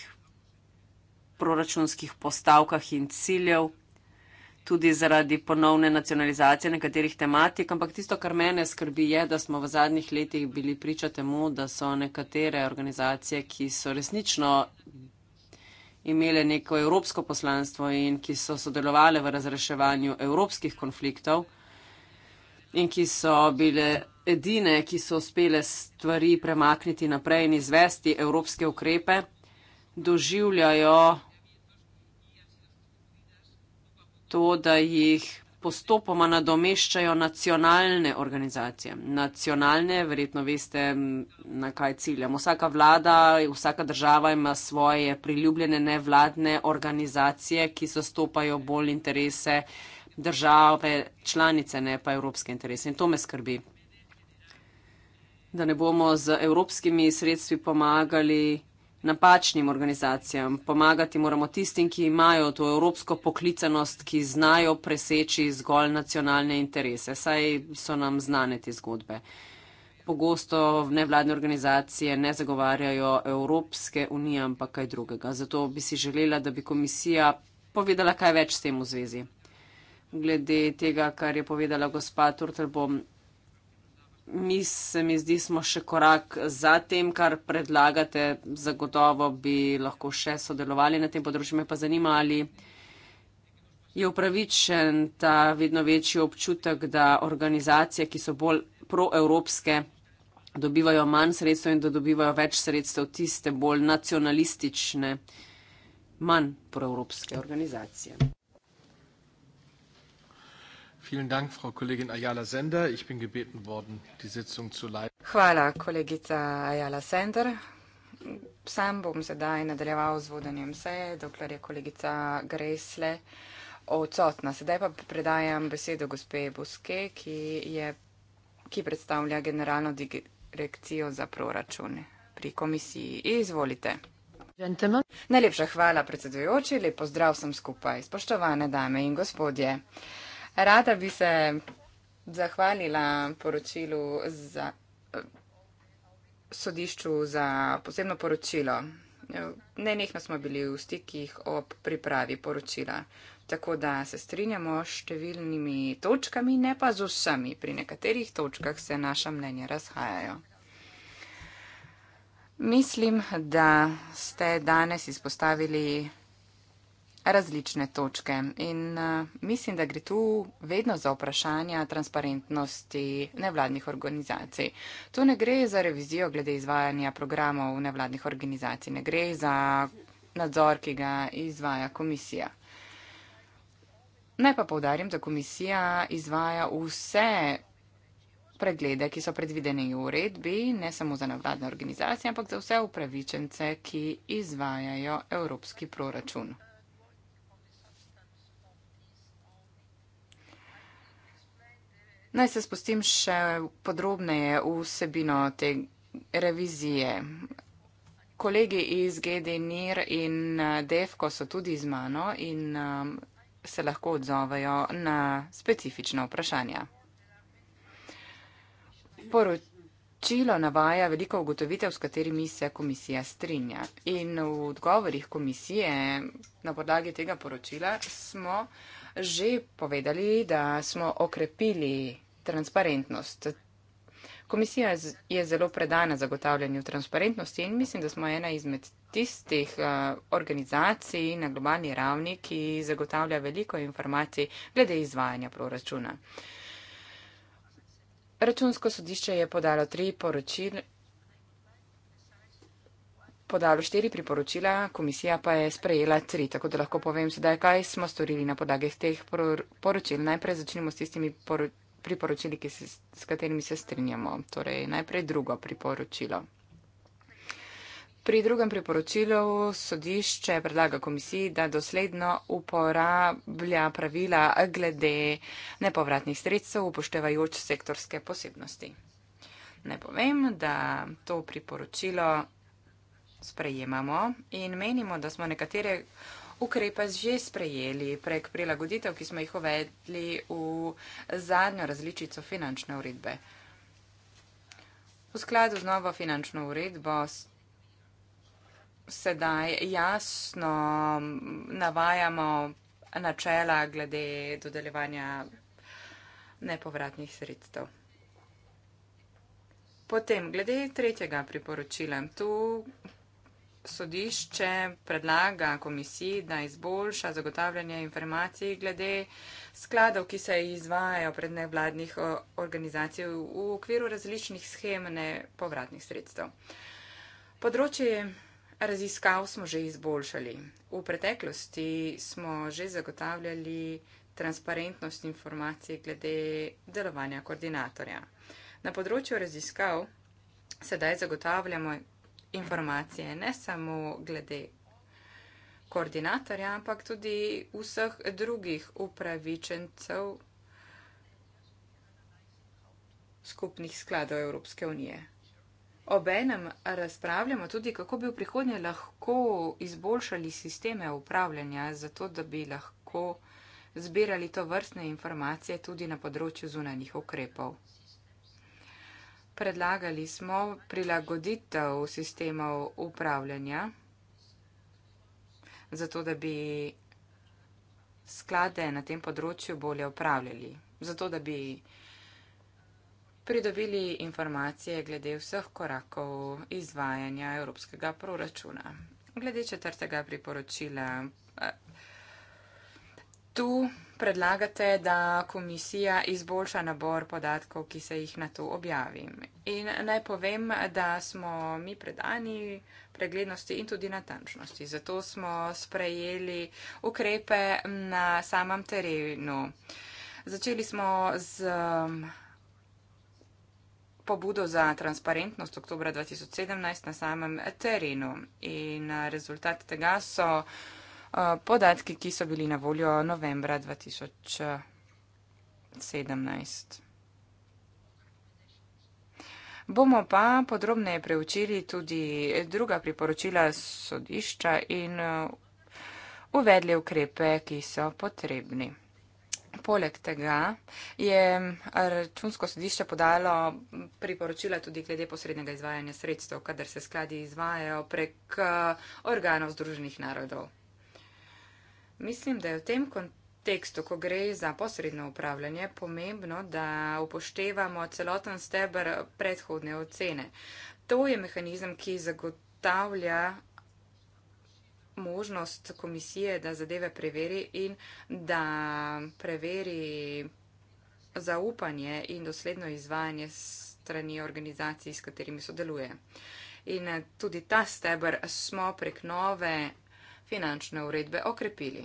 proračunskih postavkah in ciljev, tudi zaradi ponovne nacionalizacije nekaterih tematik, ampak tisto, kar mene skrbi, je, da smo v zadnjih letih bili priča temu, da so nekatere organizacije, ki so resnično imele neko evropsko poslanstvo in ki so sodelovali v razreševanju evropskih konfliktov in ki so bile edine, ki so uspele stvari premakniti naprej in izvesti evropske ukrepe, doživljajo to, da jih postopoma nadomeščajo nacionalne organizacije. Nacionalne, verjetno veste, na kaj ciljam. Vsaka vlada, vsaka država ima svoje priljubljene nevladne organizacije, ki zastopajo bolj interese države, članice, ne pa evropske interese. In to me skrbi. Da ne bomo z evropskimi sredstvi pomagali napačnim organizacijam, pomagati moramo tistim, ki imajo to evropsko poklicanost, ki znajo preseči zgolj nacionalne interese. Saj so nam znane te zgodbe. Pogosto nevladne organizacije ne zagovarjajo Evropske unije, ampak kaj drugega. Zato bi si želela, da bi komisija povedala kaj več s tem v zvezi. Glede tega, kar je povedala gospa Turtel, bom mi se mi zdi, smo še korak za tem, kar predlagate. Zagotovo bi lahko še sodelovali na tem področju. Me pa zanima, ali je upravičen ta vedno večji občutek, da organizacije, ki so bolj proevropske, dobivajo manj sredstev in da dobivajo več sredstev tiste bolj nacionalistične, manj proevropske organizacije. Vielen Dank, Frau Kollegin Ayala Sender. Ich bin gebeten worden, die Sitzung zu leiten. Hvala, kolegica Ayala Sender. Sam bom sedaj nadaljeval z vodenjem seje, dokler je kolegica Gresle odsotna. Sedaj pa predajam besedo gospe Buske, ki, je, ki predstavlja generalno direkcijo za proračune pri komisiji. Izvolite. Gentleman. Najlepša hvala predsedujoči, lep pozdrav sem skupaj, spoštovane dame in gospodje. Rada bi se zahvalila poročilu za sodišču za posebno poročilo. Nenehno smo bili v stikih ob pripravi poročila, tako da se strinjamo s številnimi točkami, ne pa z vsemi. Pri nekaterih točkah se naša mnenja razhajajo. Mislim, da ste danes izpostavili različne točke. In uh, mislim, da gre tu vedno za vprašanja transparentnosti nevladnih organizacij. Tu ne gre za revizijo glede izvajanja programov nevladnih organizacij, ne gre za nadzor, ki ga izvaja komisija. Naj pa povdarim, da komisija izvaja vse preglede, ki so predvideni v uredbi, ne samo za nevladne organizacije, ampak za vse upravičence, ki izvajajo evropski proračun. Naj se spustim še podrobneje v vsebino te revizije. Kolegi iz GDNIR in eh, DEFKO so tudi z mano in eh, se lahko odzovejo na specifična vprašanja. Poročilo navaja veliko ugotovitev, s katerimi se komisija strinja. In v odgovorih komisije na podlagi tega poročila smo že povedali, da smo okrepili transparentnost. Komisija je zelo predana zagotavljanju transparentnosti in mislim, da smo ena izmed tistih eh, organizacij na globalni ravni, ki zagotavlja veliko informacij glede izvajanja proračuna. Računsko sodišče je podalo tri poročil, podalo štiri priporočila, komisija pa je sprejela tri, tako da lahko povem sedaj, kaj smo storili na podlagi teh poročil. Najprej začnemo s tistimi poročili priporočili, se, s katerimi se strinjamo. Torej, najprej drugo priporočilo. Pri drugem priporočilu sodišče predlaga komisiji, da dosledno uporablja pravila glede nepovratnih sredstev, upoštevajoč sektorske posebnosti. Ne povem, da to priporočilo sprejemamo in menimo, da smo nekatere ukrepe že sprejeli prek prilagoditev, ki smo jih uvedli v zadnjo različico finančne uredbe. V skladu z novo finančno uredbo sedaj jasno navajamo načela glede dodeljevanja nepovratnih sredstev. Potem, glede tretjega priporočila, tu sodišče predlaga komisiji, da izboljša zagotavljanje informacij glede skladov, ki se izvajajo pred nevladnih organizacij v okviru različnih schem nepovratnih sredstev. Področje raziskav smo že izboljšali. V preteklosti smo že zagotavljali transparentnost informacij glede delovanja koordinatorja. Na področju raziskav sedaj zagotavljamo informacije, ne samo glede koordinatorja, ampak tudi vseh drugih upravičencev skupnih skladov Evropske unije. Obenem razpravljamo tudi, kako bi v prihodnje lahko izboljšali sisteme upravljanja, zato da bi lahko zbirali to vrstne informacije tudi na področju zunanjih ukrepov predlagali smo prilagoditev sistemov upravljanja, zato da bi sklade na tem področju bolje upravljali, zato da bi pridobili informacije glede vseh korakov izvajanja evropskega proračuna. Glede četrtega priporočila. Eh, tu predlagate, da komisija izboljša nabor podatkov, ki se jih na to objavi. In naj povem, da smo mi predani preglednosti in tudi natančnosti. Zato smo sprejeli ukrepe na samem terenu. Začeli smo z um, pobudo za transparentnost oktobra 2017 na samem terenu in uh, rezultat tega so Eh, podatki, ki so bili na voljo novembra 2017. Bomo pa podrobneje preučili tudi druga priporočila sodišča in eh, uvedli ukrepe, ki so potrebni. Poleg tega je računsko sodišče podalo priporočila tudi glede posrednega izvajanja sredstev, kadar se skladi izvajajo prek eh, organov Združenih narodov. Mislim, da je v tem kontekstu, ko gre za posredno upravljanje, pomembno, da upoštevamo celoten stebr predhodne ocene. To je mehanizem, ki zagotavlja možnost komisije, da zadeve preveri in da preveri zaupanje in dosledno izvajanje strani organizacij, s katerimi sodeluje. In eh, tudi ta stebr smo prek nove finančne uredbe okrepili.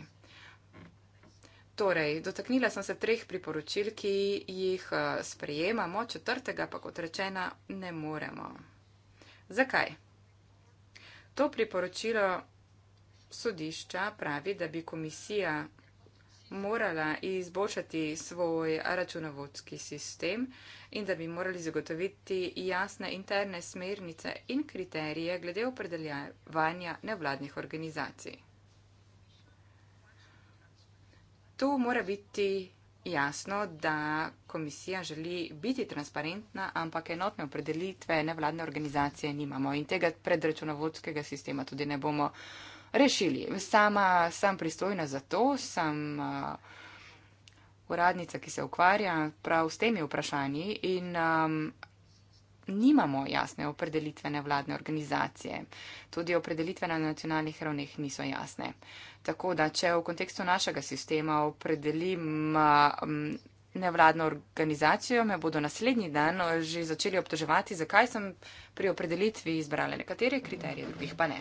Torej, dotaknila sem se treh priporočil, ki jih eh, sprejemamo, četrtega pa, kot rečeno, ne moremo. Zakaj? To priporočilo sodišča pravi, da bi komisija morala izboljšati svoj računovodski sistem in da bi morali zagotoviti jasne interne smernice in kriterije glede opredeljevanja nevladnih organizacij. Tu mora biti jasno, da komisija želi biti transparentna, ampak enotne opredelitve nevladne organizacije nimamo in tega predračunovodskega sistema tudi ne bomo rešili. Sama sem pristojna za to, sem uh, uradnica, ki se ukvarja prav s temi vprašanji in um, nimamo jasne opredelitvene vladne organizacije. Tudi opredelitve na nacionalnih ravneh niso jasne. Tako da, če v kontekstu našega sistema opredelim. Uh, um, nevladno organizacijo me bodo naslednji dan eh, že začeli obtoževati, zakaj sem pri opredelitvi izbrala nekatere kriterije, drugih pa ne.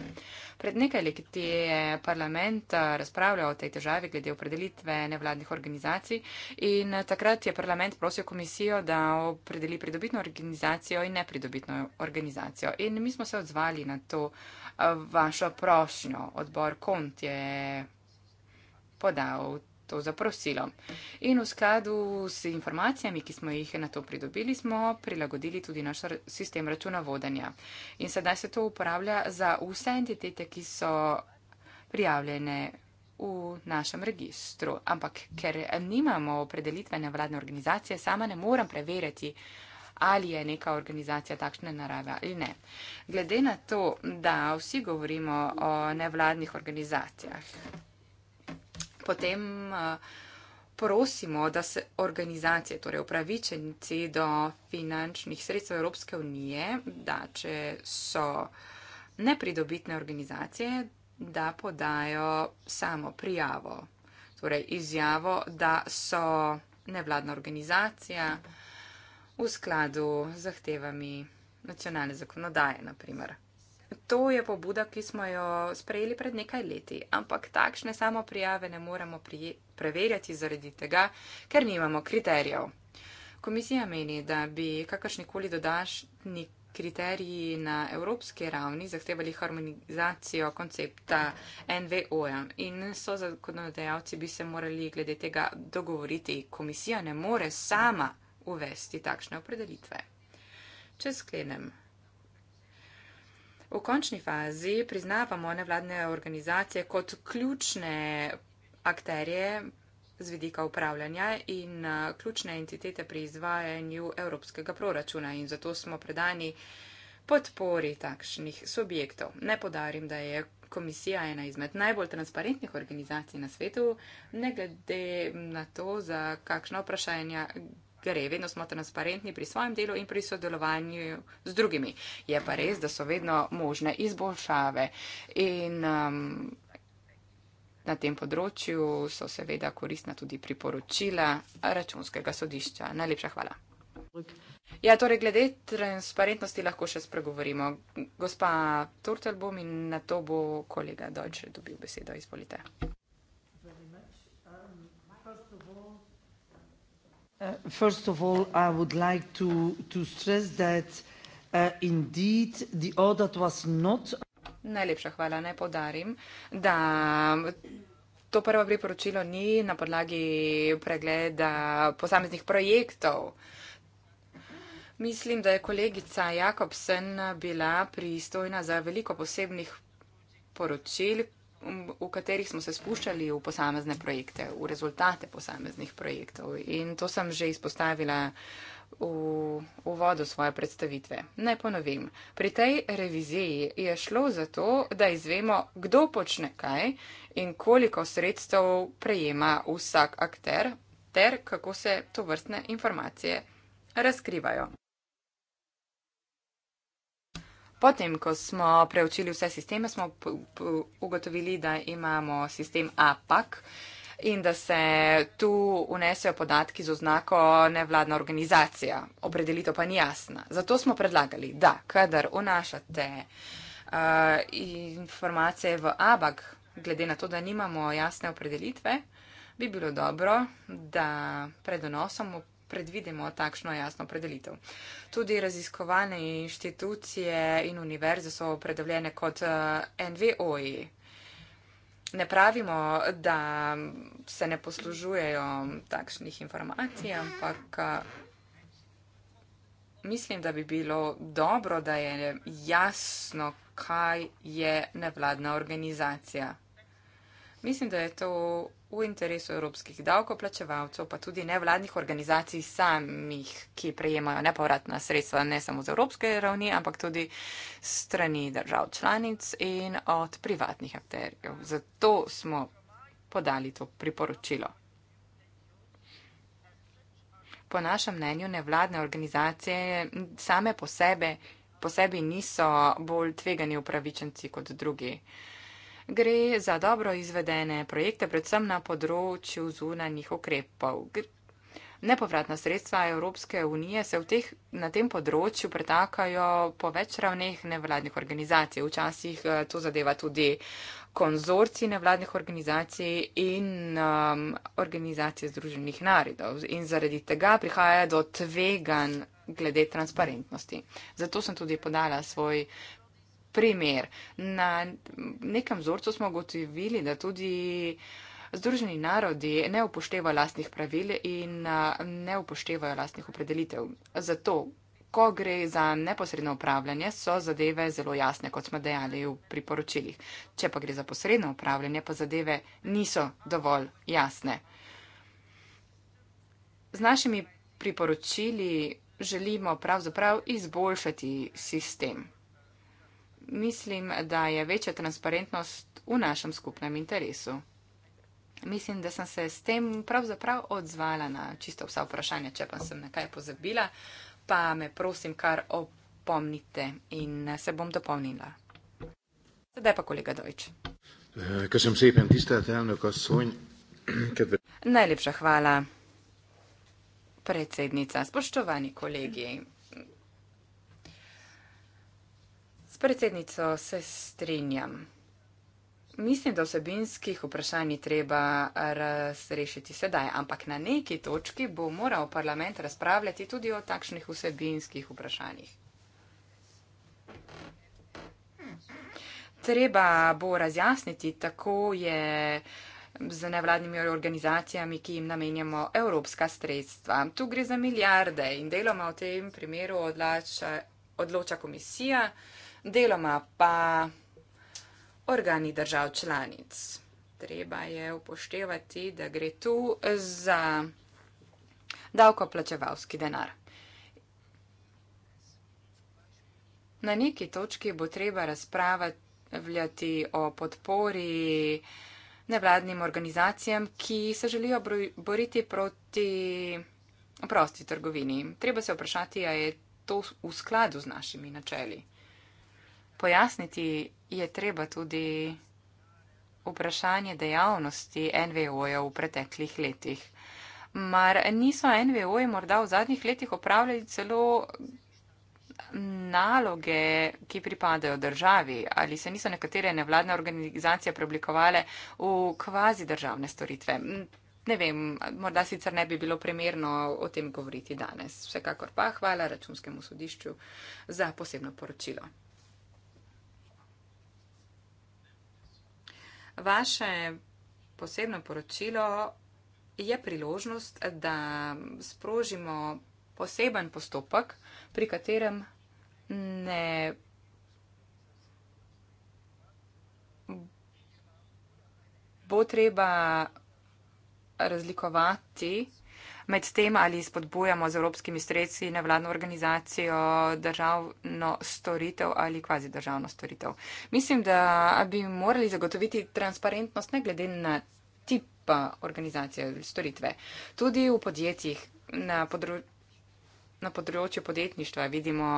Pred nekaj leti je parlament eh, razpravljal o tej težavi glede opredelitve nevladnih organizacij in eh, takrat je parlament prosil komisijo, da opredeli pridobitno organizacijo in nepridobitno organizacijo. In mi smo se odzvali na to vašo prošnjo. Odbor KONT je podal to zaprosilo. In v skladu s informacijami, ki smo jih na to pridobili, smo prilagodili tudi naš sistem računovodanja. In sedaj se to uporablja za vse entitete, ki so prijavljene v našem registru. Ampak ker nimamo opredelitvene vladne organizacije, sama ne moram preverjati, ali je neka organizacija takšne narave ali ne. Glede na to, da vsi govorimo o nevladnih organizacijah, potem eh, prosimo, da se organizacije, torej upravičenci do finančnih sredstev Evropske unije, da če so nepridobitne organizacije, da podajo samo prijavo, torej izjavo, da so nevladna organizacija v skladu z zahtevami nacionalne zakonodaje, naprimer. To je pobuda, ki smo jo sprejeli pred nekaj leti, ampak takšne samo prijave ne moremo preverjati zaradi tega, ker nimamo kriterijev. Komisija meni, da bi kakršnikoli dodašni kriteriji na evropski ravni zahtevali harmonizacijo koncepta NVO-ja in so zakonodajalci bi se morali glede tega dogovoriti. Komisija ne more sama uvesti takšne opredelitve. Če sklenem. V končni fazi priznavamo nevladne organizacije kot ključne akterje z vidika upravljanja in ključne entitete pri izvajanju evropskega proračuna in zato smo predani podpori takšnih subjektov. Ne podarim, da je komisija ena izmed najbolj transparentnih organizacij na svetu, ne glede na to, za kakšna vprašanja gre, vedno smo transparentni pri svojem delu in pri sodelovanju z drugimi. Je pa res, da so vedno možne izboljšave in um, na tem področju so seveda koristna tudi priporočila računskega sodišča. Najlepša hvala. Ja, torej, glede transparentnosti lahko še spregovorimo. Gospa Turtelbom in na to bo kolega Dojče dobil besedo. Izvolite. Uh, first of all, I would like to stress that uh, indeed the audit was not. Najlepša hvala, naj podarim, da to prvo priporočilo ni na podlagi pregleda posameznih projektov. Mislim, da je kolegica Jakobsen bila pristojna za veliko posebnih poročil, v katerih smo se spuščali v posamezne projekte, v rezultate posameznih projektov. In to sem že izpostavila v uvodu svoje predstavitve. Ne ponovim. Pri tej reviziji je šlo za to, da izvemo, kdo počne kaj in koliko sredstev prejema vsak akter, ter kako se to vrstne informacije razkrivajo. Potem, ko smo preučili vse sisteme, smo ugotovili, da imamo sistem APAC in da se tu unesejo podatki z oznako nevladna organizacija. Opredelitev pa ni jasna. Zato smo predlagali, da kadar unašate uh, informacije v ABAG, glede na to, da nimamo jasne opredelitve, bi bilo dobro, da pred donosom predvidimo takšno jasno predelitev. Tudi raziskovane inštitucije in univerze so opredeljene kot eh, NVO-ji. Ne pravimo, da se ne poslužujejo takšnih informacij, ampak eh, mislim, da bi bilo dobro, da je jasno, kaj je nevladna organizacija. Mislim, da je to v interesu evropskih davkoplačevalcev, pa tudi nevladnih organizacij samih, ki prejemajo nepovratna sredstva ne samo z evropske ravni, ampak tudi strani držav članic in od privatnih akterjev. Zato smo podali to priporočilo. Po našem mnenju nevladne organizacije same po sebi, po sebi niso bolj tvegani upravičenci kot drugi. Uh, gre za dobro izvedene projekte, predvsem na področju zunanjih ukrepov. Nepovratna sredstva Evropske unije se teh, na tem področju pretakajo po več ravneh nevladnih organizacij. Včasih eh, to zadeva tudi konzorci nevladnih organizacij in um, organizacije Združenih narodov. In zaradi tega prihaja do tvegan glede transparentnosti. Zato sem tudi podala svoj primer. Na nekem vzorcu smo gotovili, da tudi Združeni narodi ne upoštevajo lastnih pravil in ne upoštevajo lastnih opredelitev. Zato, ko gre za neposredno upravljanje, so zadeve zelo jasne, kot smo dejali v priporočilih. Če pa gre za posredno upravljanje, pa zadeve niso dovolj jasne. Z našimi priporočili želimo pravzaprav izboljšati sistem mislim, da je večja transparentnost v našem skupnem interesu. Mislim, da sem se s tem pravzaprav odzvala na čisto vsa vprašanja, če pa sem nekaj pozabila, pa me prosim kar opomnite in se bom dopolnila. Sedaj pa kolega Dojč. Ker sem se jim tiste telno, ko sonj. Najlepša hvala, predsednica. Spoštovani kolegi. Hmm. Predsednico se strinjam. Mislim, da osebinskih vprašanj ni treba razrešiti sedaj, ampak na neki točki bo moral parlament razpravljati tudi o takšnih osebinskih vprašanjih. Treba bo razjasniti, tako je z nevladnimi organizacijami, ki jim namenjamo evropska sredstva. Tu gre za milijarde in deloma v tem primeru odlača, odloča komisija deloma pa organi držav članic. Treba je upoštevati, da gre tu za davkoplačevalski denar. Na neki točki bo treba razpravljati o podpori nevladnim organizacijam, ki se želijo boriti proti prosti trgovini. Treba se vprašati, a je to v skladu z našimi načeli pojasniti je treba tudi vprašanje dejavnosti NVO-ja v preteklih letih. Mar niso NVO-ji morda v zadnjih letih opravljali celo naloge, ki pripadajo državi? Ali se niso nekatere nevladne organizacije preoblikovale v kvazi državne storitve? Ne vem, morda sicer ne bi bilo primerno o tem govoriti danes. Vsekakor pa hvala računskemu sodišču za posebno poročilo. Vaše posebno poročilo je priložnost, da sprožimo poseben postopek, pri katerem ne bo treba razlikovati Med tem ali spodbujamo z evropskimi sredstvi nevladno organizacijo državno storitev ali kvazi državno storitev. Mislim, da bi morali zagotoviti transparentnost ne glede na tip organizacije ali storitve. Tudi v podjetjih na, podro na področju podjetništva vidimo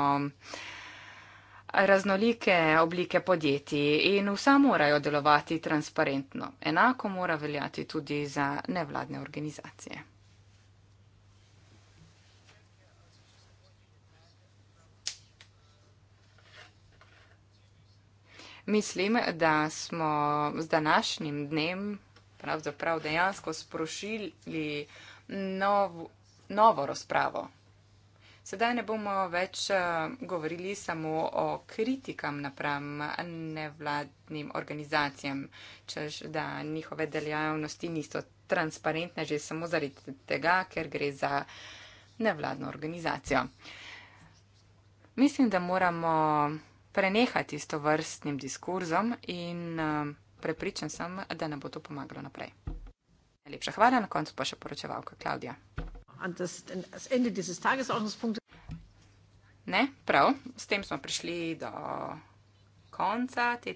raznolike oblike podjetij in vsa morajo delovati transparentno. Enako mora veljati tudi za nevladne organizacije. Mislim, da smo z današnjim dnem pravzaprav dejansko sprošili nov, novo razpravo. Sedaj ne bomo več eh, govorili samo o kritikam napram nevladnim organizacijam, čež da njihove delavnosti niso transparentne že samo zaradi tega, ker gre za nevladno organizacijo. Mislim, da moramo prenehati s to vrstnim diskurzom in um, prepričan sem, da ne bo to pomagalo naprej. Najlepša hvala, na koncu pa še poročevalka Klaudija. Ne, prav, s tem smo prišli do konca te teme.